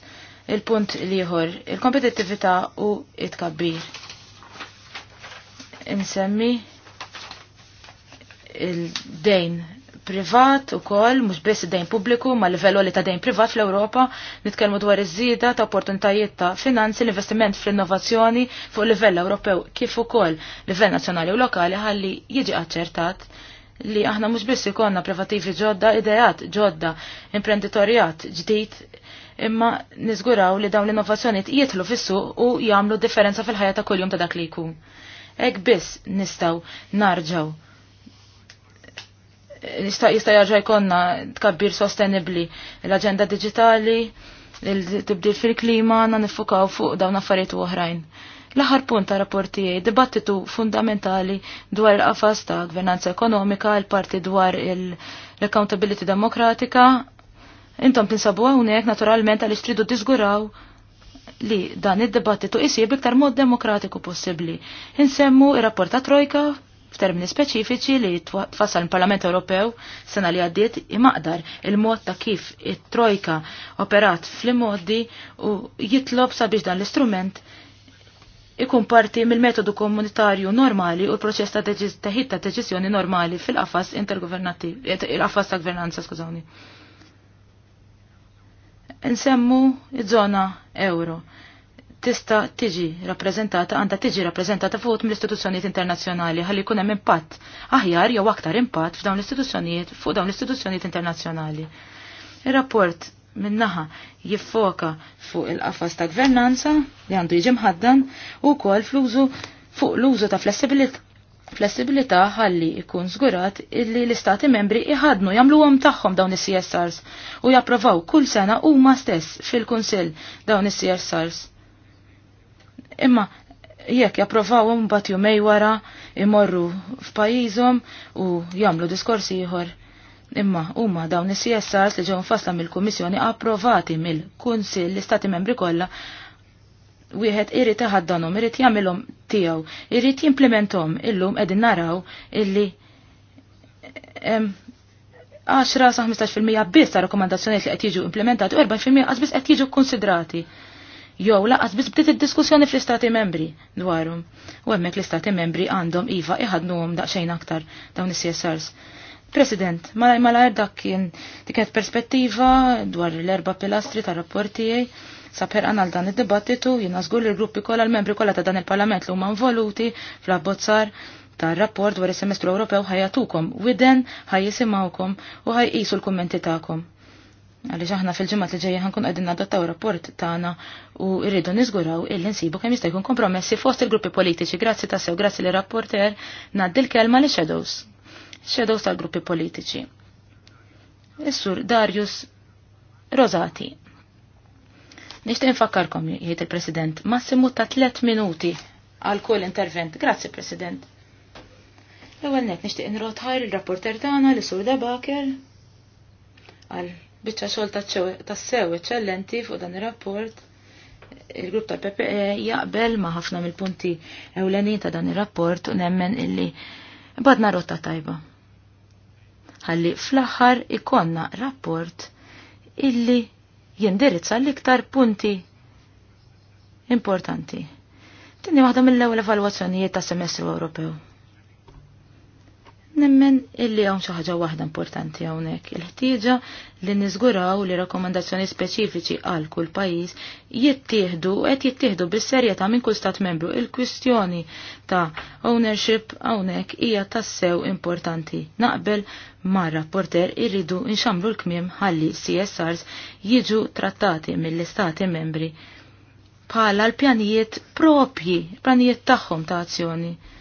il-punt liħor, il-kompetittività u it-kabbir. Insemmi il-dejn privat u koll, mux biss dejn publiku, ma livello li ta' dejn privat fl-Europa, nitkelmu dwar iż-żida ta' opportunitajiet ta' finanzi, l-investiment fl-innovazzjoni fuq livell Ewropew kif ukoll livell nazzjonali u lokali ħalli jiġi aċċertat li aħna mhux biss ikonna privativi ġodda, ideat ġodda, imprenditorijat ġdid, imma niżguraw li dawn l-innovazzjoni jitlu fis-suq u jagħmlu differenza fil-ħajja ta' kuljum ta' dak li jkun. Ek biss nistaw narġaw nista' jista' jarġa' jkollna tkabbir sostenibbli l-aġenda diġitali, il-tibdil fil-klima għandna nifukaw fuq dawn affarijiet oħrajn. L-aħħar punt ta' rapportijaj, dibattitu fundamentali dwar il-qafas ta' gvernanza ekonomika, il-parti dwar l-accountability demokratika. Intom tinsabu hawnhekk naturalment għaliex tridu diżguraw li dan id-dibattitu isib iktar mod demokratiku possibbli. Insemmu ir-rapport ta' Trojka f'termini speċifiċi li tfassal il-Parlament Ewropew sena li għaddiet imaqdar il-mod ta' kif it-trojka operat fl-modi u jitlob sabiex dan l-istrument ikun parti mill-metodu komunitarju normali u l-proċess ta' teħid ta' deċiżjoni normali fil-qafas intergovernattiv, eh, il-qafas ta' gvernanza, skużawni. Nsemmu iż-żona euro tista' tiġi rappreżentata għandha tiġi rappreżentata fuq mill-istituzzjonijiet internazzjonali ħalli jkun hemm impatt aħjar jew aktar impatt f'dawn l-istituzzjonijiet fuq dawn l-istituzzjonijiet internazzjonali. Ir-rapport minnaħa jiffoka fuq il-qafas ta' gvernanza li għandu jiġi mħaddan u kol fl fuq l-użu ta' flessibilità ħalli ikun żgurat illi l-istati membri iħadnu jagħmluhom tagħhom dawn is-CSRs u japprovaw kull sena huma stess fil-Kunsill dawn is-CSRs. Imma jekk japprovaw mbagħad jumej wara imorru f'pajjiżhom u jagħmlu diskorsi ieħor. Imma huma dawn is-CSRs li ġew nfassla mill-Kummissjoni approvati mill-Kunsill l-Istati Membri kollha wieħed irid iħaddanhom, irid jagħmilhom tiegħu, irid jimplementhom illum qegħdin naraw illi 10 sa 15% biss ta' rakkomandazzjonijiet li qed jiġu implementati u 40% qas biss qed jiġu konsidrati jew laqas biss bdiet id-diskussjoni fl-istati membri dwarhom. U hemmhekk l-istati membri għandhom iva iħadnuhom daqsxejn aktar dawn is-CSRs. President, malaj malajr dak kien tiket perspettiva dwar l-erba pilastri ta' rapportijaj saper għanal dan id-dibattitu jina zgur l-gruppi kolla l-membri kolla ta' dan il-parlament l-huma involuti fl-abbozzar ta' rapport dwar il-semestru Ewropew ħajatukom widen ħajisimawkom u ħajqisu l-kommenti ta'kom għalli aħna fil-ġimgħat li ġeja ħankun qegħdin nadottaw rapport tagħna u rridu niżguraw illi nsibu kemm jista' jkun kompromessi fost il-gruppi politiċi. Grazzi ta' sew, grazzi li rapporter ngħaddi l-kelma li shadows. Shadows tal-gruppi politiċi. Is-sur Darius Rosati. Nixtieq infakkarkom jgħid il-President massimu ta' tliet minuti għal kull intervent. Grazzi President. L-ewwel nett nixtieq nrotħar il-rapporter tagħna li sur Debaker għal biċċa xogħol tas-sew eċċellenti fuq dan ir-rapport. Il-grupp tal-PPE jaqbel ma' ħafna mill-punti ewlenin ta' dan ir-rapport u nemmen illi badna rotta tajba. Ħalli fl-aħħar ikonna rapport illi jindirizza l-iktar punti importanti. Tinni waħda mill-ewwel evalwazzjonijiet ta' semestru Ewropew. Nemmen illi hawn xi ħaġa waħda importanti hawnhekk, il-ħtieġa li niżguraw li rakkomandazzjoni speċifiċi għal kull pajjiż jittieħdu u qed jittieħdu bis-serjetà minn kull stat membru. Il-kwistjoni ta' ownership hawnhekk hija tassew importanti. Naqbel mar rapporter irridu nxamlu l-kmiem ħalli CSRs jiġu trattati mill-istati membri bħala l-pjanijiet propji, pjanijiet tagħhom ta' azzjoni. Ta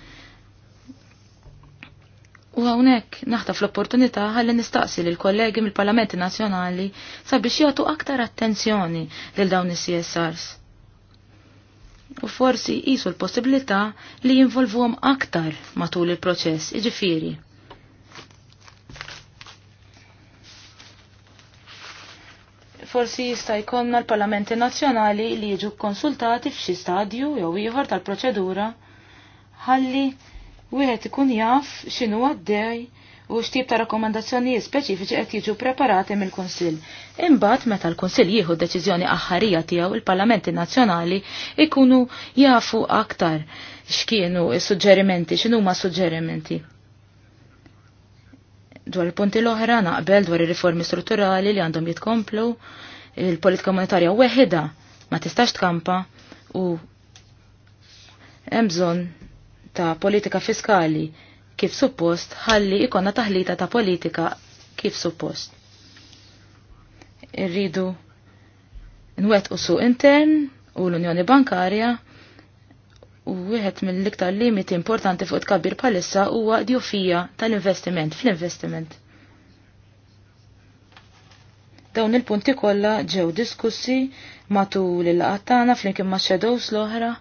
U hawnhekk naħtaf l-opportunità ħalli nistaqsi l kollegi mill-Parlamenti Nazzjonali sabiex jagħtu aktar attenzjoni lil dawn is-CSRs. U forsi jisu l-possibilità li jinvolvuhom aktar matul il-proċess, iġifiri. forsi jista' jkollna l-Parlamenti Nazzjonali li jiġu konsultati f'xi stadju jew ieħor tal-proċedura ħalli wieħed ikun jaf x'inhu għaddej u x'tip ta' rakkomandazzjonijiet speċifiċi qed jiġu preparati mill-Kunsill. Imbagħad meta l-Kunsill jieħu deċiżjoni aħħarija tiegħu il-Parlamenti Nazzjonali ikunu jafu aktar x'kienu s-suġġerimenti, x'inhuma suġġerimenti. Dwar il-punti l-oħra naqbel dwar ir-riformi strutturali li għandhom jitkomplu, il-politika monetarja weħida ma tistax tkampa u hemm bżonn ta' politika fiskali kif suppost ħalli ikonna taħlita ta' politika kif suppost. Irridu nwet u suq intern u l-Unjoni Bankarja u wieħed mill-iktar limiti importanti fuq tkabbir bħalissa huwa djufija tal-investiment fl-investiment. Dawn il-punti kollha ġew diskussi matul il-laqgħat tagħna flimkien ma' shadows l-oħra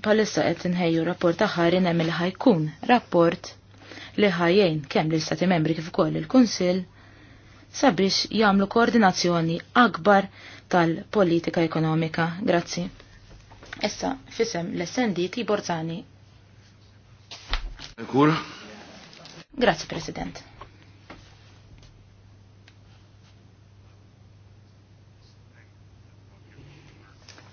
palissa qed inħejju rapport aħħar hemm li ħajkun rapport li ħajjejn kemm l-istati membri kif ukoll il-Kunsill sabiex jagħmlu koordinazzjoni akbar tal-politika ekonomika. Grazzi. Issa fisem l-SND Tiborzani. Kur. Grazzi President.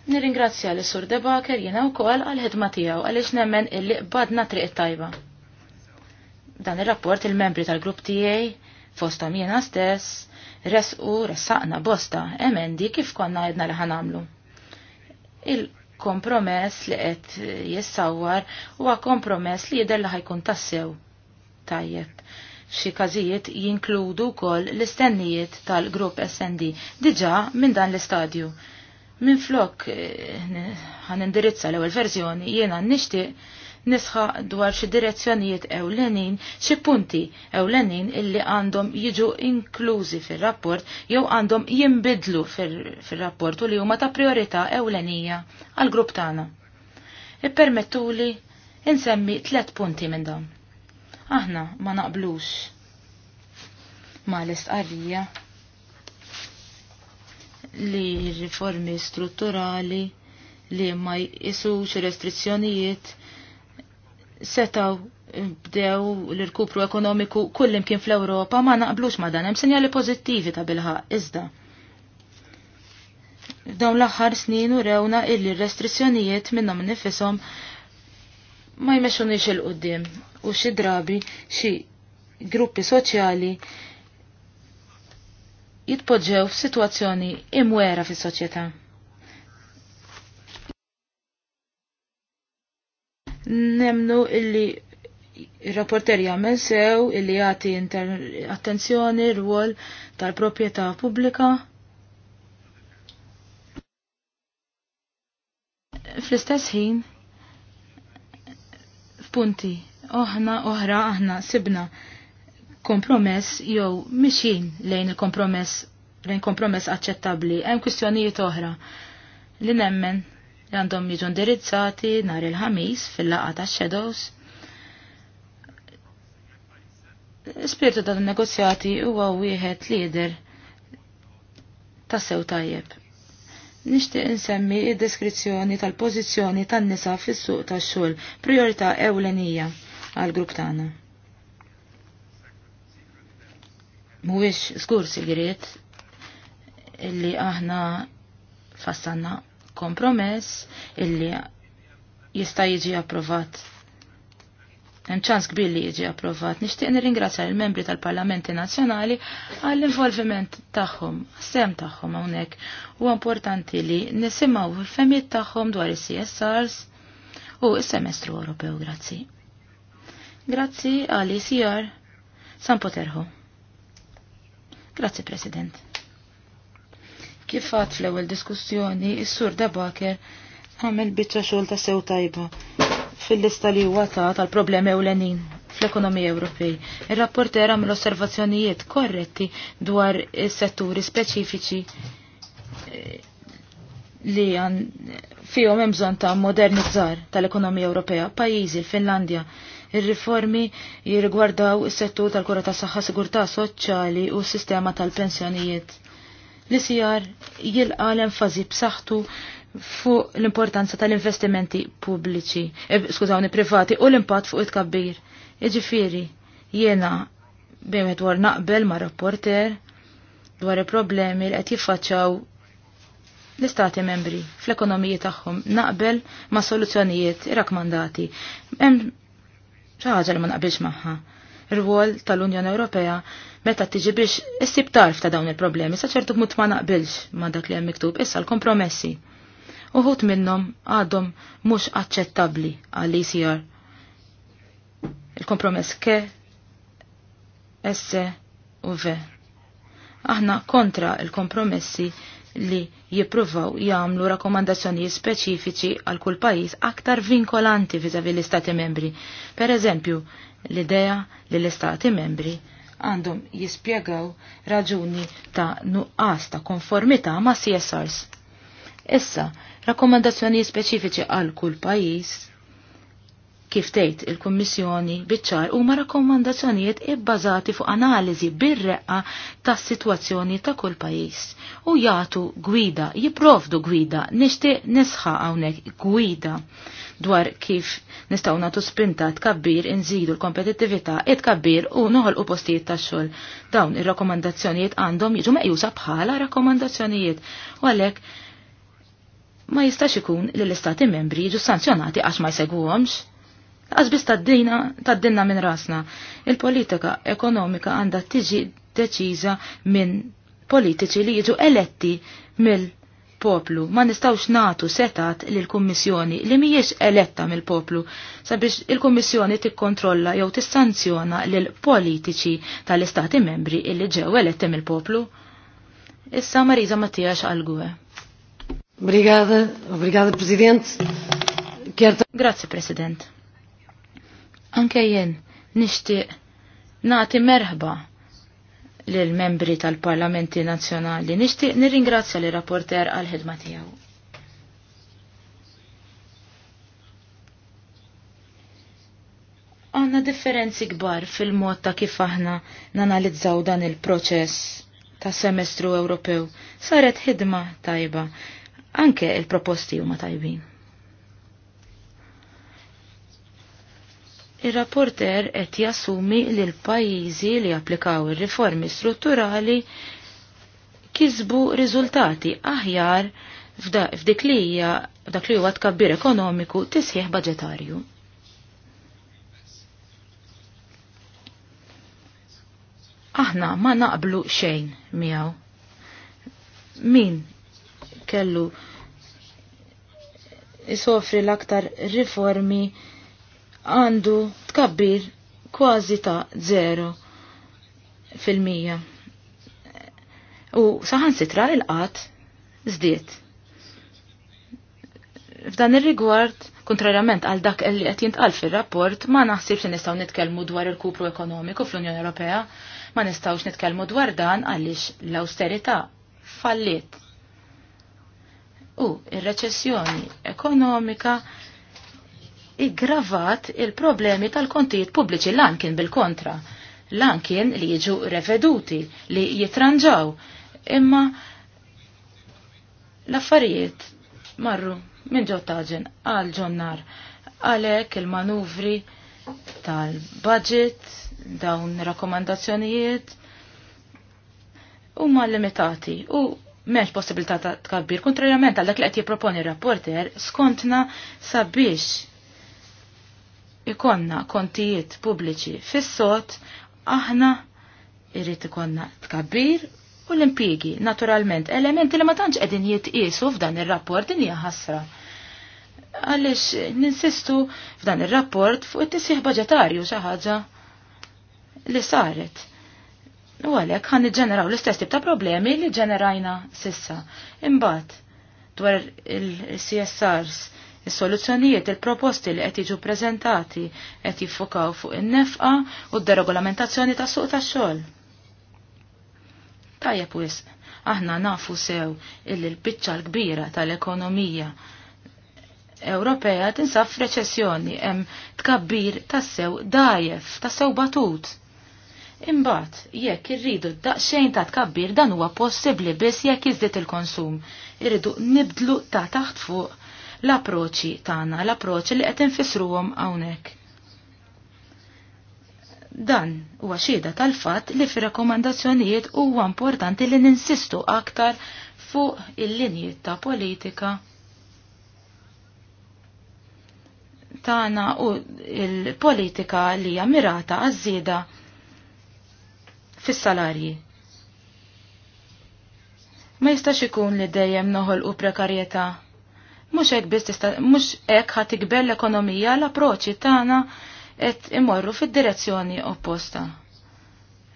Nirringrazzja li sur debaker jena u kol għal-ħidma tijaw għalix nemmen illi badna triq tajba. Dan il-rapport il-membri tal-grupp tijaj, fostom jena stess, resqu ressaqna bosta emendi kif konna għedna li ħanamlu. Il-kompromess li qed jessawar huwa kompromess li jidher li ħajkun tassew. Tajjeb Xi każijiet jinkludu wkoll l-istennijiet tal-grupp SND diġà minn dan l-istadju. Minn flok eh, ħan indirizza l-ewwel verżjoni jiena nishti nisħa dwar xi direzzjonijiet ewlenin, xi punti ewlenin illi għandhom jiġu inklużi fir-rapport jew għandhom jinbidlu fir-rapport u li huma ta' priorità ewlenija għal grupp tagħna. Ippermettuli insemmi tliet punti minn dawn. Aħna ma naqblux ma l-istqarrija li riformi strutturali li ma jisux restrizzjonijiet setaw bdew l irkupru ekonomiku kullim kien fl-Ewropa ma naqblux ma dan hemm sinjali pożittivi ta' bilħaq iżda. Dawn l-aħħar snin u rewna illi restrizzjonijiet minnhom nifisom ma jmexxunix il-qudiem u xi drabi xi gruppi soċjali jitpoġġew f'sitwazzjoni imwera fis-soċjetà. Nemnu illi il-rapporter jagħmel sew illi jagħti attenzjoni rwol tal-proprjetà pubblika. Fl-istess ħin f'punti oħna oħra aħna sibna kompromess jew mixin lejn il-kompromess lejn kompromess aċċettabbli. Hemm kwistjonijiet oħra li nemmen li għandhom jiġu indirizzati nhar il-ħamis fil-laqgħa tax-shadows. Spiritu ta' negozjati huwa wieħed lider ta' sew tajjeb. Nixtieq insemmi id-deskrizzjoni tal-pożizzjoni tan-nisa fis-suq tax-xogħol, priorità ewlenija għall-grupp tagħna. Mhuwiex skurs il illi aħna fassanna kompromess illi jista' jiġi approvat. Hemm ċans kbir li jiġi approvat. Nixtieq nirringrazzja il membri tal-Parlamenti Nazzjonali għall-involviment tagħhom, sem tagħhom hawnhekk. Huwa importanti li nisimgħu l-femijiet tagħhom dwar is-CSRs u s-semestru Ewropew, grazzi. Grazzi għal ICR San Poterho. Grazzi, President. Kif għat fl-ewel diskussjoni, is-sur Debaker għamil bitċa xogħol ta' sew tajba fil-lista li wata tal-problemi ewlenin fl-ekonomija Ewropej. Ir-rapporter għamil osservazzjonijiet korretti dwar is-setturi speċifiċi eh, li għan fihom hemm bżonn ta' modernizzar tal-ekonomija Ewropea, pajjiżi, Finlandja, Ir-riformi jirrigwardaw is-settur tal-kura tas saħħa sigurtà soċjali u s-sistema tal-pensjonijiet. L-ISR jilqa l enfazi b'saħħtu fuq l-importanza tal-investimenti pubbliċi, skużaw, eh, skużawni privati, u l-impatt fuq it-kabbir. Iġifiri, jena bejn dwar naqbel ma' rapporter dwar il-problemi li qed jiffaċċaw l-istati membri fl-ekonomiji tagħhom naqbel ma' soluzzjonijiet irakmandati ċaħġa li ma naqbilx maħħa. Ir-rwol tal-Unjoni Ewropea meta tiġi biex issib tarf ta' dawn il-problemi, sa ċertu ma naqbilx ma dak li hemm miktub issa l-kompromessi. Uħut minnhom għadhom mhux aċċettabbli għall-ECR. Il-kompromess ke, esse u ve. Aħna kontra il-kompromessi li jippruvaw jagħmlu rakkomandazzjonijiet speċifiċi għal kull pajjiż aktar vinkolanti viżavi l-Istati membri. Per eżempju, l-idea li l-Istati membri għandhom jispjegaw raġuni ta' nuqqas ta' konformità ma' CSRs. Issa, rakkomandazzjonijiet speċifiċi għal kull pajjiż kif tgħid il-Kummissjoni biċ-ċar huma rakkomandazzjonijiet ibbażati fuq analiżi bir-reqqa tas-sitwazzjoni ta' kull pajjiż u jagħtu gwida, jipprovdu gwida, nixtieq nisħa hawnhekk gwida dwar kif nistgħu nagħtu spinta tkabbir inżidu l-kompetittività e tkabbir u noħolqu postijiet tax-xogħol. Dawn ir-rakkomandazzjonijiet għandhom jiġu meqjusa bħala rakkomandazzjonijiet u għalhekk ma jistax ikun li l-istati membri jiġu sanzjonati għax ma jsegwhomx. Għazbis tad-dinna minn rasna. Il-politika ekonomika għandha tiġi deċiża minn politiċi li jiġu eletti mill-poplu. Ma nistawx natu setat l kummissjoni li mhijiex eletta mill-poplu sabiex il-kummissjoni tikkontrolla jew tissanzjona l politiċi tal-istati membri illi ġew eletti mill-poplu. Issa Marisa Mattijax għal-gwe. Brigada, brigada President. Grazie President. Anke jien nixtieq nagħti merħba lil membri tal-Parlamenti Nazzjonali. Nixtieq nirringrazzja li rapporter għal ħidma tiegħu. Għanna differenzi kbar fil-mod ta' kif aħna nanalizzaw dan il-proċess ta' semestru Ewropew. Saret ħidma tajba. Anke il-proposti huma tajbin. Ir-rapporter qed jassumi li l-pajjiżi li applikaw ir-riformi strutturali kisbu riżultati aħjar f'dik li hija dak li huwa tkabbir ekonomiku tisħiħ baġetarju. Aħna ma naqblu xejn miegħu. Min kellu isofri l-aktar riformi għandu tkabbir kważi ta' 0 fil-mija. U saħan sitra il-qat zdiet. F'dan ir-rigward, kontrarjament għal dak li qed jintqal fir-rapport, ma naħsibx li nistgħu nitkellmu dwar il-kupru ekonomiku fl-Unjoni Ewropea, ma nistgħux nitkellmu dwar dan għaliex l-austerità falliet. U ir-reċessjoni ekonomika iggravat il-problemi tal-kontijiet pubbliċi lan kien bil-kontra. Lan kien li jiġu reveduti, li jitranġaw. Imma l-affarijiet marru minn ġottaġen għal ġonnar għalek il-manuvri tal-budget, dawn rakomandazzjonijiet huma limitati u m'hemmx possibilità ta' tkabbir kontrarjament għal dak li qed jipproponi rapporter skontna sabiex ikonna kontijiet pubbliċi fis-sot, aħna irrid ikonna tkabbir u l-impjigi, naturalment, elementi li ma tantx qegħdin jitqiesu f'dan ir-rapport din hija ħasra. Għaliex ninsistu f'dan ir-rapport fuq it-tisih baġetarju xi ħaġa li saret. U għalhekk ħan niġġeneraw l-istess tip ta' problemi li ġenerajna sissa. Imbagħad dwar il-CSRs Is-soluzzjonijiet il-proposti li qed jiġu preżentati qed jiffokaw fuq in-nefqa u d-deregolamentazzjoni tas suq tax-xogħol. Tajjeb wisq, aħna nafu sew illi l-biċċa l-kbira tal-ekonomija Ewropea tinsab f'reċessjoni hemm tkabbir tassew dajef, tassew batut. Imbagħad jekk irridu daqsxejn ta' tkabbir dan huwa possibbli biss jekk iżdiet il-konsum. Irridu nibdlu ta' taħt fuq l-approċċi tagħna, l-approċċi li qed infissruhom hawnhekk. Dan huwa xieda tal-fatt li fir-rakkomandazzjonijiet huwa importanti li ninsistu aktar fuq il-linji ta' politika tana u l politika li hija mirata għaż fis-salarji. Ma jistax ikun li dejjem noħol u prekarjetà Mhux hekk biss tista' mhux hekk ħad l-ekonomija l-approċċi tagħna qed imorru fid-direzzjoni opposta.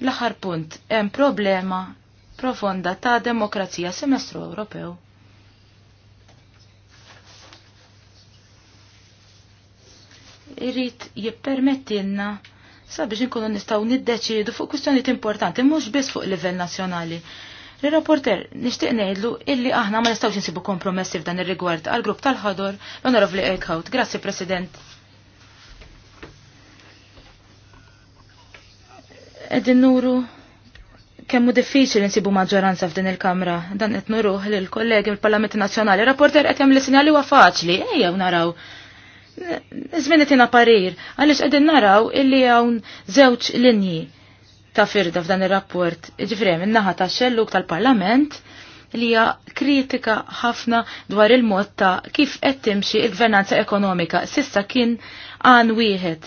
L-aħħar punt hemm problema profonda ta' demokrazija semestru Ewropew. Irrit jippermettilna sabiex inkunu nistgħu niddeċiedu fuq kwistjonijiet importanti mhux biss fuq livell nazzjonali. L-rapporter, nishtiq ngħidlu illi aħna ma nistgħux insibu kompromessi f'dan ir-rigward għal grupp tal ħador l-Onorevoli Eichhout. Grazzi President. Qegħdin nuru kemmu diffiċli nsibu maġġoranza f'din il-Kamra. Dan qed nuruh lil kollegi mill-Parlament Nazzjonali. Rapporter qed jagħmel sinjali huwa faċli, ejjew naraw. Żmien qed parir, għaliex qegħdin naraw illi hawn żewġ linji ta' firda f'dan ir-rapport. ġifrem, innaħa ta' naħa tax-xelluk tal-Parlament li hija kritika ħafna dwar il-mod ta' kif qed timxi l-gvernanza ekonomika. Sissa kien għan wieħed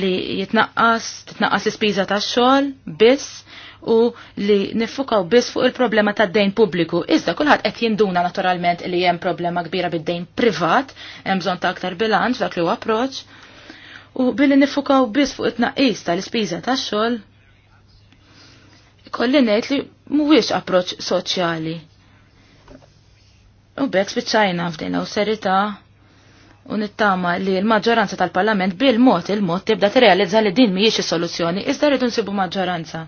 li jitnaqqas, titnaqqas ispiża tax-xogħol biss u li nifukaw biss fuq il-problema ta' dejn pubbliku. Iżda kulħadd qed jinduna naturalment li hemm problema kbira bid-dejn privat, hemm bżonn ta' aktar bilanċ dak li huwa approċ. U billi nifukaw biss fuq it-tnaqqis tal-ispiża tax-xogħol, kolli ngħid li mhuwiex approċċ soċjali. U bekk spiċċajna f'din u serita u nittama li l-maġġoranza tal-Parlament bil-mod il-mod tibda t-realizza li din mhijiex is-soluzzjoni iżda rridu nsibu maġġoranza.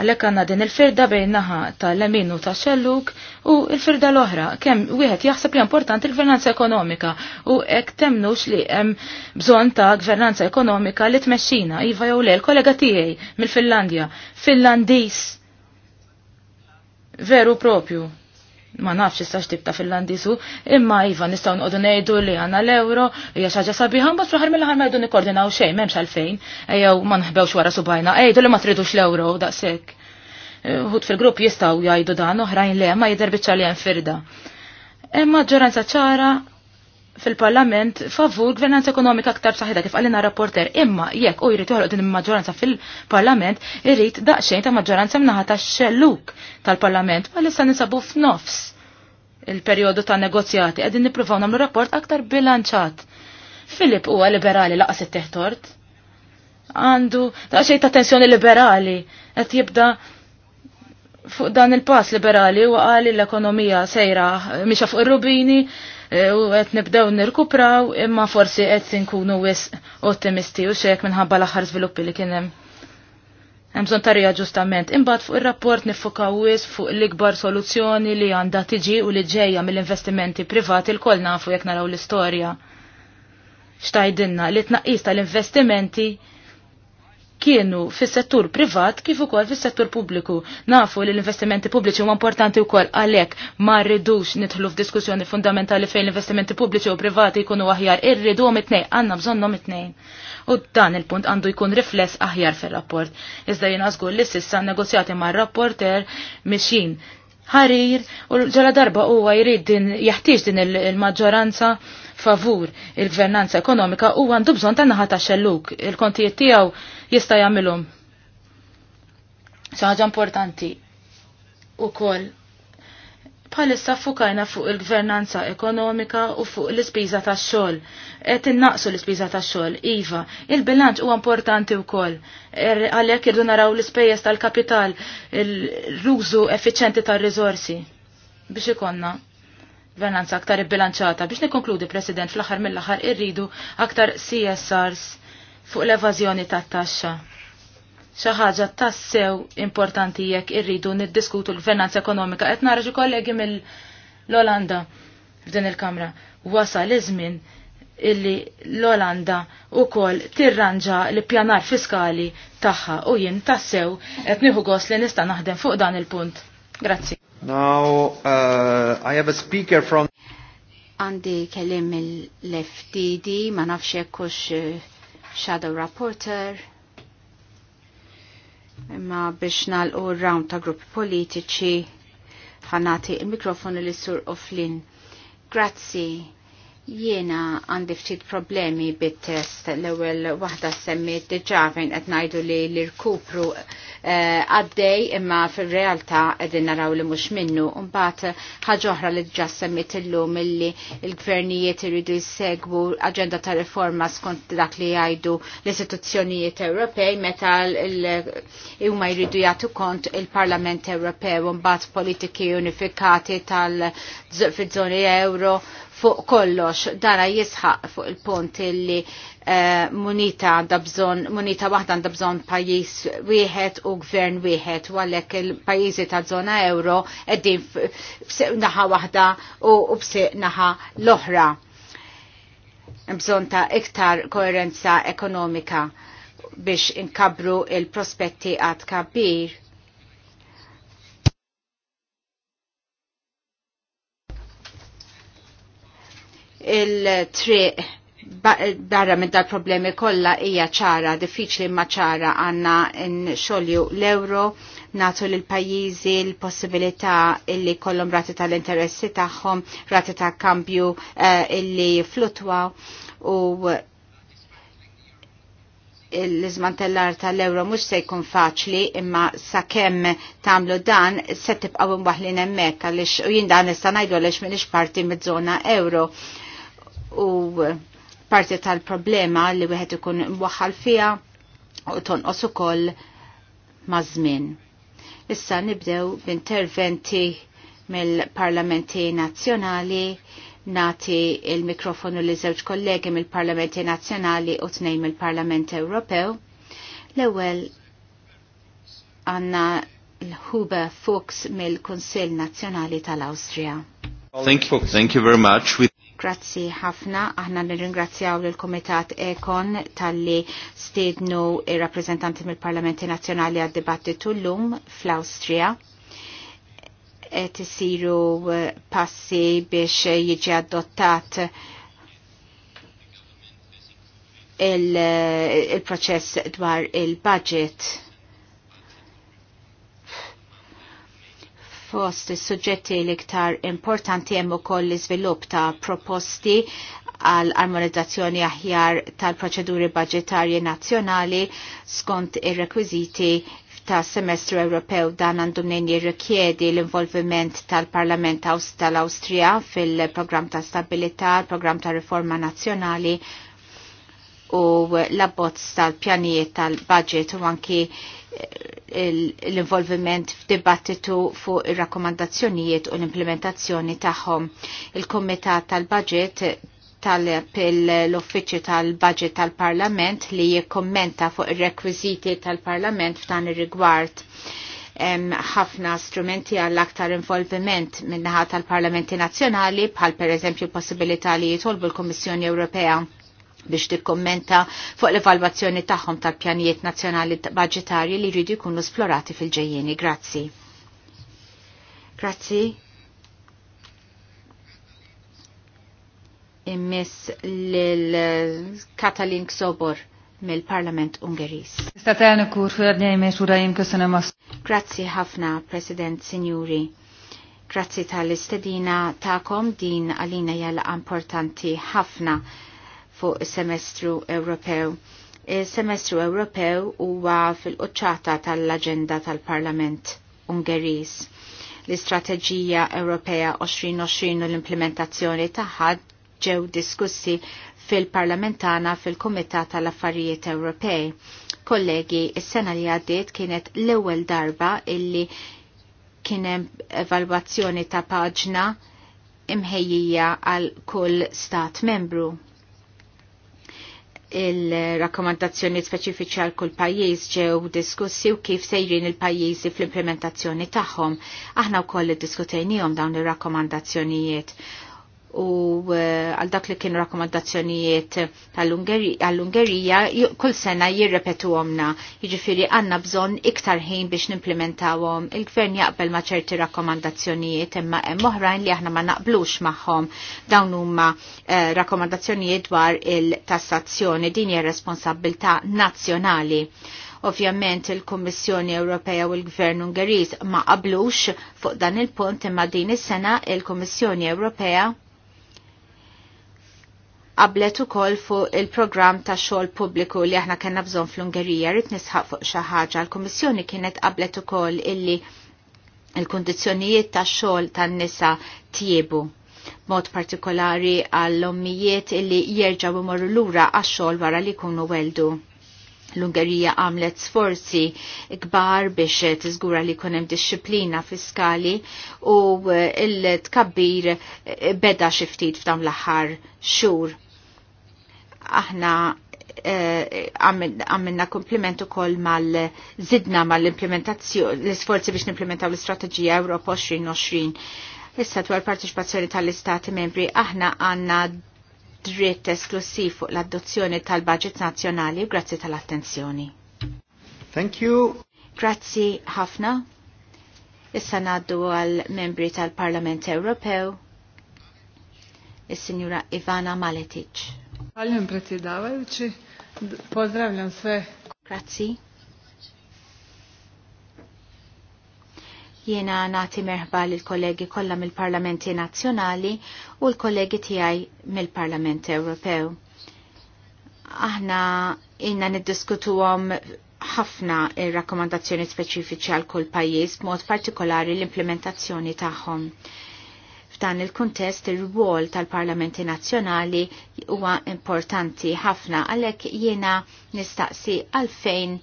Għalhekk għandna din il-firda bejn naħa tal-lemin u ta' xelluk u l-firda l-oħra kemm wieħed jaħseb li importanti l-gvernanza ekonomika u hekk temnux li hemm bżonn ta' gvernanza ekonomika li tmexxina iva jew le l-kollega tiegħi mill finlandia Finlandiż veru propju ma nafx issa x'tib fil-landisu, imma iva nistgħu nqogħdu ngħidu li għandna l-euro hija xi ħaġa sabiħa mbagħad fl-aħħar mill-aħħar ma jdu nikkoordinaw xejn m'hemmx għalfejn, ejjew ma nħbewx wara subajna, ejdu li ma tridux l-euro daqshekk. Eh, Ħut fil-grupp jistgħu jgħidu dan oħrajn le ma jidher biċċa li hemm firda. Imma eh, ġoranza ċara fil-parlament favur gvernanza ekonomika aktar saħida kif għalina rapporter imma jekk u jrid joħloq din il-maġġoranza fil-parlament irrid daqsxejn ta' maġġoranza mnaħa ta' xelluk tal-parlament ma lissa nisabu f'nofs il-perjodu ta' negozjati qegħdin nippruvaw nagħmlu rapport aktar bilanċat. Filip huwa liberali laqas it-teħtort. Għandu daqsxejn ta' tensjoni liberali qed jibda fuq dan il-pass liberali u qali l-ekonomija sejra miexa fuq ir-rubini u qed nibdew nirkupraw imma forsi qed sinkunu wis ottimisti u xek minħabba l-aħħar zviluppi li kien hemm. Hemm bżonn tarija ġustament. Imbagħad fuq ir-rapport nifuka wis fuq l-ikbar soluzzjoni li għandha tiġi u li ġejja mill-investimenti privati l-kol nafu jekk naraw l-istorja. Xtajdinna li tnaqqis tal-investimenti kienu fis-settur privat kif ukoll fis-settur pubbliku. Nafu li l-investimenti pubbliċi huma importanti wkoll għalhekk ma rridux nidħlu f'diskussjoni fundamentali fejn l-investimenti pubbliċi u privati jkunu aħjar irriduhom it-tnejn, għandna bżonnhom it-tnejn. U dan il-punt għandu jkun rifless aħjar fil-rapport. Iżda jien żgur li sissa negozjati mar-rapporter mixin ħarir u ġala darba huwa jrid din jeħtieġ din il-maġġoranza favur il-gvernanza ekonomika u għandu bżonn tan-naħa ta' xelluk. Il-kontijiet tiegħu jista' jagħmilhom. Ħaġa' importanti ukoll bħalissa fukajna fuq il-gvernanza ekonomika u fuq l-ispiża tax-xogħol. Qed innaqsu l-ispiża tax-xogħol, iva, il-bilanċ huwa importanti wkoll. Er, għalhekk irdu naraw l-ispejjeż tal-kapital, l-użu effiċenti tar-riżorsi biex ikonna gvernanza aktar ibbilanċata. Biex nikkonkludi, President, fl-aħħar mill-aħħar irridu aktar CSRs fuq l-evażjoni tat-taxxa. Xi ħaġa tassew importanti jekk irridu niddiskutu l-finanza ekonomika qed nara xi kollegi mill-Olanda f'din il-Kamra. Wasal iż-żmien illi l-Olanda u kol tirranġa l-pjanar fiskali taħħa u jien tassew et nieħu gos li nista naħdem fuq dan il-punt. Grazzi. Now, uh, I have a speaker from... Għandi kellim il-FTD, ma nafxie kux uh, Shadow Rapporter, imma biex nalqu round ta' gruppi politiċi ħanati il-mikrofonu li sur Oflin. Grazzi. Jiena għandi ftit problemi bit-test l-ewwel waħda semmiet diġà fejn qed ngħidu li l-irkupru għaddej imma fir-realtà qegħdin naraw li mhux minnu. Mbagħad ħaġa oħra li diġà semmiet illum illi l-gvernijiet iridu jsegwu aġenda ta' riforma skont dak li jgħidu l-istituzzjonijiet Ewropej meta huma jridu jagħtu kont il-Parlament Ewropew u mbagħad politiki unifikati tal-żoni euro fuq kollox dara jisħaq fuq il-punt illi eh, munita għanda bżon, munita waħda għandha bżonn pajjiż wieħed u gvern wieħed u għalhekk il-pajjiżi ta' żona euro qegħdin f'siq naħa waħda u b'siq naħa l-oħra. Bżonn ta' iktar koerenza ekonomika biex inkabru il-prospetti għad kabir. il-triq barra minn dal problemi kollha hija ċara, diffiċli ma ċara għanna n-xolju l-euro, natu l pajjiżi l-possibilità illi kollum rati tal-interessi tagħhom, rati ta' kambju uh, illi flutwa u l-izmantellar tal-euro mux se jkun faċli imma sakemm tamlu dan se tibqaw imwaħlin hemmhekk għaliex u jien dan nista' minix parti mid zona euro u parti tal-problema li wieħed ikun waħħal fija u tonqos ukoll ma' żmien Issa nibdew b'interventi mill-parlamenti nazzjonali nati il-mikrofonu li żewġ kollegi mill-parlamenti nazzjonali u tnejn mill-parlament Ewropew. L-ewwel għandna l-Huba Fuchs mill-Kunsill Nazzjonali tal-Awstrija. Thank you, thank you very much. Grazzi ħafna, aħna nirringrazzjaw l komitat Ekon tal-li stednu il-rappresentanti mill-Parlamenti Nazjonali għad-dibattitu l-lum fl-Austria tisiru eh, passi biex jiġi adottat eh, il-proċess il dwar il-budget fost is-suġġetti l-iktar importanti hemm ukoll l-iżvilupp ta' proposti għal armonizzazzjoni aħjar tal-proċeduri budgetarji nazzjonali skont ir-rekwiżiti ta' semestru Ewropew dan għandu minn jirrikjedi l-involviment tal-Parlament tal-Awstrija fil-programm ta' stabilità, program ta' riforma nazzjonali u l-abbozz tal-pjanijiet tal-budget u anki l-involviment f'dibattitu fuq ir-rakkomandazzjonijiet u l-implementazzjoni tagħhom. Il-Kumitat tal-Budget talab l-Uffiċċju tal-Budget tal-Parlament li jikkommenta fuq ir-rekwiżiti tal-Parlament f'dan ir-rigward ħafna strumenti għall aktar involviment minnaħat tal-Parlamenti Nazzjonali bħal per eżempju possibilità li jitolbu l-Kommissjoni Ewropea biex tikkommenta fuq l-evalwazzjoni tagħhom tal-pjanijiet nazzjonali budgetarji li jridu jkunu splorati fil-ġejjeni. Grazzi. Grazzi. Immiss lil-Katalin eh, Sobor mill-Parlament Ungeris. kur Grazzi ħafna, President Signori. Grazzi tal-istedina ta'kom din għalina jalla importanti ħafna fuq semestru Ewropew. Semestru Ewropew huwa fil-qoċċata tal-aġenda tal-Parlament Ungeriż. L-Istrateġija Ewropea 2020 u l-implementazzjoni tagħha ġew diskussi fil-parlamentana fil-Kumitat tal-Affarijiet Ewropej. Kollegi, is-sena li għaddiet kienet l-ewwel darba illi kien hemm evalwazzjoni ta' paġna imħejjija għal kull stat membru il-rakkomandazzjoni speċifiċi għal kull pajjiż ġew diskussi u kif sejrin il-pajjiżi fl-implementazzjoni tagħhom. Aħna wkoll iddiskutejnihom dawn ir-rakkomandazzjonijiet u eh, għal dak li kien rakkomandazzjonijiet għall-Ungerija kull sena jirrepetu għomna. Iġifiri għanna bżon iktar ħin biex nimplementawhom. Il-gvern jaqbel ma' ċerti rakkomandazzjonijiet imma hemm oħrajn li aħna ma naqblux magħhom. Dawn huma eh, rakkomandazzjonijiet dwar il-tassazzjoni din hija responsabilità nazzjonali. Ovvjament il-Kommissjoni Ewropea u l-Gvern Ungeriż ma qablux fuq dan il-punt imma din is-sena il-Kommissjoni Ewropea qablet ukoll fuq il-programm ta' xogħol pubbliku li aħna kellna bżonn fl-Ungerija rrid nisħaq fuq xi ħaġa. L-Kummissjoni kienet qablet ukoll illi il-kundizzjonijiet ta' xogħol tan-nisa tjiebu mod partikolari għall-ommijiet illi jerġgħu imorru lura għax-xogħol wara li jkunu weldu. L-Ungerija għamlet sforzi kbar biex tiżgura li kunem disċiplina fiskali u il-tkabbir beda xiftit f'dawn l-aħħar xhur. Aħna eh, għamilna kompliment u koll mal-zidna mal-implementazzjoni, l-sforzi biex nimplementaw l-istrategija Europa 2020. Issa dwar partiċipazzjoni tal-istati membri, aħna għanna dritt esklusiv fuq l-adozzjoni tal-budget nazzjonali. Grazzi tal-attenzjoni. Thank you. Grazzi ħafna. Issa naddu għal membri tal-Parlament Ewropew, is-Sinjura Ivana Maletic. Għallim preti dawelċi, pozdravljam sve. Grazzi. Jiena nati merħba l-kollegi kollha mill-Parlamenti Nazzjonali u l-kollegi tiegħi mill-Parlament Ewropew. Aħna inna niddiskutuhom ħafna ir-rakkomandazzjoni speċifiċi għal kull pajjiż b'mod partikolari l-implementazzjoni tagħhom. F'dan il-kuntest ir-rwol tal-Parlamenti Nazzjonali huwa importanti ħafna għalhekk jiena nistaqsi għalfejn fejn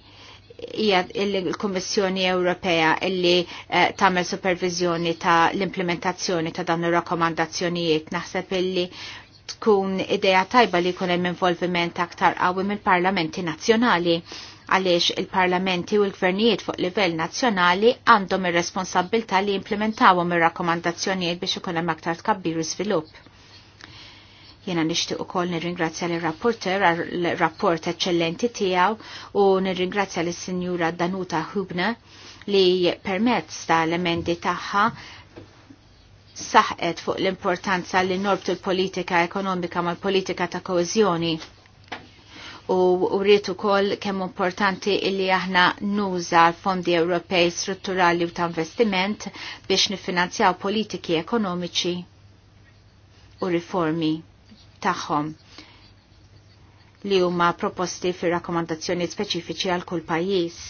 hija l-Kummissjoni Ewropea illi eh, tagħmel supervizjoni ta' l-implementazzjoni ta' dawn ir-rakkomandazzjonijiet naħseb illi tkun ideja tajba li jkun hemm involviment aktar qawwi mill-parlamenti nazzjonali għaliex il-parlamenti u l-gvernijiet fuq livell nazzjonali għandhom ir responsabilta li jimplementawhom ir-rakkomandazzjonijiet biex ikun hemm aktar tkabbir u żvilupp Jena nishtiq ukoll nirringrazzja l rapporter għal rapport eccellenti tiegħu u nirringrazzja l sinjura Danuta Hubna li permezz tal-emendi tagħha saħqet fuq l-importanza li norbtu l-politika ekonomika mal-politika ta' koeżjoni u rritu kol kemm importanti illi aħna nuża l-fondi Ewropej strutturali u ta' investiment biex nifinanzjaw politiki ekonomiċi u riformi tagħhom li huma proposti fir rakkomandazzjoni speċifiċi għal kull pajjiż.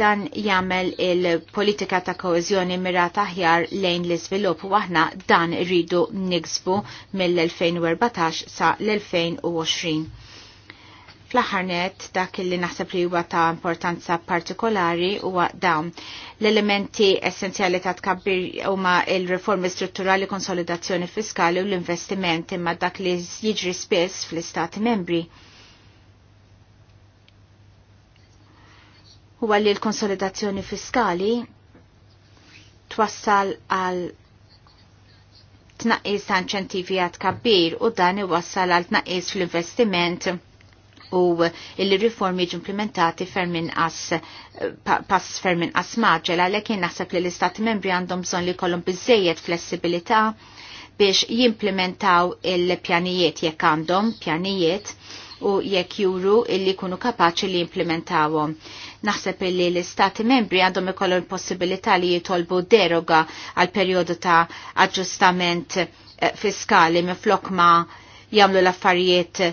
Dan jagħmel il-politika ta' koeżjoni mirata aħjar lejn l-iżvilupp u aħna dan irridu niksbu mill-2014 sa l-2020 Fl-aħħarnet dak li naħseb li huwa ta' importanza partikolari huwa dawn. L-elementi essenzjali ta' tkabbir huma il-reformi strutturali, konsolidazzjoni fiskali u l-investiment imma dak li jiġri spiss fl-istati membri. Huwa li l-konsolidazzjoni fiskali twassal għal tnaqqis ta' inċentivi għad kabbir u dan iwassal għal tnaqqis fl-investiment u il-riformi ġimplementati fermin as pass fermin as maġel għalhekk jien naħseb li l-istati membri għandhom bżonn li jkollhom biżejjed flessibilità biex jimplementaw il-pjanijiet jekk għandhom pjanijiet u jekk juru illi kunu kapaċi li jimplementawhom. Naħseb illi l-Istati membri għandhom ikollhom il-possibilità li jitolbu deroga għal perjodu ta' aġġustament eh, fiskali miflok ma jagħmlu l-affarijiet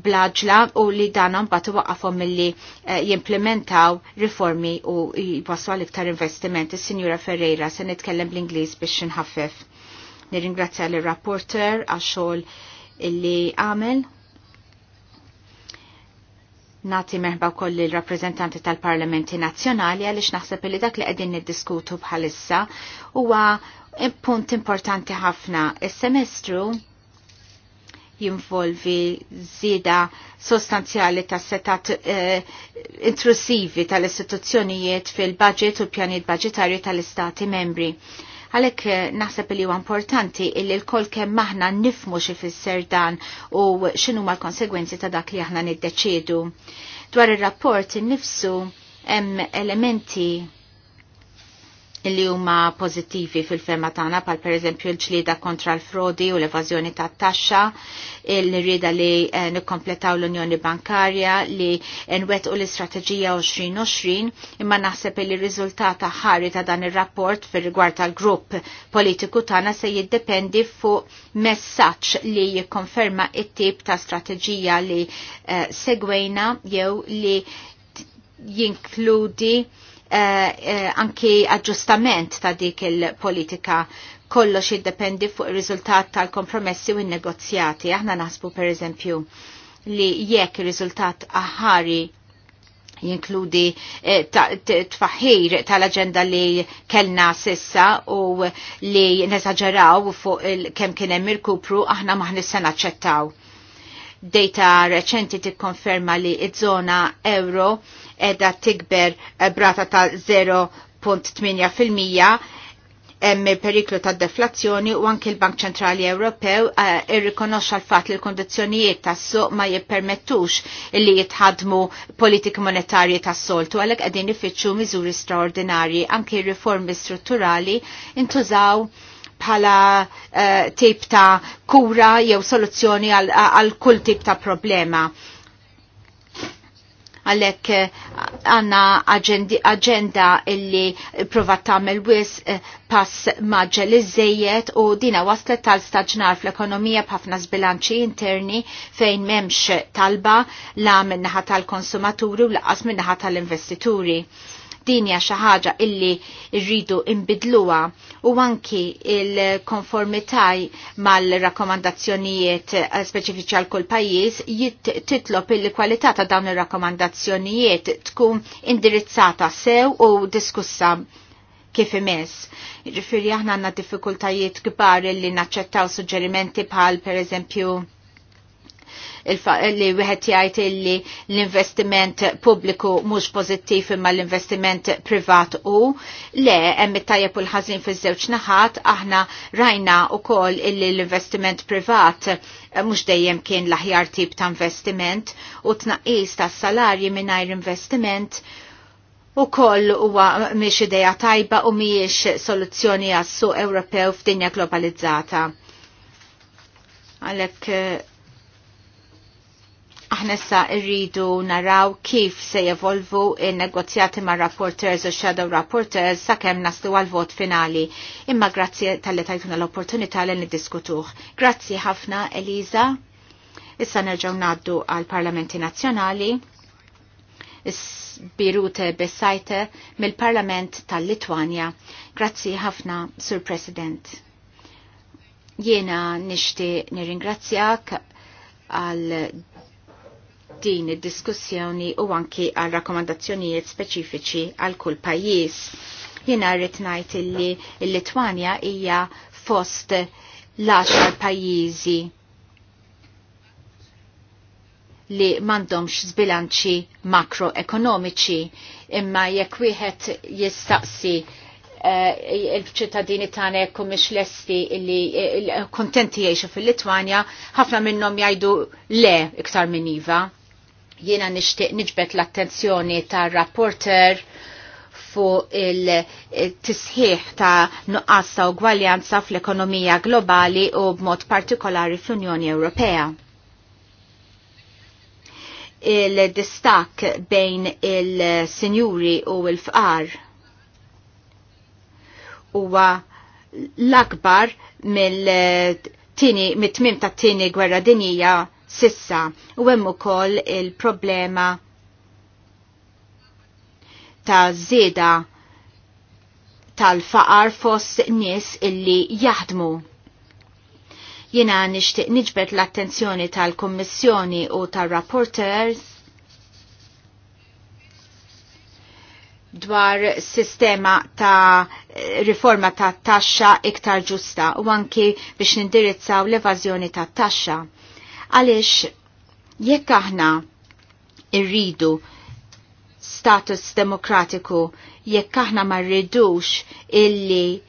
blaġla u li dan mbagħad waqafhom milli eh, jimplementaw riformi u jwaslu għal iktar investimenti. Sinjura Ferreira se nitkellem bl-Ingliż biex inħaffef. Nirringrazzja l rapporter għax xogħol illi għamel. Nati meħba koll il-rappresentanti tal-parlamenti nazzjonali għaliex naħseb li dak li qegħdin niddiskutu bħalissa huwa punt importanti ħafna. Is-semestru jinvolvi zida sostanzjali ta' setat eh, intrusivi tal-istituzzjonijiet fil-budget u pjanijiet budgetarju tal-istati membri. Għalek eh, naħseb li huwa importanti illi l koll kemm maħna nifmu xifisser dan u x'inhu l konsegwenzi ta' dak li aħna niddeċiedu. Dwar ir-rapport innifsu hemm elementi li huma pozittivi fil ferma tagħna pal pereżempju l-ġlieda kontra l-frodi u l-evażjoni tat-taxxa, l-rieda li eh, nikkompletaw l-Unjoni Bankarja li nwettqu l-Istrateġija 2020 imma naħseb li r-riżultat ħari ta' dan ir-rapport fir-rigward tal-grupp politiku tagħna se jiddependi fuq messaġġ li jikkonferma it-tip ta' strateġija li eh, segwejna jew li jinkludi Eh, eh, anki aġġustament ta' dik il-politika kollox jiddependi fuq ir-riżultat tal-kompromessi u n-negozjati. Aħna naħsbu per eżempju li jekk ir-riżultat aħari jinkludi eh, tfaħir tal-agenda li kellna sissa u li neżagġeraw fuq kemm kien hemm irkupru aħna maħnis se naċċettaw. Data reċenti tikkonferma li iż-żona euro edha tikber eh, brata ta' 0.8% hemm periklu ta' deflazzjoni u anke l-Bank Ċentrali Ewropew eh, irrikonoxxa l-fatt li l-kondizzjonijiet tas-suq ma jippermettux li jitħadmu politiki monetarji tas-soltu għalhekk qegħdin ifittxu miżuri straordinarji anke riformi strutturali intużaw bħala uh, tip ta' kura jew soluzzjoni għal kull tip ta' problema għalek eh, għanna agenda illi prova tamel wis eh, pass maġġel zzejiet u dina waslet tal-staġnar fl-ekonomija b'ħafna zbilanċi interni fejn memx talba la minnaħa tal-konsumaturi u laqas minnaħa tal-investituri. Din hija xi ħaġa illi rridu imbidluwa u anki il-konformitaj mal-rakkomandazzjonijiet eh, speċifiċi għal kull pajjiż titlob il-kwalità ta' dawn ir-rakkomandazzjonijiet tkun indirizzata sew u diskussa kif imess. Ġifiri aħna għandna diffikultajiet kbar li naċċettaw suġġerimenti bħal per eżempju li wieħed jgħid illi l-investiment pubbliku mhux pożittiv imma l-investiment privat u le hemm it-tajjeb u l-ħażin fiż-żewġ naħat aħna rajna wkoll illi l-investiment privat eh, mhux dejjem kien l-aħjar tip ta' investiment u tnaqqis tas-salarji mingħajr investiment U koll huwa miex ideja tajba u miex soluzzjoni għassu Ewropew f'dinja globalizzata. Għalek eh, Aħna issa rridu naraw kif se jevolvu in negozjati ma' rapporters u shadow rapporters sakemm naslu għal-vot finali. Imma grazzi tal-li tajtuna l-opportunità li niddiskutuh. Grazzi ħafna, Eliza. Issa nerġaw naddu għal-Parlamenti Nazzjonali. Birute Besajte mill-Parlament tal-Litwanja. Grazzi ħafna, Sur President. Jiena nishti nirringrazzjak għal din id-diskussjoni u anki għal rakkomandazzjonijiet speċifiċi għal kull pajjiż. Jiena rrid ngħid illi l-Litwanja hija fost l-10 pajjiżi li m'għandhomx zbilanċi makroekonomiċi imma jekk wieħed jistaqsi eh, il-ċittadini tagħna jekk mhix lesti li kuntenti jgħixu fil-Litwanja, ħafna minnhom jgħidu le iktar minn iva. Jiena nixtieq niġbet l-attenzjoni tar rapporter fuq il-tisħiħ ta' nuqqas ta' ugwaljanza fl-ekonomija globali u b'mod partikolari fl-Unjoni Ewropea. Il-distak bejn il-sinjuri u il-fqar huwa l-akbar mill-tini mit-tmim ta' tini gwerra dinija sissa u hemm ukoll il-problema ta' żieda tal-faqar fost nies illi jaħdmu. Jena nixtieq niġbet l-attenzjoni tal-Kommissjoni u tal-Rapporters dwar sistema ta' riforma ta' taxxa iktar ġusta u anki biex nindirizzaw l-evażjoni ta' taxxa. Għaliex jekk aħna irridu status demokratiku, jekk aħna ma rridux illi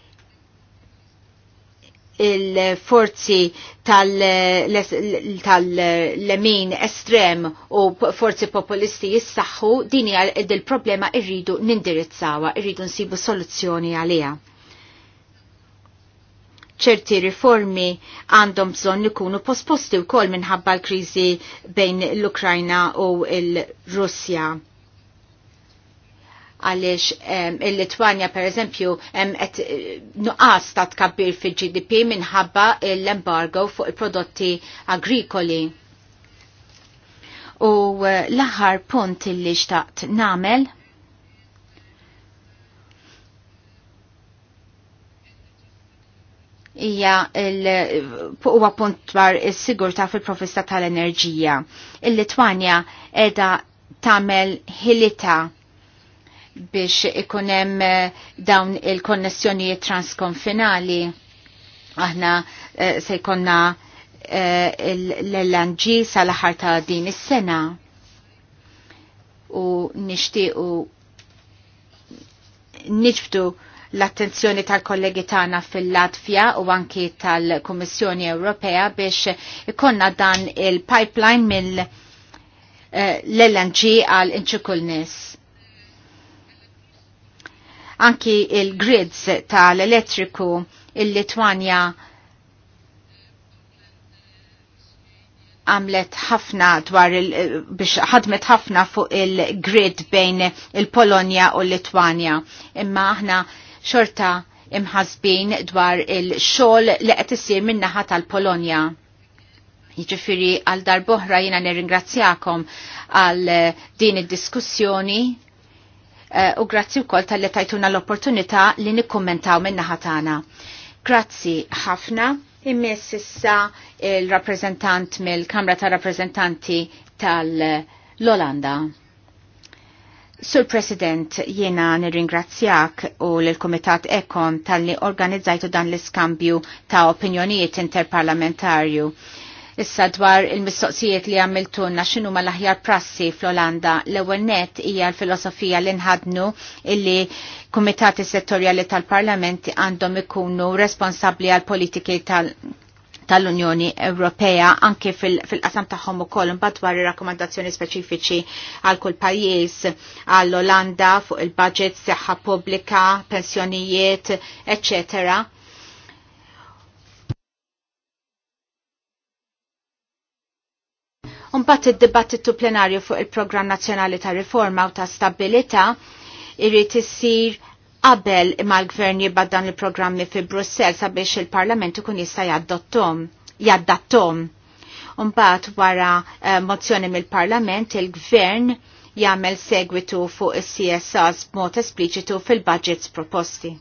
il-forzi tal-lemin tal estrem u forzi populisti jissaxħu, din il-problema irridu nindirizzawa, irridu nsibu soluzzjoni għalija ċerti riformi għandhom bżonn ikunu posposti wkoll minħabba l-kriżi bejn l-Ukrajna u l-Russja għaliex il-Litwanja per eżempju eh, nuqqas ta' tkabbir fil-GDP minħabba l-embargo fuq il-prodotti agrikoli. U eh, l-aħħar punt li xtaqt namel hija huwa punt dwar is-sigurtà fil profista tal-enerġija. Il-Litwanja qiegħda tagħmel ħilita biex ikun hemm eh, dawn il-konnessjonijiet transkonfinali. Aħna eh, se jkollna eh, l-LNG sal-aħħar ta' din is-sena u nixtiequ niġbdu l-attenzjoni tal-kollegi tagħna fil-Latvja u anki tal-Kummissjoni Ewropea biex ikonna dan il-pipeline mill- eh, l-LNG għal inċikulnis. Anki il-grids tal-elettriku il-Litwanja għamlet ħafna dwar il- biex ħadmet ħafna fuq il-grid bejn il-Polonja u l-Litwanja. Imma aħna xorta imħazbin dwar il-xol li qed isir min-naħa tal-Polonja. Jiġifieri għal darboħra jiena nirringrazzjakom għal eh, din id-diskussjoni eh, u grazzi wkoll tal-li tajtuna l-opportunità li nikkummentaw min-naħa tagħna. Grazzi ħafna immess issa il-rappreżentant mill-Kamra tar-Rappreżentanti tal lolanda Sur President, jiena nirringrazzjak u l-Komitat Ekon tal-li organizzajtu dan l-iskambju ta' opinjonijiet interparlamentarju. Issa dwar il-mistoqsijiet li għamiltunna xinu ma l-aħjar prassi fl-Olanda, l ewwel net hija l-filosofija li nħadnu illi kumitati settorjali tal-parlamenti għandhom ikunu responsabli għal politiki tal-, -politiki tal tal-Unjoni Ewropea anke fil-qasam fil tagħhom ukoll imbagħad dwar ir-rakkomandazzjoni speċifiċi għal kull pajjiż għall olanda fuq il-budget, seħħa pubblika, pensjonijiet, eċċetera. Unbat id-dibattitu plenarju fuq il-Programm Nazzjonali ta' Riforma u ta' Stabilita irrid isir qabel ma l-gvern jibba dan il-programmi fi Brussel sabiex il-parlament ikun jista' jaddottom, jaddattom. Umbat wara eh, mozzjoni mill-parlament il-gvern jagħmel segwitu fuq is-CSRs b'mod espliċitu fil-budgets proposti.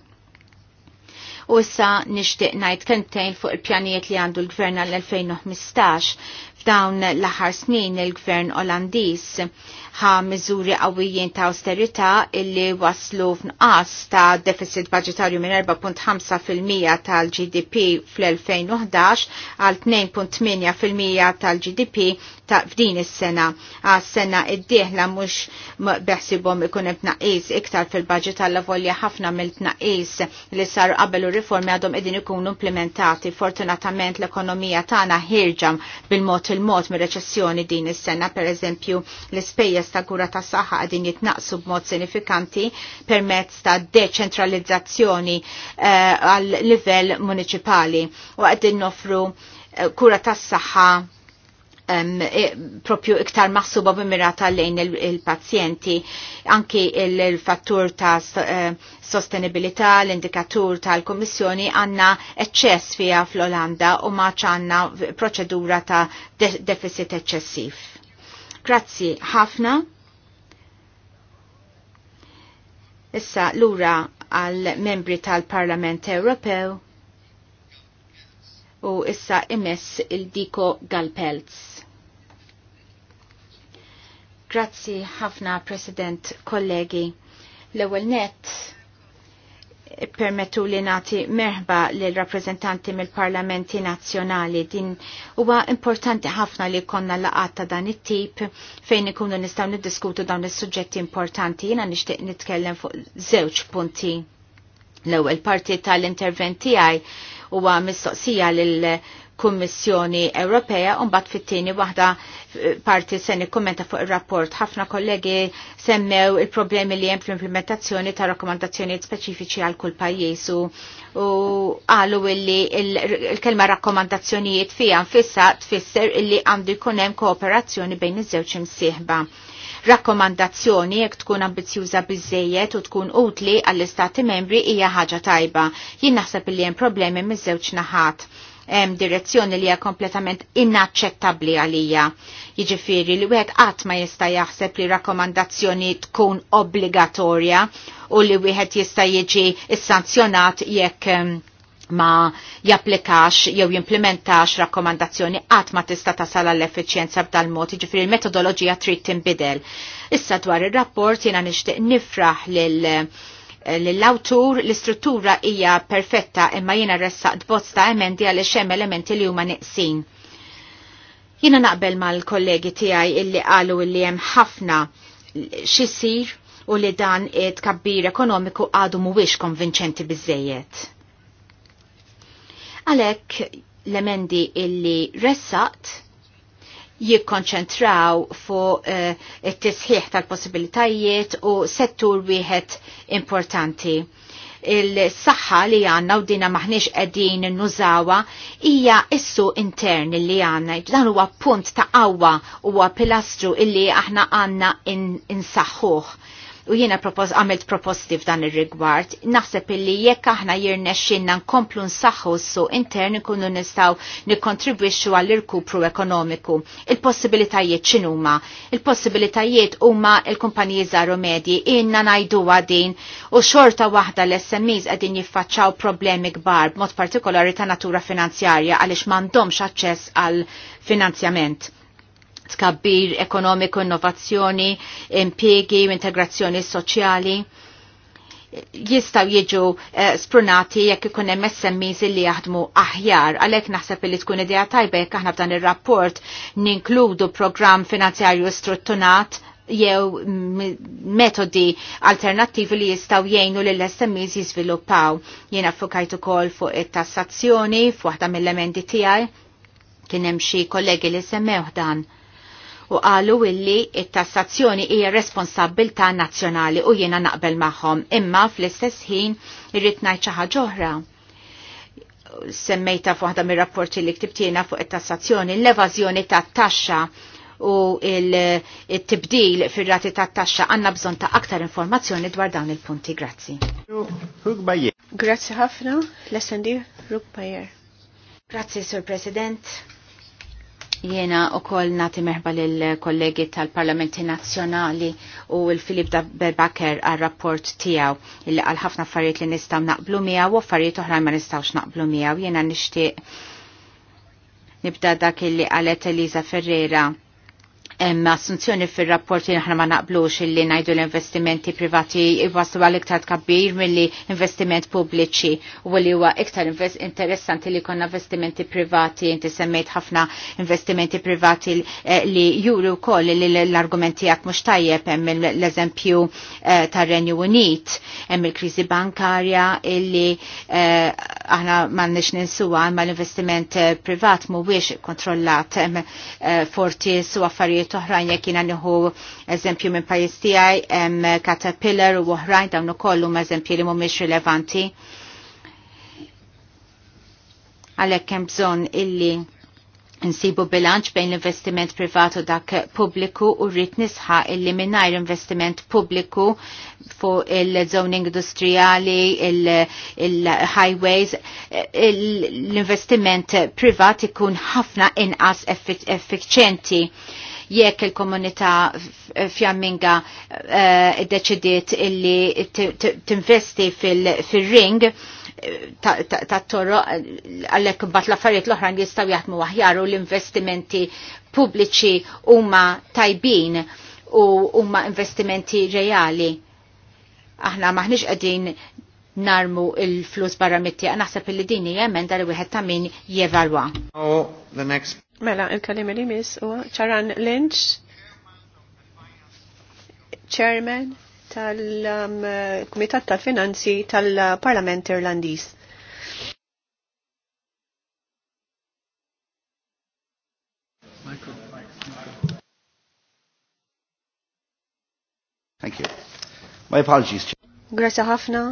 U issa nixtieq ngħid kentejn fuq il-pjanijiet li għandu l-gvern għall-2015 f'dawn l-aħħar snin il-gvern Olandiż ħa miżuri qawwijin ta' austerita illi waslu f'nqas ta' deficit budgetarju minn 4.5% tal-GDP fl-2011 għal 2.8% tal-GDP ta' f'din is-sena. Għas-sena id-dieħla mhux beħsibhom ikun hemm tnaqqis iktar fil-budget tal volja ħafna mill tnaqis li saru qabel u riformi għadhom qegħdin ikunu implementati. Fortunatament l-ekonomija tagħna ħirġam bil-mod il-mod mir-reċessjoni din is-sena, pereżempju l-ispejjeż l ta' kura ta' saħħa għadin jitnaqsu b'mod sinifikanti permezz ta' deċentralizzazzjoni eh, għal uh, livell municipali u qegħdin nofru uh, kura tas saħħa um, propju iktar maħsuba b'mirata lejn il-pazjenti, il anki il-fattur ta' uh, sostenibilità, l-indikatur tal-Komissjoni għanna eċċess fija fl-Olanda u maċ għanna proċedura ta' deficit eċċessiv. Grazzi ħafna. Issa lura għal membri tal-Parlament Ewropew u issa imess il-diko Galpelz. Grazzi ħafna President kollegi. L-ewwel net permettu li nati merħba l rappresentanti mill-parlamenti nazzjonali din huwa importanti ħafna li konna laqat ta' dan it-tip fejn ikunu nistgħu niddiskutu dawn is-suġġetti importanti jiena nixtieq nitkellem fuq żewġ punti. L-ewwel parti tal-intervent tiegħi huwa mistoqsija lil Kummissjoni Ewropea u mbagħad fit-tieni waħda eh, parti se nikkummenta fuq ir-rapport. Ħafna kollegi semmew il-problemi li hemm fl-implementazzjoni ta' rakkomandazzjonijiet speċifiċi għal kull pajjiż u qalu illi il-kelma rakkomandazzjonijiet fiha nfissa tfisser illi għandu jkun hemm kooperazzjoni bejn iż-żewġ imsieħba rakkomandazzjoni jekk tkun ambizjuża biżejjed u tkun utli għall-istati membri hija ħaġa tajba. Jien naħseb li hemm problemi miż-żewġ naħat hemm direzzjoni li hija kompletament inaċċettabbli għalija. Jiġifieri li wieħed qatt ma jista' jaħseb li rakkomandazzjoni tkun obbligatorja u li wieħed jista' jiġi issanzjonat jekk ma japplikax jew jimplementax rakkomandazzjoni qatt ma tista' tasal għall-effiċjenza b'dal mod, jiġifieri l-metodoloġija trid tinbidel. Issa dwar ir-rapport jiena nixtieq nifraħ lil l awtur l-istruttura hija perfetta imma jiena ressaqt bosta emendi għal xem elementi li huma neqsin. Jiena naqbel mal-kollegi tiegħi illi qalu illi hemm ħafna xisir u li dan it-kabbir ekonomiku għadu mhuwiex konvinċenti bizzejiet. Għalhekk l-emendi illi ressaqt jikkonċentraw fuq uh, it-tisħiħ tal-possibilitajiet u settur wieħed importanti il-saxħa li għanna u dina maħniex għedin nużawa hija issu intern li għanna. Dan huwa punt ta' qawwa huwa pilastru illi aħna għanna insaħħuh. In u jiena propos, għamilt proposti f'dan ir-rigward. Naħseb illi jekk aħna jirnexxinna nkomplu nsaħħu s-suq intern ikunu nistgħu nikkontribwixxu għall-irkupru ekonomiku. Il-possibilitajiet x'inhuma? Il-possibilitajiet huma l-kumpaniji żaru medji inna ngħidu din u xorta waħda l-SMEs qegħdin jiffaċċaw problemi kbar b'mod partikolari ta' natura finanzjarja għaliex m'għandhomx aċċess għal finanzjament tkabbir ekonomiku, innovazzjoni, impiegi, integrazzjoni soċjali jistaw jiġu eh, sprunati jekk ikun hemm SMEs li jaħdmu aħjar. Għalhekk naħseb li tkun idea tajba jekk aħna f'dan ir-rapport ninkludu programm finanzjarju strutturat jew metodi alternattivi li jistaw jgħinu li l-SMEs jiżviluppaw. Jiena fukajt ukoll fuq it-tassazzjoni f'waħda mill-elementi tiegħi kien hemm xi kollegi li semmew dan u qalu illi it-tassazzjoni hija responsabilta nazzjonali u jiena naqbel magħhom imma fl-istess ħin irrid ngħid xi ħaġa oħra semmejta fuħda mir-rapporti li ktibtina fuq it-tassazzjoni l-evażjoni tat-taxxa u il-tibdil fir rati ta' taxxa għandna bżonn ta' aktar informazzjoni dwar dawn il-punti. Grazzi. Grazzi ħafna, l-essendi Rugbajer. Grazzi, Sur President. Jena u koll nati meħba l-kollegi tal-Parlamenti Nazjonali u l-Filip Berbaker għal-rapport tijaw il għal-ħafna affarijiet li nistaw naqblu miegħu u affarijiet oħrajn ma nistawx naqblu miegħu. Jena nixtieq nibda dak li għalet Eliza Ferreira hemm assunzjoni fir rapporti li aħna ma naqblux illi ngħidu l-investimenti privati jwaslu għal iktar kabbir milli investiment pubbliċi u li huwa iktar interessanti li jkollna investimenti privati inti semmejt ħafna investimenti privati eh, li juru wkoll li l argumenti għak mhux tajjeb hemm l-eżempju eh, tar-Renju Unit hemm il-kriżi bankarja illi eh, aħna m'għandniex ninsuha ma l-investiment privat mhuwiex kontrollat forti su affarijiet affarijiet oħrajn jekk jiena nieħu eżempju minn pajjiż tiegħi hemm Caterpillar u oħrajn dawn ukoll huma eżempji li mhumiex rilevanti. Għalhekk hemm bżonn illi Nsibu bilanċ bejn l-investiment privatu dak publiku u rrit nisħa illi minnajr investiment publiku fu il-zone industrijali, il-highways, il zone industrijali il highways l investiment privat ikun ħafna inqas effiċenti. -effic jekk il-komunità fjamminga eh, deċidiet illi tinvesti fil-ring ta' torro għallek bat l-affarijiet l-oħrajn jistaw jaħdmu aħjar u l-investimenti pubbliċi huma tajbin u huma investimenti reali. Aħna maħniex qegħdin narmu il-flus barra mitti. Naħseb il-li dini jemmen dar wieħed ta' min jevalwa. Oh, the next. Mela, il-kalimi li mis u ċaran Lynch, chairman tal-Kumitat um, tal-Finanzi tal-Parlament Irlandiż. Thank you. My apologies. Grazie ħafna.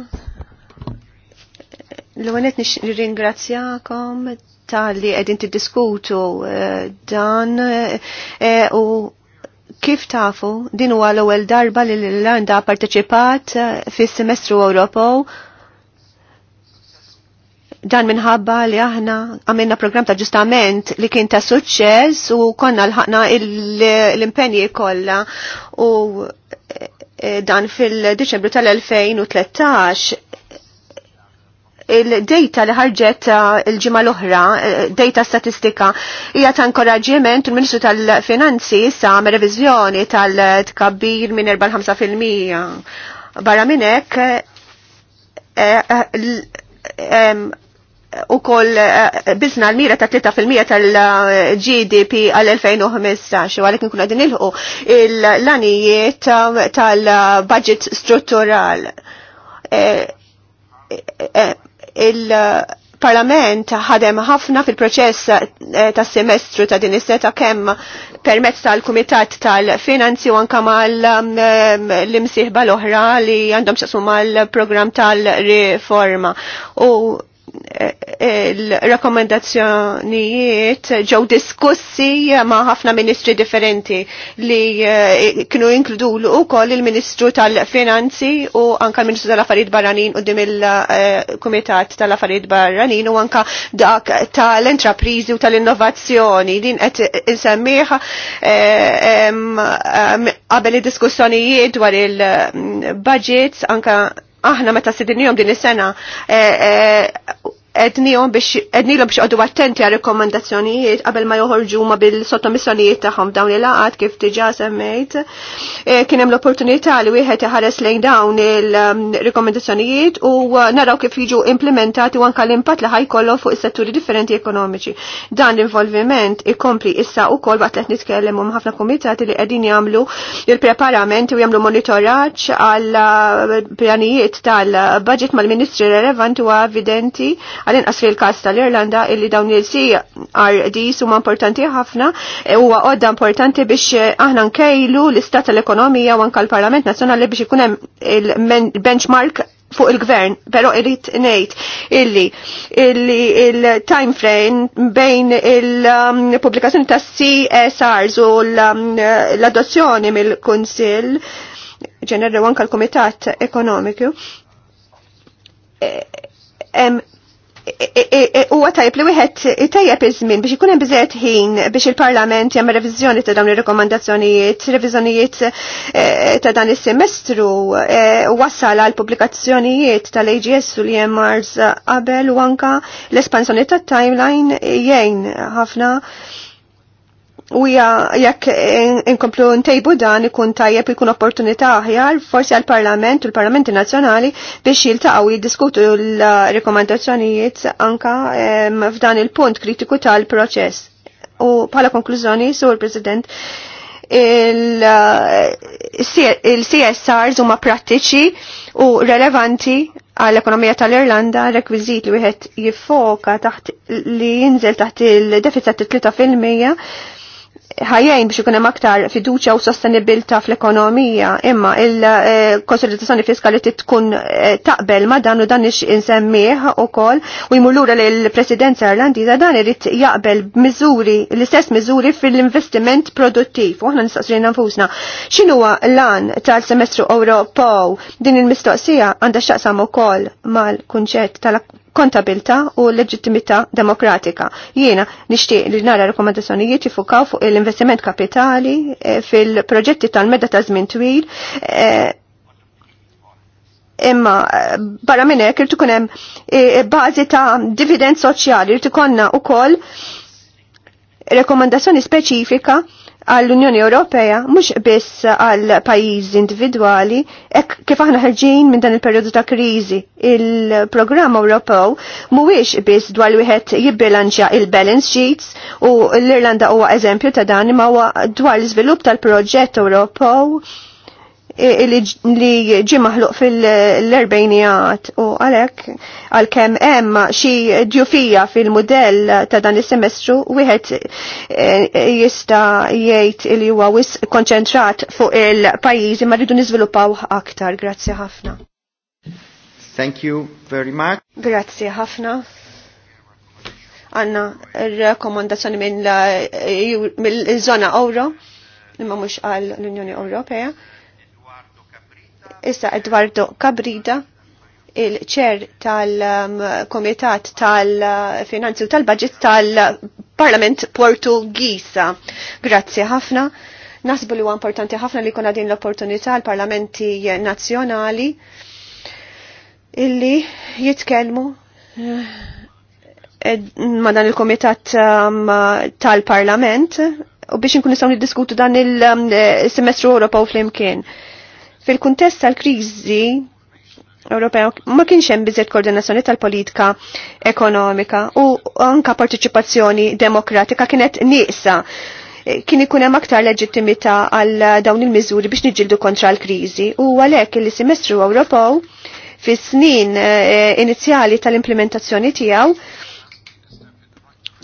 L-għanet nix ringrazzjakom ta' li għedin tiddiskutu eh, dan eh, eh, u Kif tafu, din huwa l-ewwel darba li l-Irlanda parteċipat fis-Semestru Ewropew dan minħabba li aħna għamilna program ta' ġustament li kien ta' suċċess u konna l-ħakna l-impenji kollha u dan fil-Diċembru tal-2013 il-data li ħarġet uh, il-ġimgħa l-oħra, uh, data statistika, hija ta' inkoraġġiment il ministru tal-Finanzi sa' reviżjoni tal-tkabbir minn 4-5% barra minn hekk eh, eh, eh, u koll bizna l-mira ta' 3% tal-GDP għal-2015 u għalek nkun għadin ilħu l-lanijiet um, tal-budget struttural il- parlament ħadem ħafna fil-proċess eh, ta' semestru ta' din is-seta kemm permezz tal-Kumitat tal-Finanzi u anke mal-imsieħba ehm, l-oħra li għandhom xaqsu mal-programm tal-riforma. U il rekomendazzjonijiet ġew diskussi ma' ħafna ministri differenti li eh, kienu inkludu wkoll il-Ministru tal-Finanzi u anka l-Ministru tal-Affarijiet Barranin u il-Kumitat eh, tal-Affarijiet Barranin u anka dak tal-Entrapriżi u tal-Innovazzjoni din qed insemmiħ eh, qabel id-diskussjonijiet dwar il-budgets mm, anka aħna meta sidinjom din is-sena ednijom biex ednilom biex għadu attenti għal rekomendazzjonijiet qabel ma joħorġu ma bil-sottomissjonijiet tagħhom dawn il-laqat kif diġà semmejt. Kienem Kien hemm l-opportunità li wieħed iħares lejn dawn il-rekomendazzjonijiet u uh, naraw kif jiġu implementati u anke l-impatt li ħajkollu fuq is-setturi differenti ekonomiċi. Dan l-involviment ikompli issa wkoll waqt qed nitkellem u ħafna kumitati li qegħdin jagħmlu il preparament u jagħmlu monitoraġġ għal uh, pjanijiet tal-budget mal-ministri relevanti u evidenti għalin inqas l kas tal-Irlanda illi dawn il-CRDs huma importanti ħafna e huwa għodda importanti biex aħna nkejlu l-istat tal-ekonomija u anka l-Parlament Nazzjonali biex ikun hemm il-benchmark fuq il-gvern, pero irrit nejt illi il-time frame bejn il-publikazzjoni ta' CSRs u l-adozzjoni mill-Kunsill ġenerru anka l-Komitat Ekonomiku hemm e, huwa tajb li wieħed tajjeb iż-żmien biex ikun hemm biżgħet ħin biex il-Parlament jagħmel reviżjoni ta' dawn ir-rekomandazzjonijiet, reviżjonijiet eh, ta' dan is-semestru eh, wassal għal pubblikazzjonijiet tal-AGS u hemm emrs qabel u anka l-espansjoni tat-timeline jgħin ħafna U jekk inkomplu ntejbu dan ikun tajjeb ikun opportunità aħjar forsi għal parlament u l-Parlamenti Nazzjonali biex jiltaqgħu jiddiskutu l-rekomandazzjonijiet anka f'dan il-punt kritiku tal-proċess. U bħala konklużjoni, sur President, il-CSRs eh, huma prattiċi u relevanti għall-ekonomija tal-Irlanda rekwizit li wieħed jiffoka taħt li jinżel taħt il defizit 3% ħajjajn biex ikun hemm aktar fiduċja u sostenibilità fl-ekonomija, imma il-konsolidazzjoni fiskali tkun eh, taqbel ma dan u dan ix insemmih ukoll u jmur lura lill-Presidenza Irlandiża dan irid jaqbel miżuri l-istess miżuri fil-investiment produttiv u aħna nistaqsu nfusna. X'inhuwa lan tal-semestru Ewropew din il-mistoqsija għandha x'taqsam ukoll mal-kunċett kontabilta u leġittimità demokratika. Jiena nixtieq li nara rekomendazzjonijiet jifukaw fuq l-investiment kapitali eh, fil-proġetti tal-medda ta' żmien twil. Eh, imma eh, barra minn hekk irid hemm bażi ta' dividend soċjali, irid ikonna wkoll rekomendazzjoni speċifika għall-Unjoni Ewropea mhux biss għall pajjiżi individwali, hekk kif aħna ħarġin minn dan il periodu ta' kriżi. Il-programm Ewropew mhuwiex biss dwar wieħed jibbilanċja il-balance sheets u l-Irlanda huwa eżempju ta' dan imma huwa dwar l-iżvilupp tal-proġett Ewropew li ġi maħluq fil-erbejnijat u għalek għal-kem hemm xi ġufija fil-modell ta' dan is-semestru wieħed jista' jgħid li huwa wis konċentrat fuq il-pajjiżi ma rridu nizvilupaw aktar. Grazzi ħafna. Thank you very much. Grazzi ħafna. Għanna rekomandazzjoni minn mill-żona Euro imma għal għall unjoni Ewropea. Issa Edwardo Cabrida, il-ċer tal-Komitat um, tal-Finanzi u tal-Budget tal-Parlament Portugisa. Grazzi ħafna. Nasbu li huwa importanti ħafna li kuna din l-opportunità l-parlamenti nazzjonali illi jitkellmu eh, ma dan il-komitat um, tal-parlament u biex nkun nistgħu niddiskutu dan il-semestru um, eh, Ewropew flimkien. Fil-kuntest tal-kriżi Ewropea ma kienx hemm biżiet koordinazzjoni tal-politika ekonomika u anka partiċipazzjoni demokratika kienet nieqsa kien ikun hemm aktar leġittimità għal dawn il-miżuri biex niġġieldu kontra l-kriżi u għalhekk il-semestru Ewropew fis-snin eh, inizjali tal-implementazzjoni tiegħu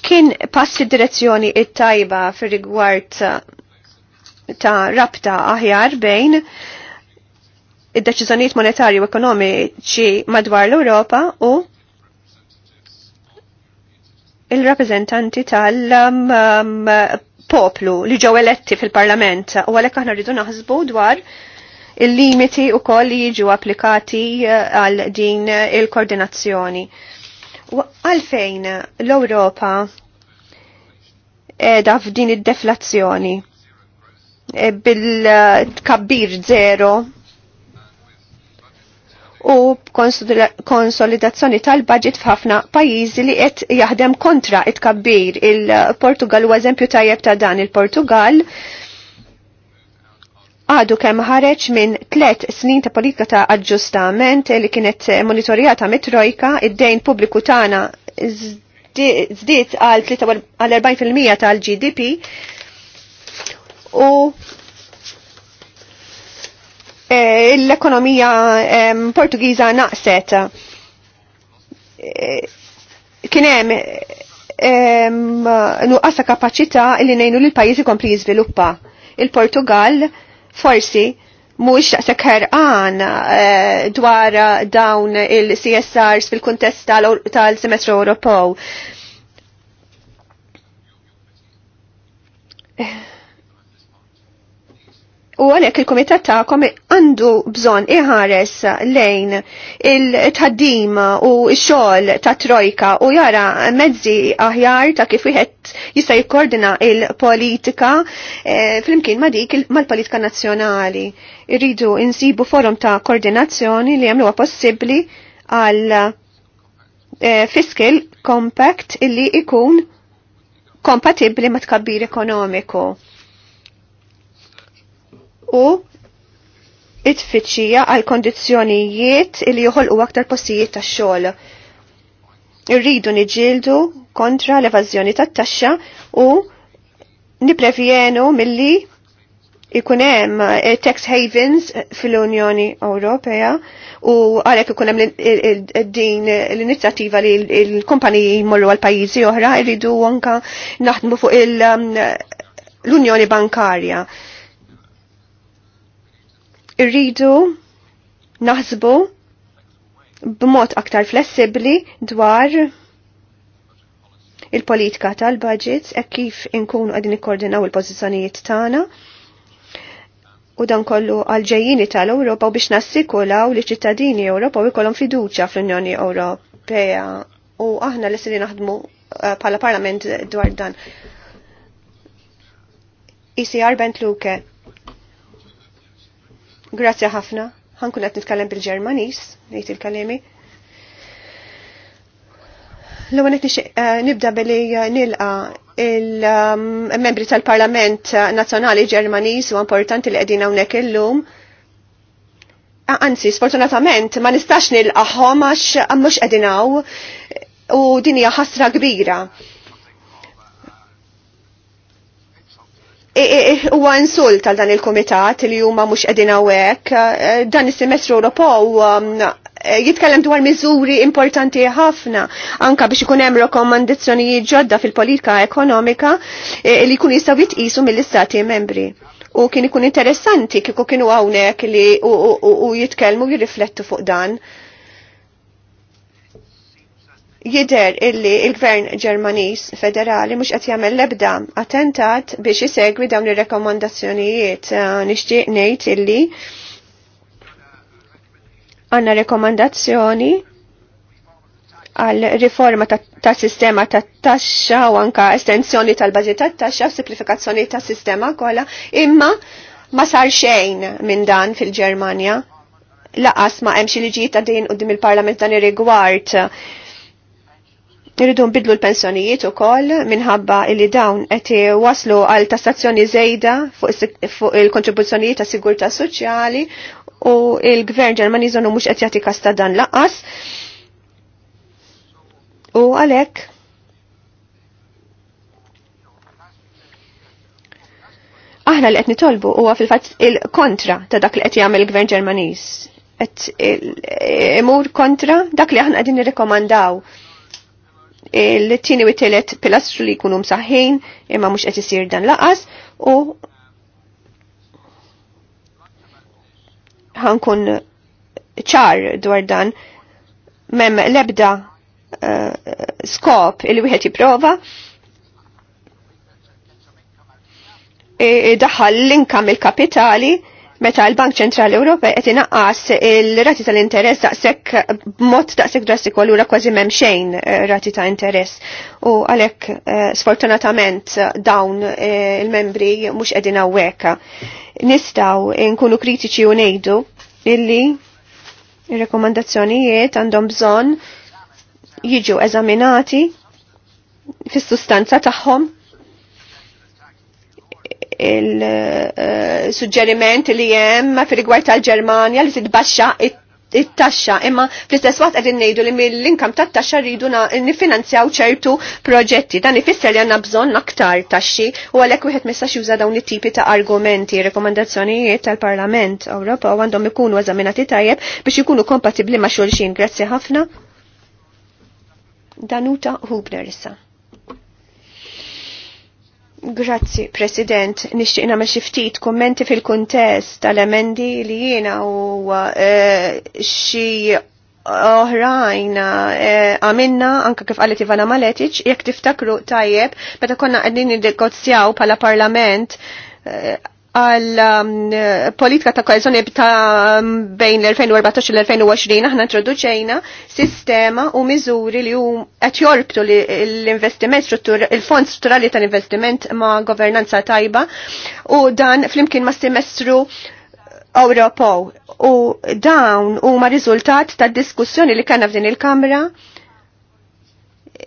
kien id direzzjoni it-tajba fir rigward ta' rabta aħjar bejn id-deċiżjonijiet monetarji u ekonomiċi madwar l-Ewropa u il-rappreżentanti tal-poplu um, li ġew eletti fil-Parlament u għalhekk aħna rridu naħsbu dwar il-limiti u koll li jiġu applikati uh, għal din il-koordinazzjoni. Għalfejn l-Europa edha f'din id-deflazzjoni e bil-kabbir zero u konsolidazzjoni tal-budget f'ħafna pajjiżi li qed jaħdem kontra it-kabbir. Il-Portugal u eżempju tajjeb ta' dan il-Portugal għadu kemm ħareġ minn tlet snin ta' politika ta' aġġustament li kienet monitorjata mit-trojka, id-dejn pubbliku tagħna żdiet għal 43% tal-GDP u Eh, l-ekonomija Portugiża naqset. Eh, Kien hemm nuqqasa kapaċità li ngħinu li l pajizi kompli jiżviluppa. Il-Portugal forsi mux sekher għan eh, dwar dawn il-CSRs fil-kuntest tal-semestru Ewropew. U għalek il-komitat ta'kom għandu bżon iħares lejn il-tħaddim u xol ta' trojka u jara mezzi aħjar ta' kif wieħed jista' jikkordina il-politika fl eh, flimkien ma' dik mal-politika nazzjonali. Irridu insibu forum ta' koordinazzjoni li jagħmluha possibbli għal eh, fiscal compact illi ikun kompatibli ma' tkabbir ekonomiku u it-tfittxija għal kondizjonijiet li joħolqu aktar postijiet tax xogħol. Irridu niġildu kontra l-evażjoni tat-taxxa u niprevjenu milli ikun hemm eh, tax havens fil-Unjoni Ewropea u għalhekk ikun hemm din l-inizjattiva li l-kumpaniji jmorru għal pajjiżi oħra jridu anka naħdmu fuq um, l-Unjoni Bankarja irridu naħsbu b'mod aktar flessibli dwar il-politika tal-budgets e kif inkunu għadin ikkoordinaw il-pozizjonijiet tagħna u dan kollu għal-ġejjini tal-Ewropa u biex nassikulaw li ċittadini Ewropa u jkollhom fiduċja fl-Unjoni Ewropea u aħna li siri naħdmu eh, bħala parlament dwar dan. E ICR Bent Luke. Grazzi ħafna. Ħankun qed nitkellem bil ġermaniż ngħid il-kalemi. L-ewwel eh, qed nibda billi eh, nilqa il-membri um, tal-Parlament Nazzjonali Ġermaniż u importanti li qegħdin hawnhekk illum. Anzi, sfortunatament ma nistax nilqaħħom għax mhux qegħdin u din hija ħasra kbira huwa insult għal dan il-komitat li huma mhux qegħdin hawnhekk eh, dan is-semestru Ewropew um, eh, jitkellem dwar miżuri importanti ħafna anka biex ikun hemm rakkomandazzjonijiet ġodda fil-politika ekonomika eh, li jkunu jistgħu jitqisu mill-istati membri. U kien ikun interessanti kieku kienu hawnhekk li u jitkellmu jirriflettu fuq dan jider illi il-gvern Ġermanis federali mhux qed jagħmel l-ebda attentat biex isegwi dawn ir-rekomandazzjonijiet ah, nixtieq ngħid illi għandna rekomandazzjoni għal riforma ta', sistema ta' taxxa u anka estensjoni tal-baġi ta' taxxa u simplifikazzjoni ta' sistema kollha, imma ma sar xejn minn dan fil-Ġermanja. Laqas ma hemm xi liġijiet ta' din qudiem il-Parlament dan ir-rigward. il parlament dan ir rigward Irridu nbidlu l-pensjonijiet u koll minħabba illi dawn qed waslu għal tassazzjoni żejda fuq il-kontribuzzjonijiet ta' sigurtà soċjali u il-gvern Ġermaniżonu mhux qed jagħti kasta dan laqas. U għalhekk aħna li qed nitolbu huwa fil-fatt il-kontra ta' dak li qed jagħmel il-Gvern Ġermaniż. Qed imur kontra dak li aħna qegħdin nirrekomandaw l tini u telet pilastru li jkunu msaħħin imma mhux qed isir dan laqas u ħankun ċar dwar dan mem lebda uh, skop il wieħed jipprova daħal l-inkam il-kapitali il kapitali meta l-Bank Ċentrali Ewropej qed inaqqas il-rati tal-interess daqshekk b'mod daqshekk drastiku allura kważi m'hemm xejn eh, rati ta' interess. U għalhekk eh, sfortunatament dawn eh, il-membri mhux qegħdin hawnhekk. Nistgħu nkunu kritiċi u ngħidu illi ir-rekomandazzjonijiet għandhom bżonn jiġu eżaminati fis-sustanza tagħhom il-suġġeriment li jem fil-rigward tal-Ġermanja li titbaxxa it-taxxa imma fl-istess waqt qegħdin ngħidu li mill-inkam tat-taxxa rridu nifinanzjaw ċertu proġetti. Dan ifisser li għandna bżonn aktar taxxi u għalhekk wieħed mistax juża dawn it-tipi ta' argumenti. Rekomandazzjonijiet tal-Parlament Ewropa u għandhom ikunu eżaminati tajjeb biex ikunu kompatibbli ma' xulxin. Grazzi ħafna. Danuta Hubner issa. Grazzi, President. Nixtieq nagħmel xiftit ftit kummenti fil-kuntest tal-emendi li jiena u eh, xi oħrajn eh, għamilna anke anka kif qalet Ivana Maletiċ, jekk tiftakru tajjeb, meta konna qegħdin niddegozjaw bħala parlament eh, għal um, politika ta' koezjoni ta' um, bejn l-2014 l-2020 aħna introduċejna sistema u miżuri li hum qed jorbtu l-investiment il-fond strutturali tal-investiment ma' governanza tajba u dan flimkien ma' semestru Ewropew u dawn huma riżultat tad diskussjoni li kellna f'din il-Kamra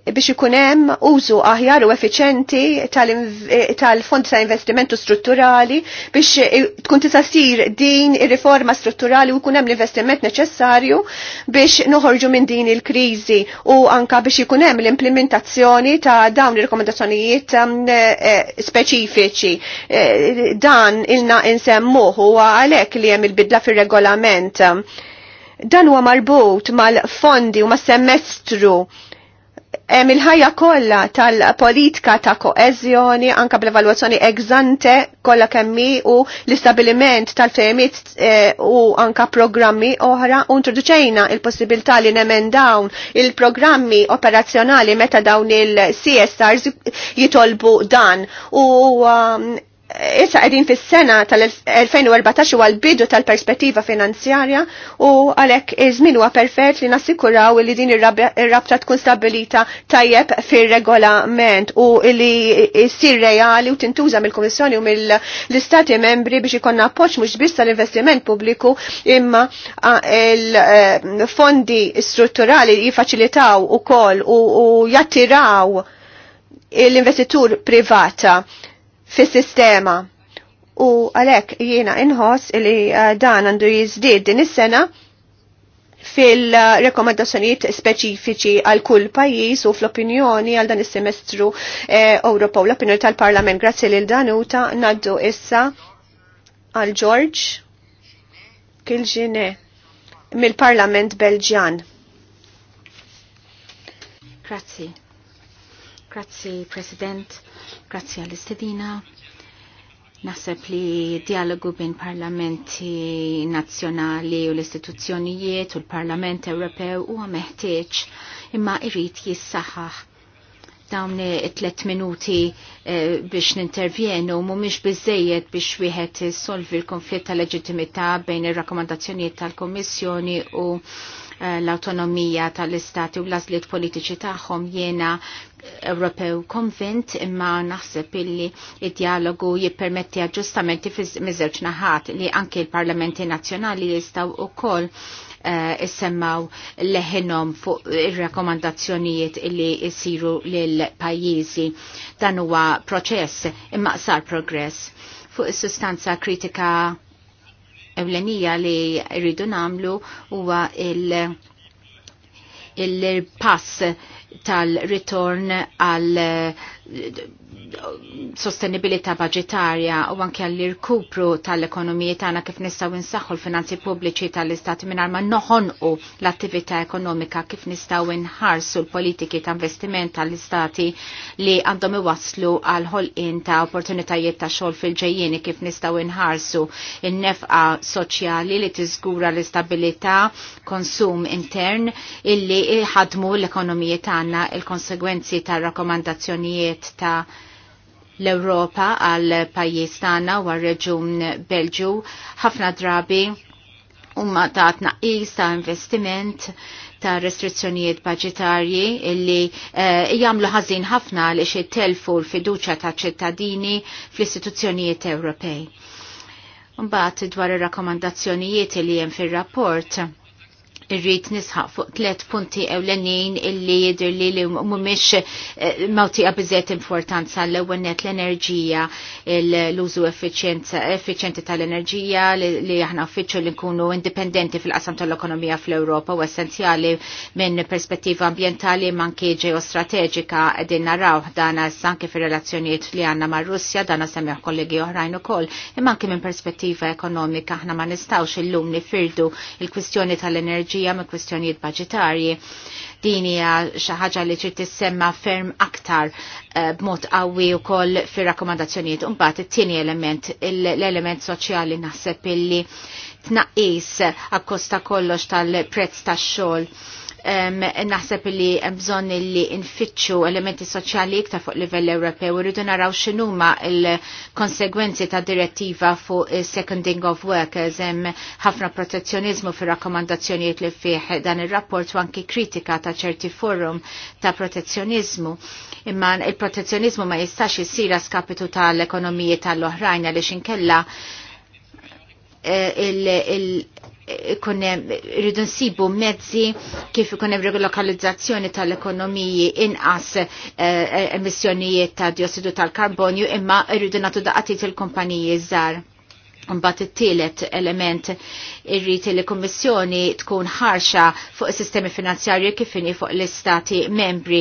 biex ikun hemm użu aħjar u effiċenti eh, tal-fond ta' investimentu strutturali biex eh, tkun tista' din ir-riforma strutturali u jkun hemm l-investiment neċessarju biex nuħorġu minn din il-kriżi u anka biex ikun hemm l-implementazzjoni ta' dawn il rekomendazzjonijiet mm, eh, speċifiċi. Dan ilna insemmuh u għalhekk li hemm il-bidla fir-regolament. Dan huwa marbut mal-fondi u mas-semestru hemm il-ħajja kollha tal-politika ta' koeżjoni anka bl-evalwazzjoni egzante kollha kemmi u l-istabiliment tal-fehmiet eh, u anka programmi oħra u introduċejna il-possibilità li nemmen dawn il-programmi operazzjonali meta dawn il-CSRs jitolbu dan u um, issa qegħdin fis-sena tal-2014 huwa l-bidu tal-perspettiva finanzjarja u għalhekk iż-żmien huwa perfett li nassikuraw li din ir-rabta tkun stabilita tajjeb fir-regolament u li ssir reali u tintuża mill-Kummissjoni u mill-Istati membri biex ikonna appoġġ mhux biss tal-investiment pubbliku imma il-fondi eh, strutturali jifaċilitaw ukoll u jattiraw l-investitur privata fis-sistema. U għalhekk jiena inħoss li uh, dan għandu jiżdied din is-sena fil-rekomendazzjonijiet speċifiċi għal kull pajjiż u fl-opinjoni għal dan is-semestru eh, Ewropew l-opinjoni tal-Parlament. Grazzi lil Danuta naddu issa għal George Kilġine mill-Parlament Belġjan. Grazzi. Grazzi, President. Grazzi għall-istedina. Naħseb li dialogu bin parlamenti nazzjonali u l-istituzzjonijiet u l-Parlament Ewropew huwa meħtieġ imma irrid jissaħħaħ dawn it-tlet minuti e, biex nintervjenu mhumiex bizzejiet biex wieħed solvi l-konflitt ta' leġittimità bejn ir rakkomandazzjonijiet tal-Kommissjoni u Eh, l-autonomija tal-istati u l-azliet politiċi tagħhom jiena Ewropew konvint imma naħseb illi id-dialogu jippermetti aġġustamenti fiż żewġ naħat li anke l-parlamenti nazzjonali jistgħu wkoll eh, issemmaw leħinom fuq ir-rakomandazzjonijiet li jsiru lil pajjiżi Dan huwa proċess imma sar progress fuq is-sustanza kritika ewlenija li rridu namlu huwa il- il-pass tal-ritorn għal sostenibilità budgetarja u anke għall irkupru tal-ekonomiji tagħna kif nistgħu insaħħu l-finanzi pubbliċi tal-Istati mingħajr ma noħonqu l-attività ekonomika kif nistgħu inħarsu l-politiki ta' investiment tal-Istati li għandhom iwasslu għal ħolqien ta' opportunitajiet ta' xogħol fil-ġejjieni kif nistgħu inħarsu in-nefqa soċjali li tiżgura l-istabilità konsum intern illi ħadmu l-ekonomiji tagħna il-konsegwenzi tar-rakkomandazzjonijiet ta' l-Europa għal pajjiż tagħna u għar-reġun Belġu ħafna drabi huma ta' tnaqqis ta' investiment ta' restrizzjonijiet budgetarji illi uh, jagħmlu ħażin ħafna li xi telfu l-fiduċja ta' ċittadini fl-istituzzjonijiet Ewropej. Mbagħad dwar ir-rakkomandazzjonijiet li hemm fir-rapport irrid nisħaq fuq tliet punti ewlenin illi jidr li li mhumiex eh, mawti għabizet importanza l ewwel net l-enerġija, l-użu effiċjenti tal-enerġija li aħna uffiċu li nkunu indipendenti fil-qasam tal-ekonomija fl-Ewropa u essenzjali minn perspettiva ambjentali manki ġeostrateġika qegħdin naraw dana anke fir-relazzjonijiet li għandna mar-Russja, dana semmiħ kollegi oħrajn ukoll, imma anke minn perspettiva ekonomika aħna ma nistgħux illum nifirdu il-kwistjoni tal-enerġija l me kwistjonijiet budgetarji. Din hija xi ħaġa li trid tissemma ferm aktar eh, b'mod qawwi wkoll fir-rakkomandazzjonijiet. Imbagħad it-tieni element, l-element soċjali naħseb illi tnaqqis akkosta kollox tal-prezz tax-xogħol naħseb li bżon li nfittxu elementi soċjali iktar fuq livell Ewropew irridu naraw x'inhuma l-konsegwenzi ta' direttiva fuq seconding of workers hemm ħafna protezzjonizmu fir rakkomandazzjonijiet li fih dan ir-rapport u anki kritika ta' ċerti forum ta' protezzjonizmu imma il-protezzjonizmu ma jistax isira skapitu tal-ekonomiji tal-oħrajn għaliex inkella Eh, ikunem rridu nsibu mezzi kif ikunem regolokalizzazzjoni tal-ekonomiji inqas eh, emissjonijiet ta' diossidu tal-karbonju imma rridu natu daqatit il-kumpaniji żgħar. Mbagħad it-tielet element irrid li kummissjoni tkun ħarxa fuq is-sistemi finanzjarji kif inhi fuq l-istati membri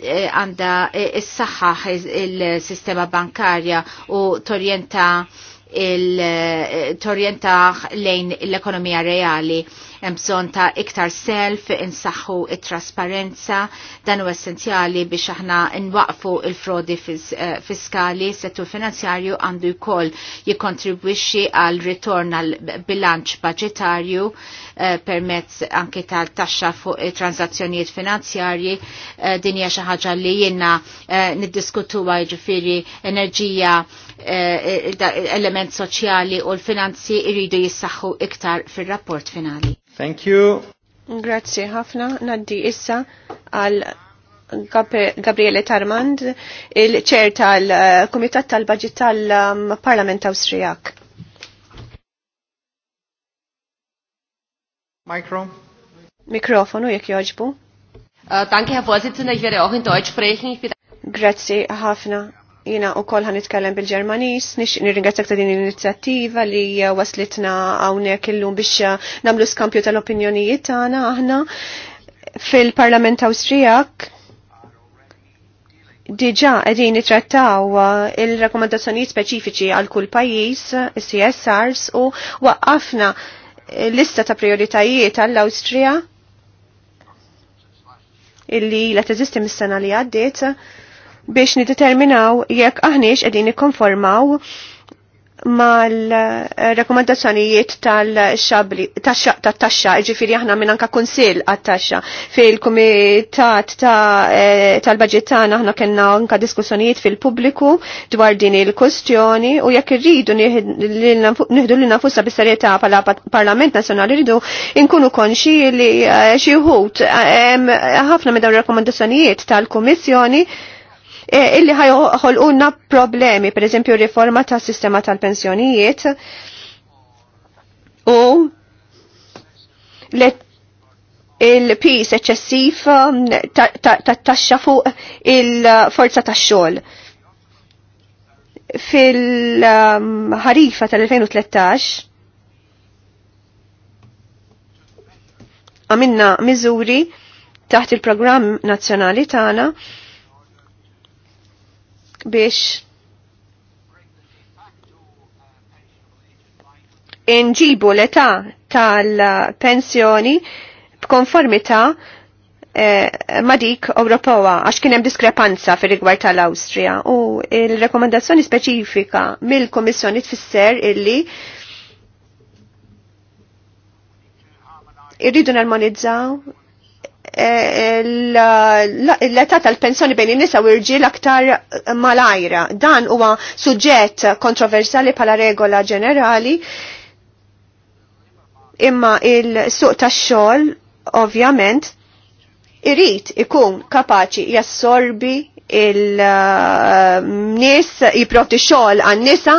eh, għanda s-saħħaħ il-sistema bankarja u torjenta il-torjentaħ eh, lejn l-ekonomija reali bżon ta' iktar self, insaħħu it-trasparenza, dan u essenzjali biex aħna nwaqfu il-frodi eh, fiskali, settu finanzjarju għandu jkol jikontribwixi għal ritorn għal bilanċ budgetarju eh, permezz anke tal-taxxa fuq transazzjonijiet finanzjarji, eh, Din hija xi ħaġa li jiena niddiskutuha jiġifieri enerġija element soċjali u l-finanzi jridu jissaħħu iktar fir rapport finali. Thank you. Grazie ħafna. Naddi issa għal Gabriele Tarmand, il-ċer tal-Komitat tal-Baġit tal-Parlament Awstrijak. Mikro. Mikrofonu jek joġbu. Uh, danke, Herr Vorsitzender, ich werde auch in Deutsch sprechen. Ich Grazie ħafna jina u kol ħanitkellem bil-Ġermanis, nix nirringazzak ta' din l-inizjattiva li waslitna għawnek illum biex uh, namlu skampju tal-opinjonijiet tagħna aħna fil-Parlament Awstrijak diġa qegħdin nitrattaw uh, il-rakkomandazzjonijiet speċifiċi għal kull pajjiż, is-CSRs u waqqafna lista ta' prioritajiet għall-Awstrija illi la teżisti mis-sena li għaddiet biex nideterminaw jekk aħniex qegħdin nikkonformaw mal-rekomendazzjonijiet tal-taxxa, ġifiri aħna minn anka konsil għat-taxxa. Fil-komitat eh, tal-budget tagħna aħna kellna anka diskussjonijiet fil-pubbliku dwar din il-kwestjoni u jekk irridu nieħdu l nafusa bis-serjetà bħala Parlament Nazzjonali rridu inkunu konxi li eh, xi wħud eh, ħafna minn dawn ir-rekomendazzjonijiet tal-Kummissjoni Eh, illi ħajħolqunna problemi, per eżempju riforma ta' sistema tal-pensjonijiet u il-pis eċessif mm, ta' taxxa fuq il-forza ta' xogħol. Fil-ħarifa tal-2013 għamilna miżuri taħt il-programm nazzjonali tagħna biex inġibu l-età tal-pensjoni b'konformità eh, ma dik Ewropewa għax kien hemm diskrepanza fir-rigward tal-Awstrija u il-rekomendazzjoni speċifika mill-Kummissjoni tfisser illi irridu narmonizzaw Eh, eh, l-età tal-pensjoni bejn in-nisa u irġiel aktar eh, malajra. Dan huwa suġġett kontroversali bħala regola ġenerali imma il-suq tax-xogħol ovvjament irid ikun kapaċi jassorbi il-nies jiprovdi xogħol għan-nisa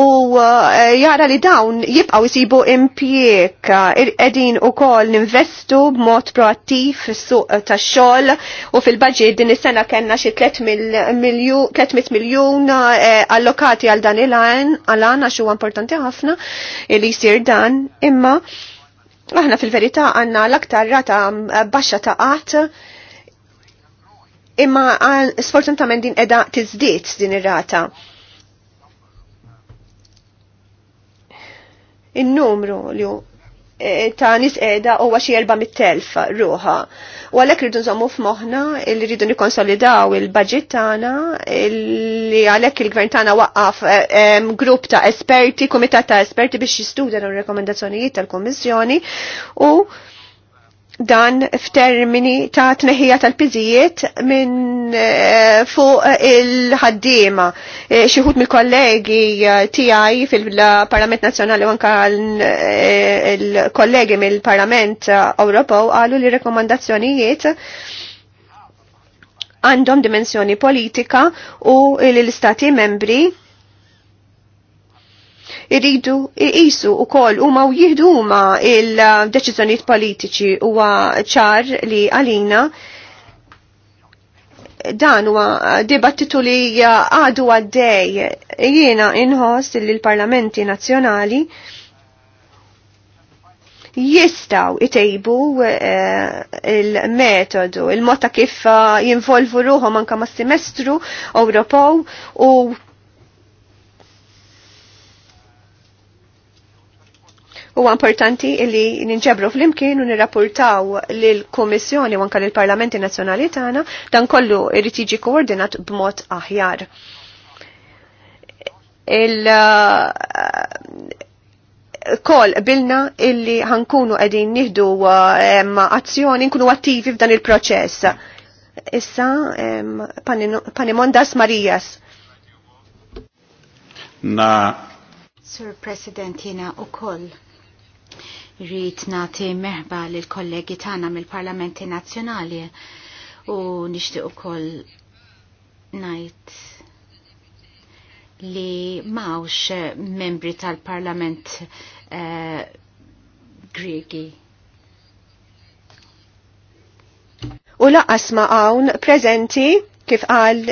u uh, jara li dawn jibqgħu jsibu edin qegħdin ukoll ninvestu b'mod proattiv fis-suq tax-xogħol u fil-baġit din is-sena kellna xi 300 miljun eh, allokati għal dan il-għan għal-għan għax huwa importanti ħafna li jsir dan imma aħna fil-verità għandna l-aktar rata eh, baxxa ta' qatt Imma sfortunatament din edha tizdiet din ir-rata. In-numru li e, ta' nis edha u għaxi 400.000 ruħa. U għalek rridu nżommu f'moħħna, li rridu nikonsolidaw il-budget tagħna li għalek il-gvern tagħna waqqaf e, grupp ta' esperti, kumitat ta' esperti biex jistudja l rekomendazzjonijiet tal-Kummissjoni u dan f'termini ta' tneħija tal-piżijiet minn eh, fuq il-ħaddiema. Eh, Xieħut mill-kollegi eh, tiegħi fil-Parlament Nazzjonali u anke l-kollegi mill-Parlament Ewropew qalu li rekomandazzjonijiet għandhom dimensjoni politika u l-istati membri irridu iqisu u koll u ma u jihdu ma il-deċizjoniet politiċi u ċar li għalina dan huwa dibattitu li għadu għaddej jiena inħoss li l-parlamenti nazzjonali jistaw itejbu eh, il-metodu, il-mota kif eh, jinvolvu ruħom anka ma' semestru Ewropew u Huwa importanti li ninġebru fl-imkien u nirrapportaw l kummissjoni u anke lill-Parlamenti Nazzjonali tagħna dan kollu irid jiġi koordinat b'mod aħjar. Il uh, kol bilna illi ħankunu għedin nihdu uh, azzjoni, nkunu attivi f'dan il-proċess. Issa, Panimondas Marijas. Na. Sir President, jina u koll Rrit nati meħba l-kollegi tagħna mill-Parlamenti Nazzjonali u u koll ngħid li mawx membri tal-Parlament eh, Grigi. U laqas ma' hawn preżenti kif għal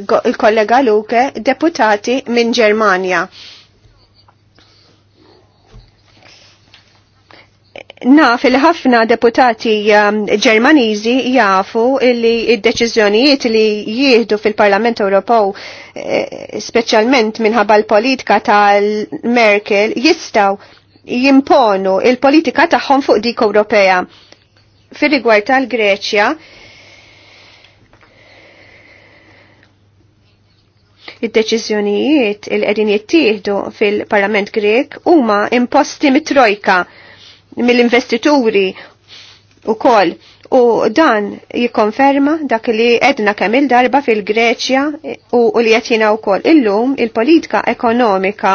il-kollega Luke, deputati minn Ġermanja. Naf il ħafna deputati um, ġermaniżi jafu li id-deċiżjonijiet li jieħdu fil-Parlament Ewropew eh, speċjalment minħabba l-politika tal-Merkel jistaw jimponu il-politika tagħhom fuq dik Ewropea. Fir-rigward tal-Greċja, id-deċiżjonijiet il qegħdin jittieħdu fil-Parlament Grek huma imposti mit-trojka mill-investituri u kol. U dan jikonferma dak li edna kemm il-darba fil-Greċja u, u li jatina u kol. Illum il-politika ekonomika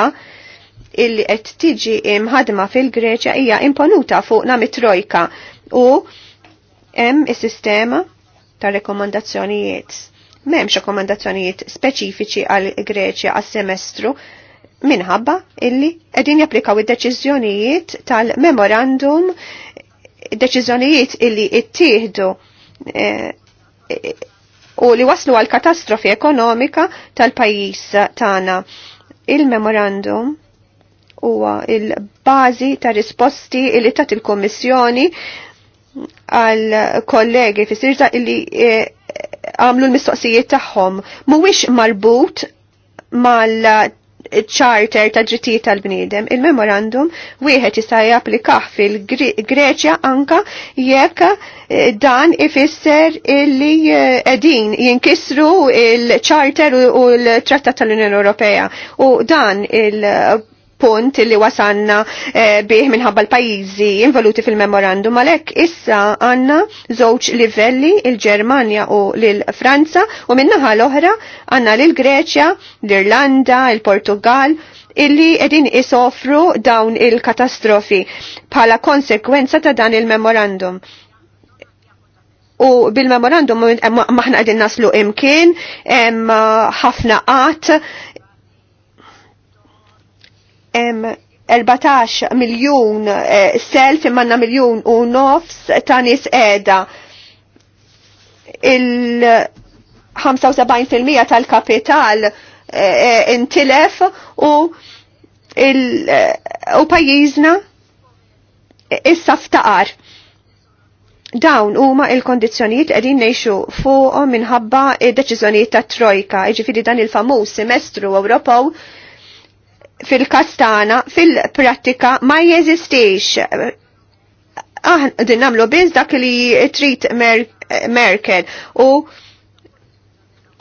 illi qed tiġi imħadma fil-Greċja hija imponuta fuqna mit-trojka u hemm is-sistema ta' rekomandazzjonijiet. M'hemmx rekomandazzjonijiet speċifiċi għal Greċja għas-semestru minħabba illi edin japplikaw id-deċizjonijiet tal-memorandum, deċizjonijiet illi ittieħdu eh, u li waslu għal katastrofi ekonomika tal-pajis tana. Il-memorandum huwa il-bazi ta' risposti illi tat il-Kommissjoni għal kollegi fi sirta illi eh, għamlu l-mistoqsijiet tagħhom. Mhuwiex marbut mal ċarter ta' ġrittijiet tal-bniedem, il-memorandum wieħed jista' japplikah fil-Greċja anka jekk eh, dan ifisser illi qegħdin eh, jinkisru il-charter u l-Trattat tal-Unjoni Ewropea u dan il- punt li wasanna eh, bih minħabba l-pajizi involuti fil-memorandum għalek issa għanna żewġ livelli il-Ġermanja u l-Franza u minnaħa l-oħra għanna l-Greċja, l-Irlanda, il-Portugal illi edin isofru dawn il-katastrofi bħala konsekwenza ta' dan il-memorandum. U bil-memorandum maħna għedin naslu imkien, ħafna għat 14 miljon eh, self imanna miljon u nofs ta' nis edha il-75% tal-kapital eh, eh, intilef u il eh, u pajjiżna issa ftaqar. Dawn huma il-kondizzjonijiet qegħdin ngħixu fuqhom minħabba id-deċiżjonijiet tat-trojka, jiġifieri dan il-famuż semestru Ewropew fil-kastana fil-prattika ma jeżistix. Aħna ah, din nagħmlu biss dak li trid mer Merkel u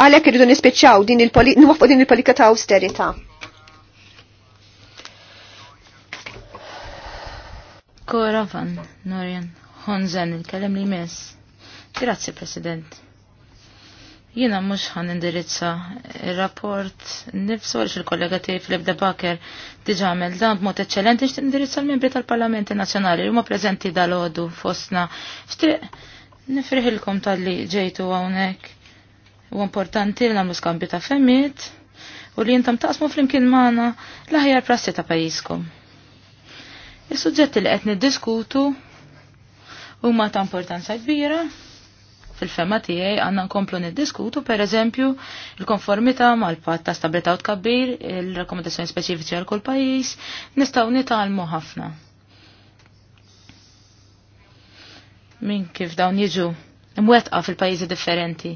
għalhekk irridu nispiċċaw din il-politika din il-politika ta' austerità. Koravan, Norjan, Honzen, il-kelem li mess. Grazie, President. Jiena mhux ħan indirizza il rapport nifsu għalix il-kollega tiegħi Filip De Baker diġà għamel dan b'mod eċċellenti xtieq indirizza l-membri tal-Parlamenti Nazzjonali li huma preżenti dal-għodu fostna. Xtieq nifriħilkom tal-li ġejtu hawnhekk. U importanti l nagħmlu skambju ta' femmit u li jintam taqsmu flimkien magħna l-aħjar prassi ta' pajjiżkom. Is-suġġetti li qed niddiskutu huma ta' importanza kbira fil-fema tijaj għandna nkomplu niddiskutu pereżempju il-konformità mal-patt ta' stabilita u tkabbir, il rekomendazzjoni speċifiċi għal kull pajjiż, nistgħu nitgħalmu ħafna. Min kif dawn jiġu imwetqa fil-pajjiżi differenti.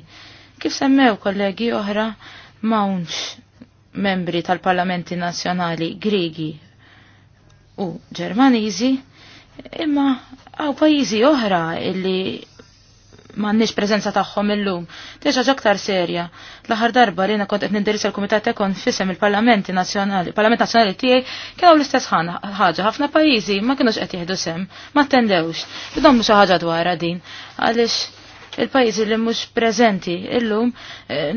Kif semmew kollegi oħra mawnx membri tal-parlamenti nazzjonali Grigi u Ġermaniżi imma għaw pajizi oħra illi m'għandniex prezenza tagħhom illum. Tiex ħaġa aktar serja. L-aħħar darba li kont qed nindirissa il kumitat Ekon fisem il-Parlamenti Nazzjonali, il-Parlament Nazzjonali tiegħi kienu l-istess ħaġa. Ħafna pajjiżi ma kienux qed jieħdu sem, ma tendewx. Idommu xi ħaġa dwarha din. Għaliex il-pajjiżi li mhux prezenti illum eh,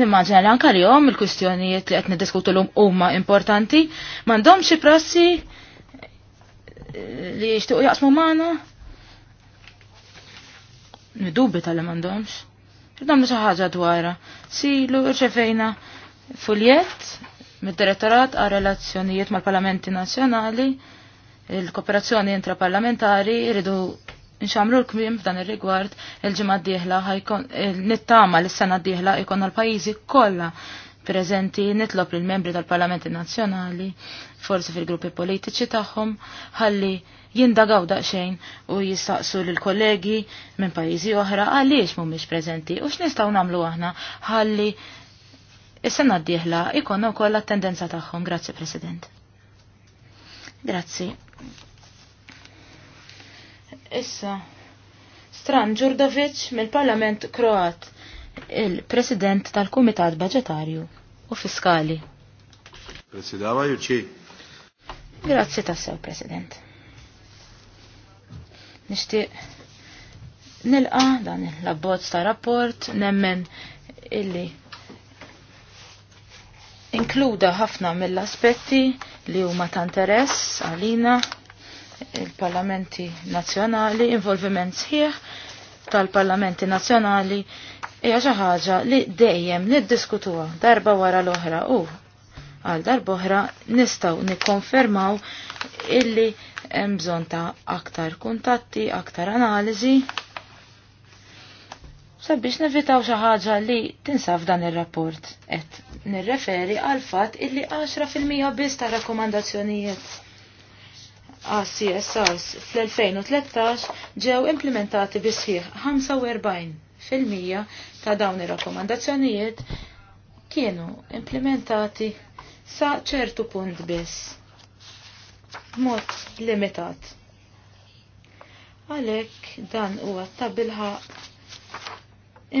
nimmaġina li anke jom il-kwistjonijiet li qed niddiskutu lum huma importanti, m'għandhomx xi prassi eh, li jixtuq jaqsmu magħna nidubi tal-li mandomx. Ridamlu xaħġa dwarra. Silu rċefejna fuljet mid-direttorat għal relazzjonijiet mal-parlamenti nazjonali, il-kooperazzjoni intraparlamentari, rridu nxamru l-kmim f'dan ir-rigward il-ġimgħa d-dieħla nittama l sena d-dieħla jkun l-pajjiżi kollha preżenti nitlob lill membri tal-Parlamenti Nazzjonali, forsi fil-gruppi politiċi tagħhom, ħalli jindagaw daqsxejn u jistaqsu l kollegi minn pajjiżi oħra għaliex mhumiex preżenti u x'nistgħu nagħmlu aħna ħalli is-sena d-dieħla ikonna wkoll tendenza tagħhom. Grazzi President. Grazzi. Issa, Stran Ġurdovic mill-Parlament Kroat, il-President tal-Kumitat Budgetarju u Fiskali. Presidavajuċi. Grazzi tassew, President. Nixtieq nilqa dan l-abbozz ta' rapport nemmen illi inkluda ħafna mill-aspetti li huma ta' interess għalina il-parlamenti nazzjonali, involviment sħiħ tal-parlamenti nazzjonali hija xi ħaġa li dejjem niddiskutuha darba wara l-oħra u għal darboħra nistaw nikkonfermaw illi hemm bżonn ta' aktar kuntatti, aktar analiżi sabiex nevitaw xi ħaġa li tinsaf dan ir-rapport qed nirreferi għal fatt illi 10% biss ta' rakkomandazzjonijiet ACSRs fl-2013 ġew implementati bis 45% ta' dawn ir-rakkomandazzjonijiet kienu implementati sa ċertu punt biss. Mod limitat. Għalek dan huwa għattabilħa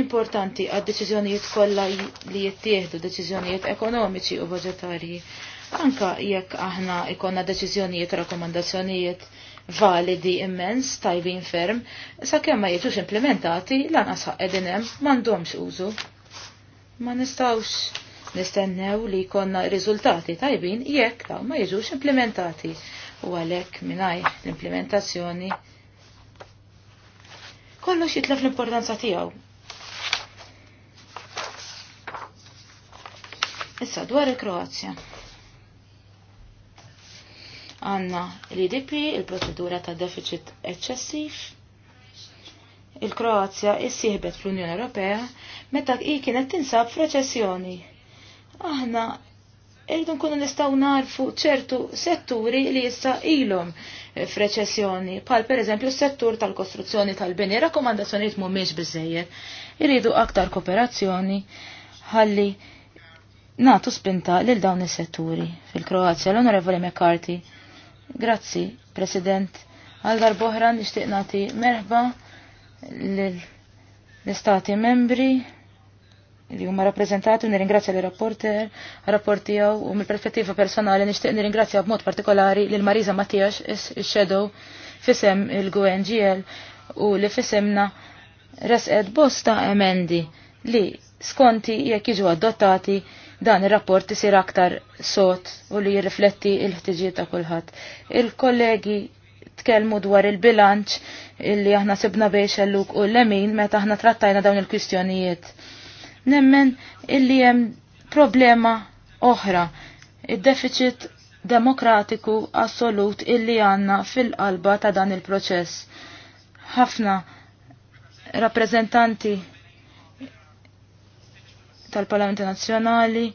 importanti għad deċiżjonijiet kollha li jittieħdu deċiżjonijiet ekonomiċi u budgetarji. Anka jekk aħna ikonna deċiżjonijiet rakkomandazzjonijiet validi immens, tajbin ferm, kemm ma jiġux implementati lanqas ħaq edinem hemm m'għandhomx użu. Ma nistawx nistennew li jkollna riżultati tajbin jekk daw ma jiġux implementati u għalhekk mingħajr l-implementazzjoni kollox jitlef l-importanza tiegħu. Issa dwar il-Kroazja. Għanna l-IDP, il-procedura ta' deficit eċċessiv. Il-Kroazja issieħbet fl-Unjoni Ewropea meta i kienet tinsab f'reċessjoni aħna irridu nkunu nistgħu narfu ċertu setturi li issa ilhom f'reċessjoni, bħal pereżempju s-settur tal-kostruzzjoni tal-bini, rakkomandazzjonijiet mhumiex biżejjed. Irridu aktar kooperazzjoni ħalli natu spinta lil dawn is-setturi fil-Kroazja. L-Onorevoli McCarthy, grazzi, President, għal darboħra nixtieq nagħti merħba l-Istati membri li huma rappreżentati nirringrazzja l rapporter rapportijaw tiegħu u mill-perspettiva personali nixtieq nirringrazzja b'mod partikolari lil Marisa Mattijax is shadow fisem il gngl u li fisemna resqed bosta emendi li skonti jekk jiġu adottati dan ir-rapport isir aktar sot u li jirrifletti l-ħtiġijiet ta' kulħadd. Il-kollegi tkellmu dwar il-bilanċ illi aħna sibna bejn u l-lemin meta aħna trattajna dawn il-kwistjonijiet nemmen illi hemm problema oħra, id-deficit demokratiku assolut illi għanna fil-qalba ta' dan il-proċess. Ħafna rappresentanti tal-Parlament Nazzjonali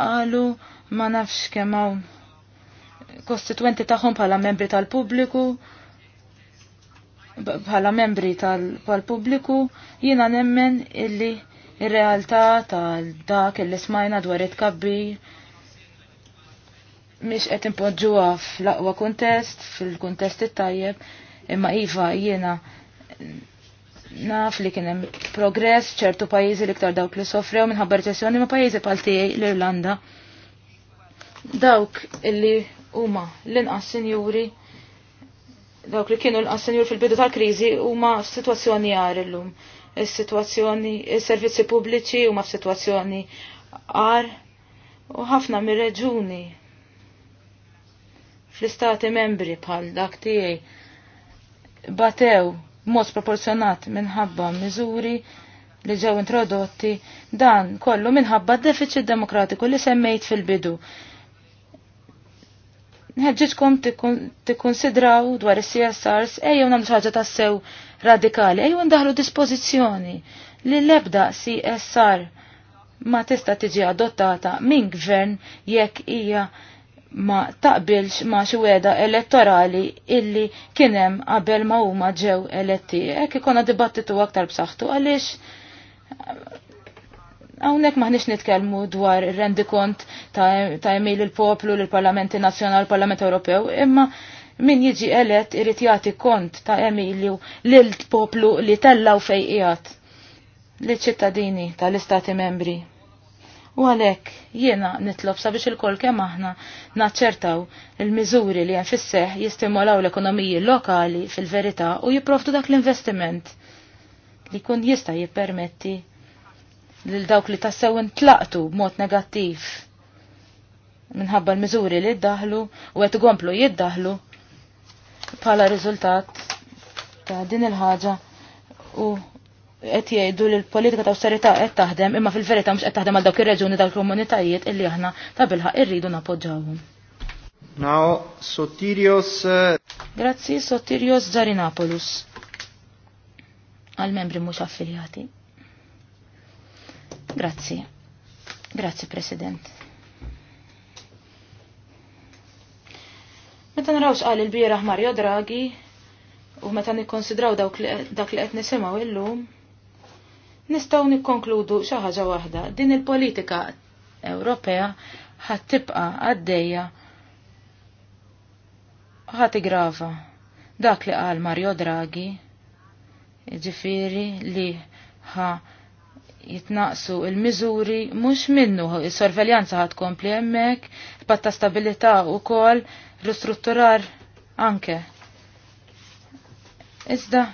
għalu ma nafx kemm hawn kostituenti tagħhom bħala membri tal-pubbliku bħala membri tal-pubbliku jiena nemmen illi il realtà tal-dak illi smajna dwar it kabbi Miex qed impoġġuha fl-aqwa kuntest, fil-kuntest it-tajjeb, imma iva jiena naf li kien hemm progress ċertu pajjiżi li iktar dawk li sofrew minħabba reċessjoni ma' pajjiżi bħal tiegħi l-Irlanda. Dawk illi huma l-inqas sinjuri dawk li kienu l-assenjur fil-bidu tal-krizi huma f'sitwazzjoni għar illum. Is-sitwazzjoni, is-servizzi pubbliċi huma f'sitwazzjoni għar u ħafna mir-reġuni fl-istati membri bħal dak tiegħi batew mod proporzjonat minħabba miżuri li ġew introdotti dan kollu minħabba deficit demokratiku li semmejt fil-bidu nħedġiġkom tikkonsidraw dwar is-CSRs ejjew nagħmlu ħaġa tassew radikali, ejjew ndaħlu dispożizzjoni li l-ebda CSR ma tista' tiġi adottata minn gvern jekk hija ma taqbilx ma xi weda elettorali illi kien hemm qabel ma huma ġew eletti. Hekk ikona dibattitu aktar b'saħħtu għaliex Għawnek maħnix nitkelmu dwar rendikont ta' emil il-poplu, l-Parlamenti Nazjonal, Parlament Ewropew, imma min jiġi elet irrit jati kont ta' emilju l-poplu li tellaw fejqijat li ċittadini tal-istati membri. U għalek jiena nitlob sabiex il-kol kemm aħna naċċertaw il-miżuri li hemm fis jistimolaw l-ekonomiji lokali fil-verità u jipprovdu dak l-investiment li kun jista' jippermetti lil dawk li tassew intlaqtu b'mod negattiv minħabba l-miżuri li jiddaħlu u qed ikomplu jiddaħlu bħala riżultat ta' din il-ħaġa u qed jgħidu li l-politika ta' awsterità qed taħdem imma fil-verità mhux qed taħdem għal dawk ir-reġuni dawk komunitajiet illi aħna ta' bilħaq irridu napoġġawhom. Now, Sotirios. Uh, Grazzi, Sotirios Zarinapolus. Għal membri mhux affiljati. Grazzi. Grazie, President. Meta narawx qal il-bieraħ Mario Draghi u meta nikkonsidraw dak li qed nisimgħu illum, nistgħu nikkonkludu xi ħaġa waħda. Din il-politika Ewropea ħad tibqa' għaddejja ħad igrava. Dak li qal Mario Draghi, ġifieri li ħa jitnaqsu il-miżuri mhux minnu is-sorveljanza ħad kompli hemmhekk, patta u wkoll ristrutturar anke. Iżda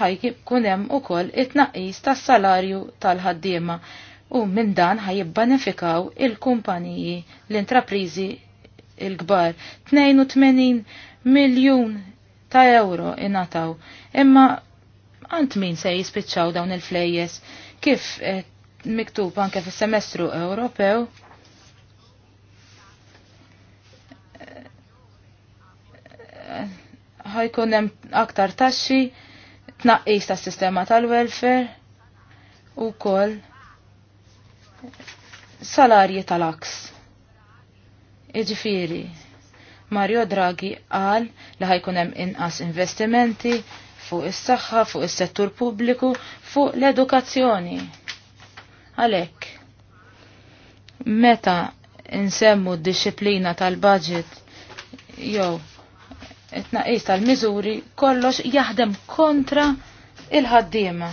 ħajki kun hemm ukoll it-tnaqqis tas-salarju tal-ħaddiema u minn dan ħajibbanefikaw il-kumpaniji l-intraprizi il-kbar 82 miljun ta' euro inataw imma għant min se jispiċċaw dawn il-flejjes kif eh, miktub anke fis-semestru Ewropew eh, ħajkun hemm aktar taxxi, tnaqqis tas-sistema tal-welfare ukoll salarji tal-aks. Iġifieri Mario Draghi qal li ħajkun hemm inqas investimenti, fuq is-saħħa, fuq is-settur pubbliku, fuq l-edukazzjoni. Għalhekk. Meta insemmu d-disciplina tal-budget jew it-naqis tal-miżuri kollox jaħdem kontra il-ħaddiema.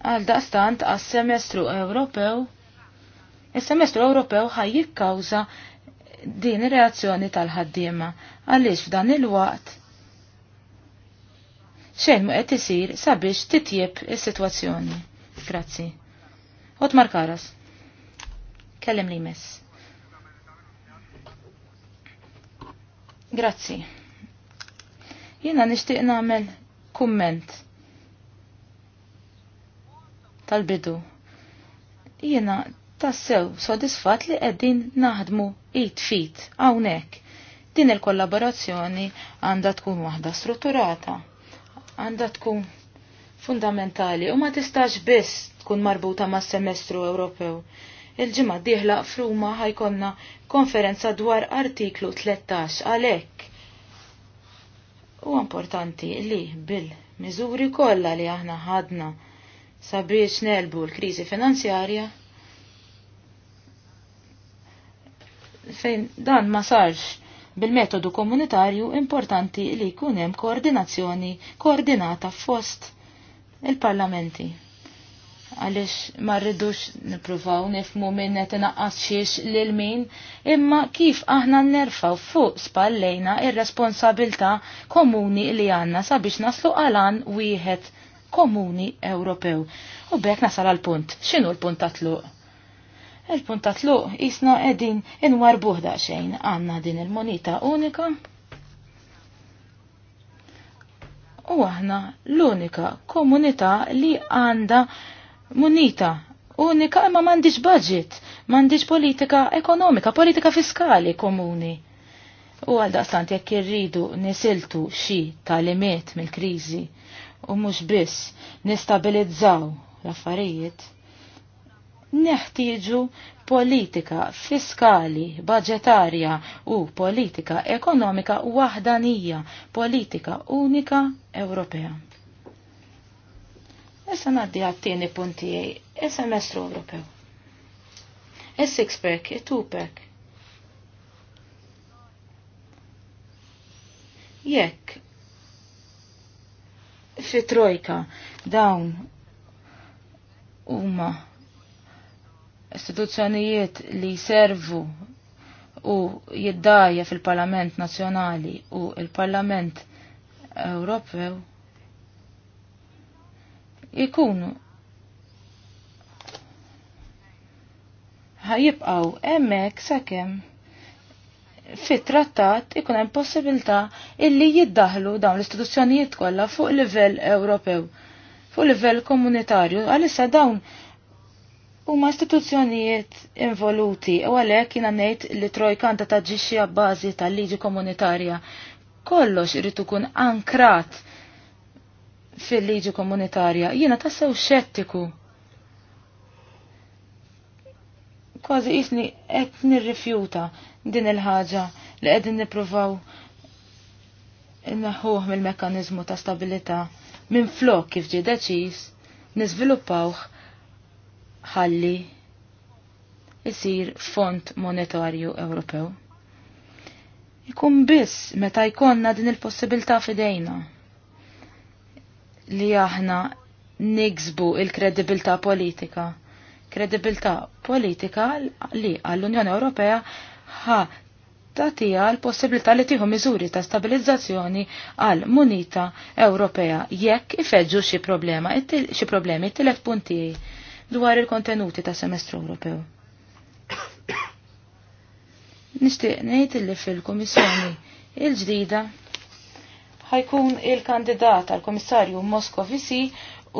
Għal daqstant għas-semestru Ewropew, is-semestru Ewropew ħajjik kawza din ir-reazzjoni tal-ħaddiema għaliex f'dan il-waqt xejn mu qed isir sabiex titjib is-sitwazzjoni. Grazzi. Otmar Karas. Kellem li mess. Grazzi. Jiena nixtieq nagħmel kumment tal-bidu. Jiena tassew sodisfat li qegħdin naħdmu eight feet hawnhekk. Din il-kollaborazzjoni għandha tkun waħda strutturata għandha tkun fundamentali u ma tistax biss tkun marbuta ma' semestru Ewropew. Il-ġimgħa d-dieħla f'Ruma ħajkonna konferenza dwar artiklu 13 għalhekk. U importanti li bil-miżuri kollha li aħna ħadna sabiex nelbu l-kriżi finanzjarja fejn dan ma sarx bil-metodu komunitarju importanti li jkun hemm koordinazzjoni koordinata fost il-parlamenti. Għaliex ma rridux nippruvaw nifmu minn qed xiex lil min, imma kif aħna nnerfaw fuq spallejna ir-responsabilità komuni li għandna sabiex naslu għalan wieħed komuni Ewropew. U bekk nasal għal punt. X'inhu l-punt ta' tluq? il-punt ta' tluq jisna edin buħda xejn għanna din il-monita unika. U aħna l-unika komunità li għanda monita unika imma mandiġ budget, mandiġ politika ekonomika, politika fiskali komuni. U għal daqstant jekk irridu nisiltu xi talimiet mill-kriżi u mhux biss nistabilizzaw l-affarijiet neħtieġu politika fiskali, budgetarja u politika ekonomika wahdanija, politika unika Ewropea. Issa naddi għattini puntijaj, il-semestru Ewropew. is six pack il-two-pack. Jekk fi trojka dawn huma istituzzjonijiet li servu u jiddaja fil-Parlament Nazzjonali u il-Parlament Ewropew ikunu ħajibqaw emmek sakemm fit-trattat ikun hemm possibilità illi jiddaħlu dawn l-istituzzjonijiet kollha fuq livell Ewropew, fuq livell komunitarju, għalissa dawn huma istituzzjonijiet involuti u għalhekk jiena ngħid li Trojkanta għandha taġixxi tal-liġi komunitarja. Kollox irid ikun ankrat fil-liġi komunitarja. Jiena tassew xettiku. Kważi jisni qed nirrifjuta din il-ħaġa li qegħdin nippruvaw naħuh mill-mekkaniżmu ta' stabilità minn flok kif ġie deċiż niżviluppawh ħalli jisir font monetarju Ewropew. Ikun biss meta jkonna din il-possibilità fidejna li aħna niksbu il-kredibilità politika. Kredibilità politika li għall-Unjoni Ewropea ħa tatija l-possibilità li tieħu miżuri ta' stabilizzazzjoni għal munita Ewropea jekk ifeġġu xi problema xi problemi t-tielet puntijiet dwar il-kontenuti ta' semestru Ewropew. Nixtieq ngħid li fil-Kummissjoni il-ġdida ħajkun il-kandidat għal komissarju Moskovisi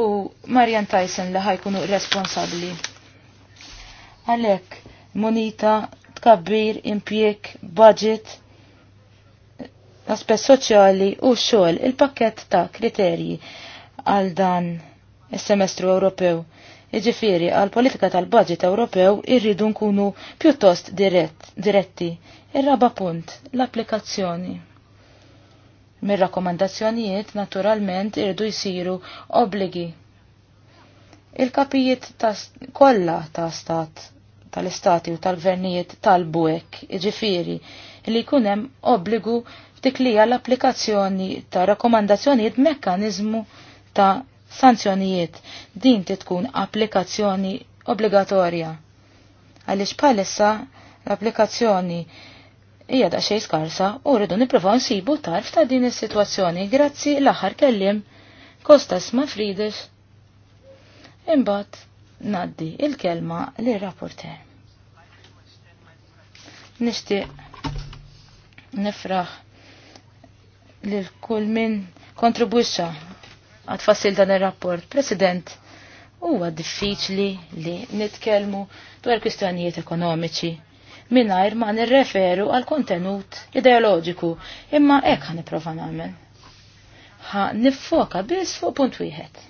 u Marian Tyson li ħajkunu responsabli. Għalek, monita, tkabbir, impjek, budget, aspet soċjali u xogħol il-pakket ta' kriterji għal dan is-semestru Ewropew Iġifiri, għal politika tal-budget Ewropew irridu nkunu pjuttost dirett, diretti. Ir-raba punt, l-applikazzjoni. Mir-rakkomandazzjonijiet naturalment irridu jsiru obligi. Il-kapijiet ta kollha ta' stat tal-istati u tal-gvernijiet tal-buek, iġifiri, li kunem obbligu ftiklija l-applikazzjoni ta' rakkomandazzjonijiet mekkanizmu ta' sanzjonijiet din titkun applikazzjoni obbligatorja. Għaliex bħalissa l-applikazzjoni hija daqsxejn skarsa u rridu nippruvaw nsibu tarf ta' din is-sitwazzjoni grazzi l-aħħar kellim Kostas Mafridis. Imbagħad naddi il-kelma lir-rapporter. Nixtieq nifraħ lil kull min kontribwixxa għad fassil dan il-rapport. President, huwa diffiċli li nitkelmu dwar kwistjonijiet ekonomiċi minnajr ma nirreferu għal kontenut ideologiku imma ek ħan niprofa namel. ħa nifoka biss fuq punt wieħed.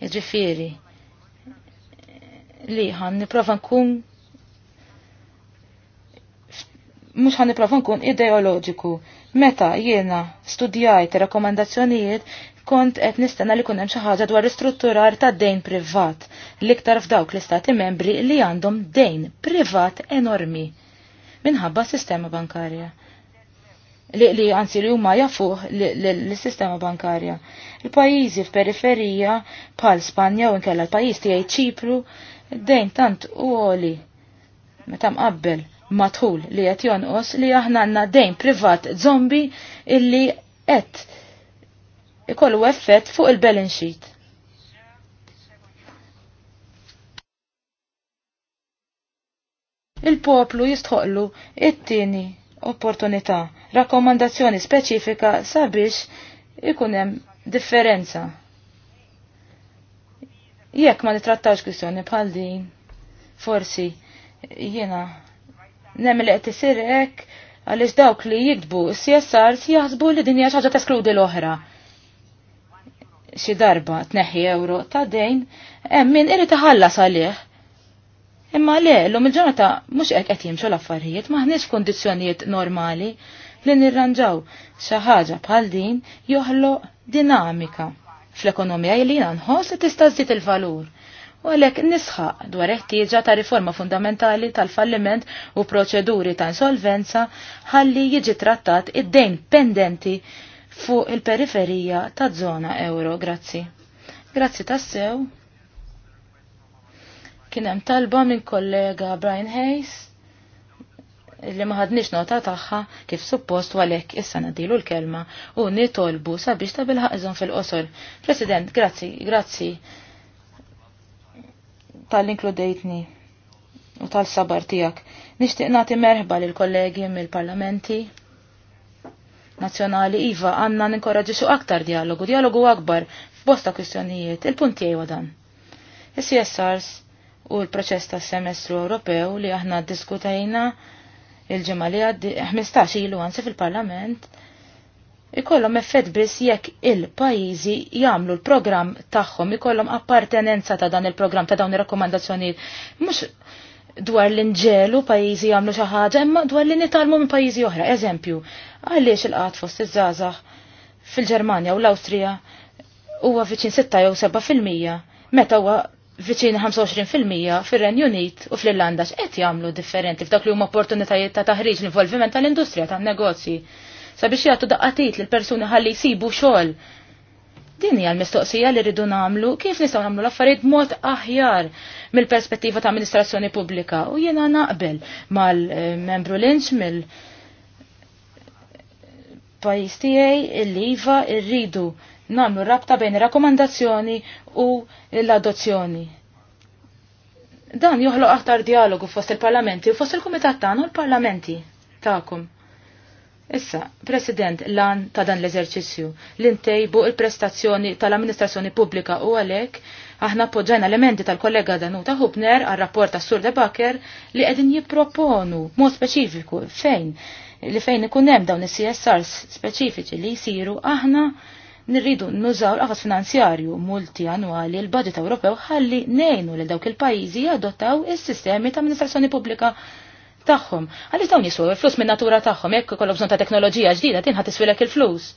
Jiġifieri li ħan niprofa nkun mux ħan niprofa nkun ideoloġiku meta jiena studjajt rekomendazzjonijiet kont qed nistenna li hemm xi ħaġa dwar istrutturar ta' dejn privat, l-iktar f'dawk l-istati membri li għandhom dejn privat enormi minħabba sistema bankarja. Li, li anzi li huma jafuh l-sistema bankarja. Il-pajjiżi f'periferija bħal Spanja u nkella l-pajjiż tiegħi Ċipru dejn tant u għoli meta mqabbel matħul li qed jonqos li aħna għandna dejn privat zombi illi qed ikollu effett fuq il-balance sheet. Il-poplu jistħoqlu it-tieni opportunità, rakkomandazzjoni speċifika sabiex ikun hemm differenza. Jekk ma nitrattawx kwistjoni bħal din, forsi jiena nemmen li qed isir hekk għaliex dawk li jikdbu s csrs jaħsbu li dinja xi ħaġa teskludi l-oħra xi darba tneħħi euro ta' dejn, emmin min irid iħallas għalih. Imma le, l-lum il-ġurnata mhux ek qed jimxu l-affarijiet, maħniex kundizzjonijiet normali li nirranġaw xaħġa ħaġa bħal din joħloq dinamika fl-ekonomija li jiena nħoss li tista' il-valur. U għalhekk nisħa dwar eħtieġa ta' riforma fundamentali tal-falliment u proċeduri ta' insolvenza ħalli jiġi trattat id-dejn pendenti fuq il-periferija ta' zona euro. Grazzi. Grazzi tassew. Kien hemm talba minn kollega Brian Hayes li ma ħadniex nota tagħha kif suppost għalhekk issa nadilu l-kelma u nitolbu sabiex ta' bilħaqżhom fil-qosor. President, grazzi, grazzi tal-inkludejtni u tal-sabar tijak. Nishtiq nati merħba l kollegi mill-parlamenti nazzjonali iva għanna su aktar dialogu, dialogu akbar f'bosta kwistjonijiet, il-punt jgħu dan. Is-CSRs u l-proċess ta' semestru Ewropew li aħna diskutajna il-ġimgħa li għaddi 15 ilu għansi fil-Parlament ikollhom effett biss jekk il-pajjiżi jagħmlu l-programm tagħhom ikollhom appartenenza ta' dan il-programm ta' dawn ir-rakkomandazzjonijiet. Mhux dwar l-inġelu pajizi għamlu xi ħaġa, imma dwar li nitalmu minn pajizi oħra. Eżempju, għaliex il-qat fost iż-żgħażagħ fil-Ġermanja u l-Awstrija huwa viċin 6 jew 7 fil-mija, meta huwa viċin 25 fil-mija fir-Renju Unit u fl-Irlanda x'qed jagħmlu differenti f'dak li huma opportunitajiet ta' taħriġ l-involviment tal-industrija tan-negozji sabiex jagħtu daqqatit lill persuni ħalli jsibu xogħol Din hija l-mistoqsija li rridu nagħmlu kif nistgħu nagħmlu l-affarijiet mod aħjar mill-perspettiva ta' amministrazzjoni pubblika u jiena naqbel mal-membru Lynch mill pajjiż tiegħi l-iva rridu nagħmlu rabta bejn ir-rakkomandazzjoni u l-adozzjoni dan joħloq aktar dialogu fost il-parlamenti u fost il-kumitat tagħna u l-parlamenti tagħkom. Issa, President, lan ta' dan l-eżerċizzju li ntejbu il-prestazzjoni tal-amministrazzjoni pubblika u għalek, aħna poġġajna elementi tal-kollega Danuta Hubner għal rapport ta' Sur Baker li qegħdin jipproponu mod speċifiku fejn li fejn ikun hemm dawn is-CSRs speċifiċi li jsiru aħna nirridu nużaw l-qafas finanzjarju multi annuali l-budget Ewropew ħalli nejnu lil dawk il-pajjiżi jadottaw is-sistemi ta' amministrazzjoni pubblika tagħhom. Għaliex dawn jiswew il-flus minn natura tagħhom, jekk ikollhom bżonn ta' teknoloġija ġdida tinħat iswilek il-flus.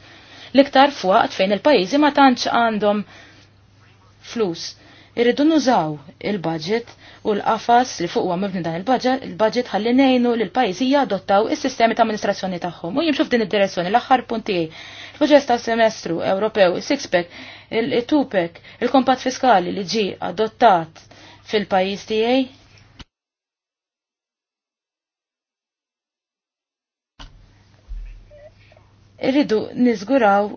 L-iktar fuqat fejn il-pajjiżi ma tantx għandhom flus. Irridu nużaw il-budget u l-qafas li fuq huwa mibni dan il-budget ħalli ngħinu li l-pajjiżi jadottaw is-sistemi ta' amministrazzjoni tagħhom u jimxu f'din id-direzzjoni l-aħħar punt tiegħi. Il-proġess ta' semestru Ewropew, il sixpack, il-two-pack, il-kompat fiskali li ġi adottat fil-pajjiż tiegħi irridu niżguraw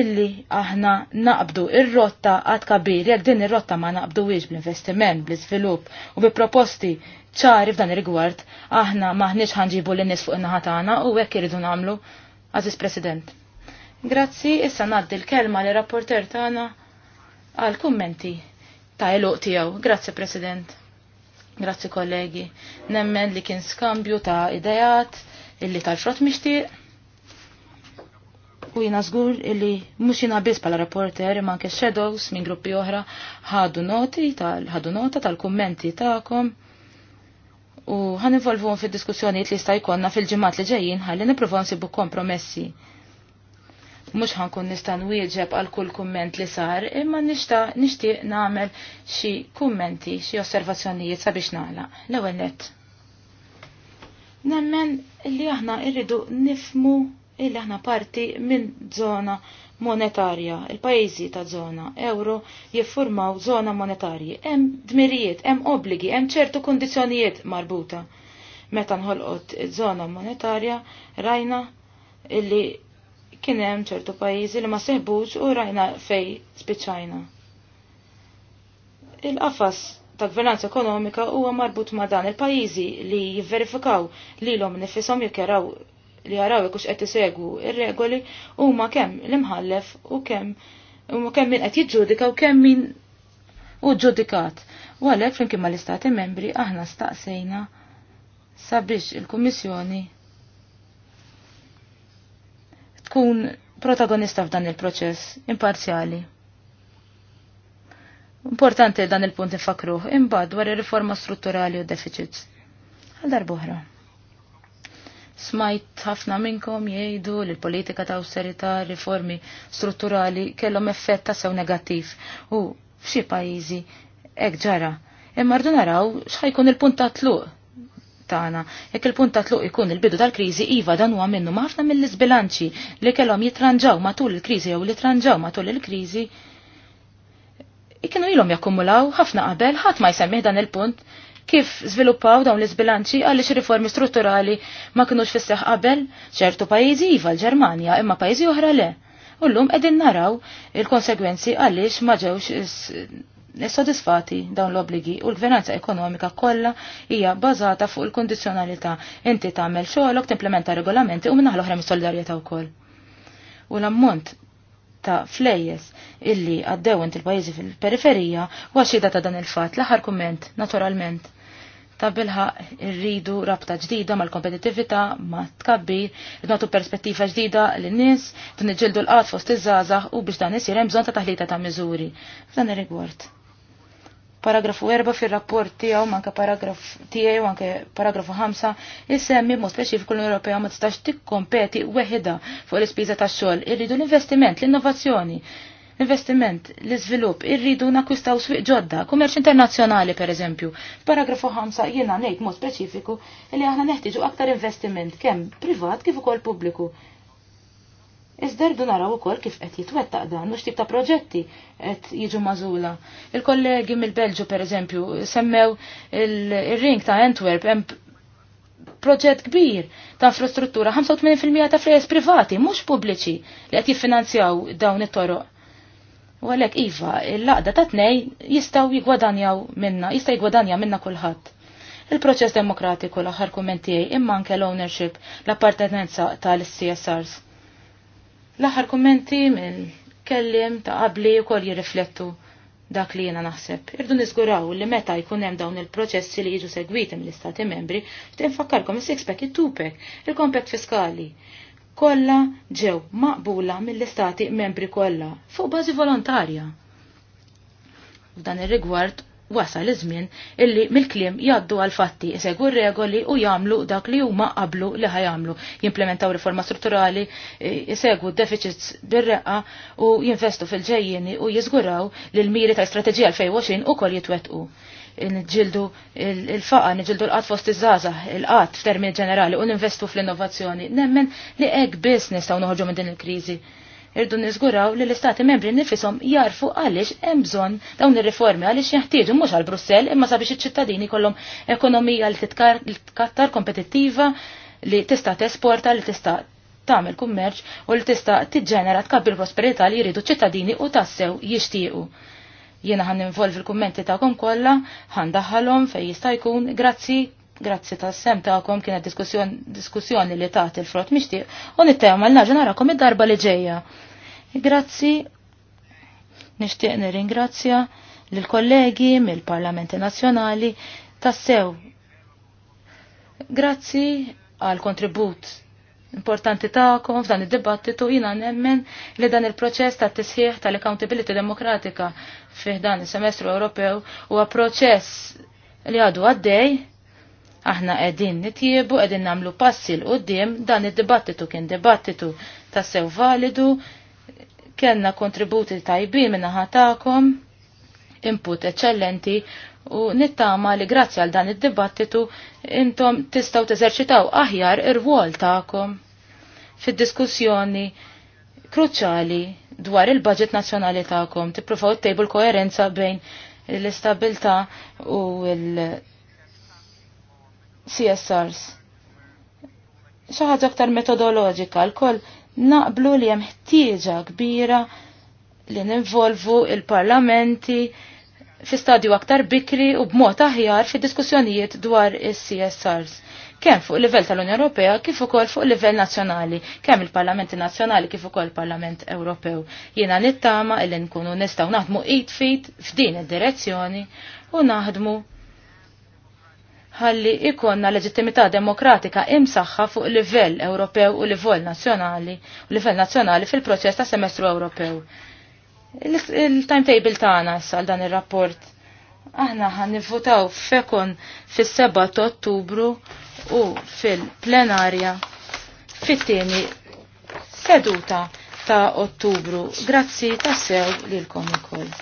illi aħna naqbdu ir-rotta għad kabir, jekk din ir-rotta ma naqbduwiex bl-investiment, bl-iżvilupp u bi proposti ċari f'dan ir-rigward, aħna maħniex ħanġibu l-nies fuq in-naħa tagħna u hekk irridu nagħmlu, għaziz President. Grazzi, issa ngħaddi l-kelma li rapporter tagħna għal kummenti ta' eluq tiegħu. Grazzi President. Grazzi kollegi. Nemmen li kien skambju ta' idejat illi tal-frott mixtieq u jina zgur illi mux jina bis pala rapporter imma anke shadows minn gruppi oħra ħadu noti tal ħadu nota tal-kummenti ta'kom u ħan involvuhom fid diskussjonijiet li sta jkollna fil-ġimgħat li ġejjin ħalli nippruvaw nsibu kompromessi. Mhux ħankun nista' nwieġeb għal kull kumment li sar, imma nishta nixtieq nagħmel xi kummenti, xi osservazzjonijiet sabiex nagħlaq. L-ewwel nett. Nemmen li aħna rridu nifmu illi aħna parti minn zona monetarja. Il-pajjiżi ta' zona euro jiffurmaw zona monetarji. Hemm dmirijiet, hemm obbligi, hemm ċertu kondizjonijiet marbuta. Meta nħolqot zona żona monetarja rajna illi kien hemm ċertu pajjiżi li ma seħbux u rajna fej spiċċajna. Il-qafas ta' gvernanza ekonomika huwa marbut ma' dan il-pajjiżi li jivverifikaw li l-om nifisom jikeraw li jaraw jekk qed isegwu ir-regoli huma kemm l-imħallef u kemm huma kemm min qed jiġġudika u kemm min u ġudikat. U għalhekk flimkien mal-Istati Membri aħna staqsejna sabiex il-Kummissjoni tkun protagonista f'dan il-proċess imparzjali. Importanti dan il-punt infakruh imbagħad dwar ir-riforma strutturali u deficits. Għal darbohra smajt ħafna minnkom jgħidu li l-politika ta' austerità, riformi strutturali kellhom effett ta' sew negattiv u f'xi pajjiżi hekk ġara. Imma rdu naraw x'ħajkun il-punt ta' tluq tagħna. Jekk il-punt ta' tluq ikun il-bidu tal-kriżi iva dan huwa minnu ma' ħafna mill-isbilanċi li kellhom jitranġaw matul il-kriżi jew li tranġaw matul il-kriżi Ikinu ilhom jakkumulaw ħafna qabel ħadd ma jsemmih dan il-punt kif żviluppaw dawn l-isbilanċi għaliex riformi strutturali ma kinux fisseħ qabel ċertu pajjiżi iva l-Ġermanja imma pajjiżi oħra le. U llum qegħdin naraw il-konsegwenzi għaliex ma ġewx sodisfati dawn l-obligi u l-gvernanza ekonomika kollha hija bbażata fuq il-kondizzjonalità inti tagħmel xogħolok timplementa regolamenti u minnaħ l-oħra mis-solidarjetà wkoll. U l-ammont ta' flejjes illi għaddew int il pajjiżi fil-periferija waxida ta' dan il-fat l-aħar kumment, naturalment ta' bilħa irridu rabta ġdida mal-kompetitività, ma' tkabbir, nagħtu perspettiva ġdida lin-nies, nġildu l-qat fost iż-żgħażagħ u biex dan isir hemm bżonn ta' taħlita ta' miżuri. F'dan ir-rigward. Paragrafu 4 fil-rapport tiegħu manka paragraf tiegħu anke paragrafu 5 isemmi mod speċifiku l-Unjoni Ewropea ma tistax tikkompeti weħida fuq l-ispiża tax-xogħol, irridu l-investiment, l-innovazzjoni investiment, l-izvilup, irridu nakwistaw swiq ġodda, kummerċ internazzjonali per eżempju. Paragrafu 5 jiena ngħid mod speċifiku li aħna neħtieġu aktar investiment kemm privat kif ukoll pubbliku. Iżda rdu naraw ukoll kif qed jitwettaq dan u x'tip ta' proġetti qed jiġu mażula. Il-kollegi mill-Belġu pereżempju semmew il-ring ta' Antwerp hemm proġett kbir ta' infrastruttura 85% ta' flejes privati, mhux pubbliċi li qed jiffinanzjaw dawn it-toroq. U għalek Iva, il-laqda ta' tnej jistaw jigwadanjaw minna, jistaw jigwadanja minna kullħat. Il-proċess demokratiku l-aħħar kummentijaj imma anke l-ownership, l-appartenenza tal-CSRs. L-aħħar kummenti minn kellim ta' qabli u kol jirriflettu dak li jena naħseb. Irdu nizguraw li meta jkun hemm dawn il-proċessi li jiġu segwiti mill-Istati membri, tinfakkarkom is-sixpack, it-tupek, il-kompakt fiskali, kollha ġew maqbula mill-istati membri kollha fuq bażi volontarja. F'dan ir-rigward wasal iż-żmien illi mill-kliem jaddu għal fatti isegwu regoli u jagħmlu dak li huma qablu li ħajamlu. Jimplementaw riforma strutturali, isegwu deficits bir-reqqa u jinvestu fil-ġejjieni u jiżguraw li l-miri ta' strateġija u ukoll jitwettqu nġildu il-faqa, nġildu l-qat fost iż-żaza, il-qat f'termini ġenerali, u ninvestu fl-innovazzjoni. Nemmen li eg biss ta' noħorġu minn din il-krizi. Irdu nizguraw li l-istati membri nifisom jarfu għaliex hemm bżonn dawn ir-riformi għaliex jaħtieġu mhux għal Brussell imma sabiex iċ-ċittadini kollhom ekonomija li titkattar kompetittiva li tista' tesporta li tista' tagħmel kummerċ u li tista' tiġġenera tkabbil prosperità li jridu ċittadini u tassew jixtiequ. Jiena għan involvi l-kummenti tagħkom kollha, ħan daħħalhom fejn jista' jkun. Grazzi, grazzi tas-sem tagħkom kienet diskussjoni li tagħti il-frott mixtieq u nittema l-naġa narakom id-darba li ġejja. Grazzi, nixtieq nirringrazzja lill kollegi mill-Parlamenti Nazzjonali tassew. Grazzi għal kontribut importanti ta'kom f'dan id-dibattitu jina nemmen li dan il-proċess ta' tisħiħ tal-accountability demokratika fih dan il-semestru Ewropew huwa proċess li għadu għaddej aħna qegħdin nitjiebu qegħdin nagħmlu passi l qudiem dan id-dibattitu kien dibattitu ta' sew validu kellna kontributi tajbin minnaħa ta'kom input eccellenti u nittama li grazzi għal dan id-dibattitu intom tistaw teżerċitaw aħjar ir-rwol tagħkom fid-diskussjoni kruċjali dwar il-budget nazzjonali tagħkom. Tippruvaw tejbu l-koerenza bejn l-istabilità u l-CSRs. Xi ħaġa aktar metodoloġika l-koll naqblu li hemm ħtieġa kbira li ninvolvu il-parlamenti, fi stadju aktar bikri u b'mod aħjar fi diskussjonijiet dwar is-CSRs. Kemm fuq livell tal-Unja Ewropea kif ukoll fuq livell nazzjonali, kemm il-Parlamenti Nazzjonali kif ukoll il-Parlament Ewropew. Jiena nittama illi nkunu nistgħu naħdmu id f'din id-direzzjoni u naħdmu ħalli ikonna leġittimità demokratika imsaħħa fuq livell Ewropew u livell nazzjonali u livell nazzjonali fil-proċess ta' semestru Ewropew. Il-timetable tagħna sal dan ir-rapport. Aħna għan nivvotaw fekon fis-7 ta' Ottubru u fil-plenarja fit-tieni seduta ta' Ottubru. Grazzi tassew lilkom ukoll.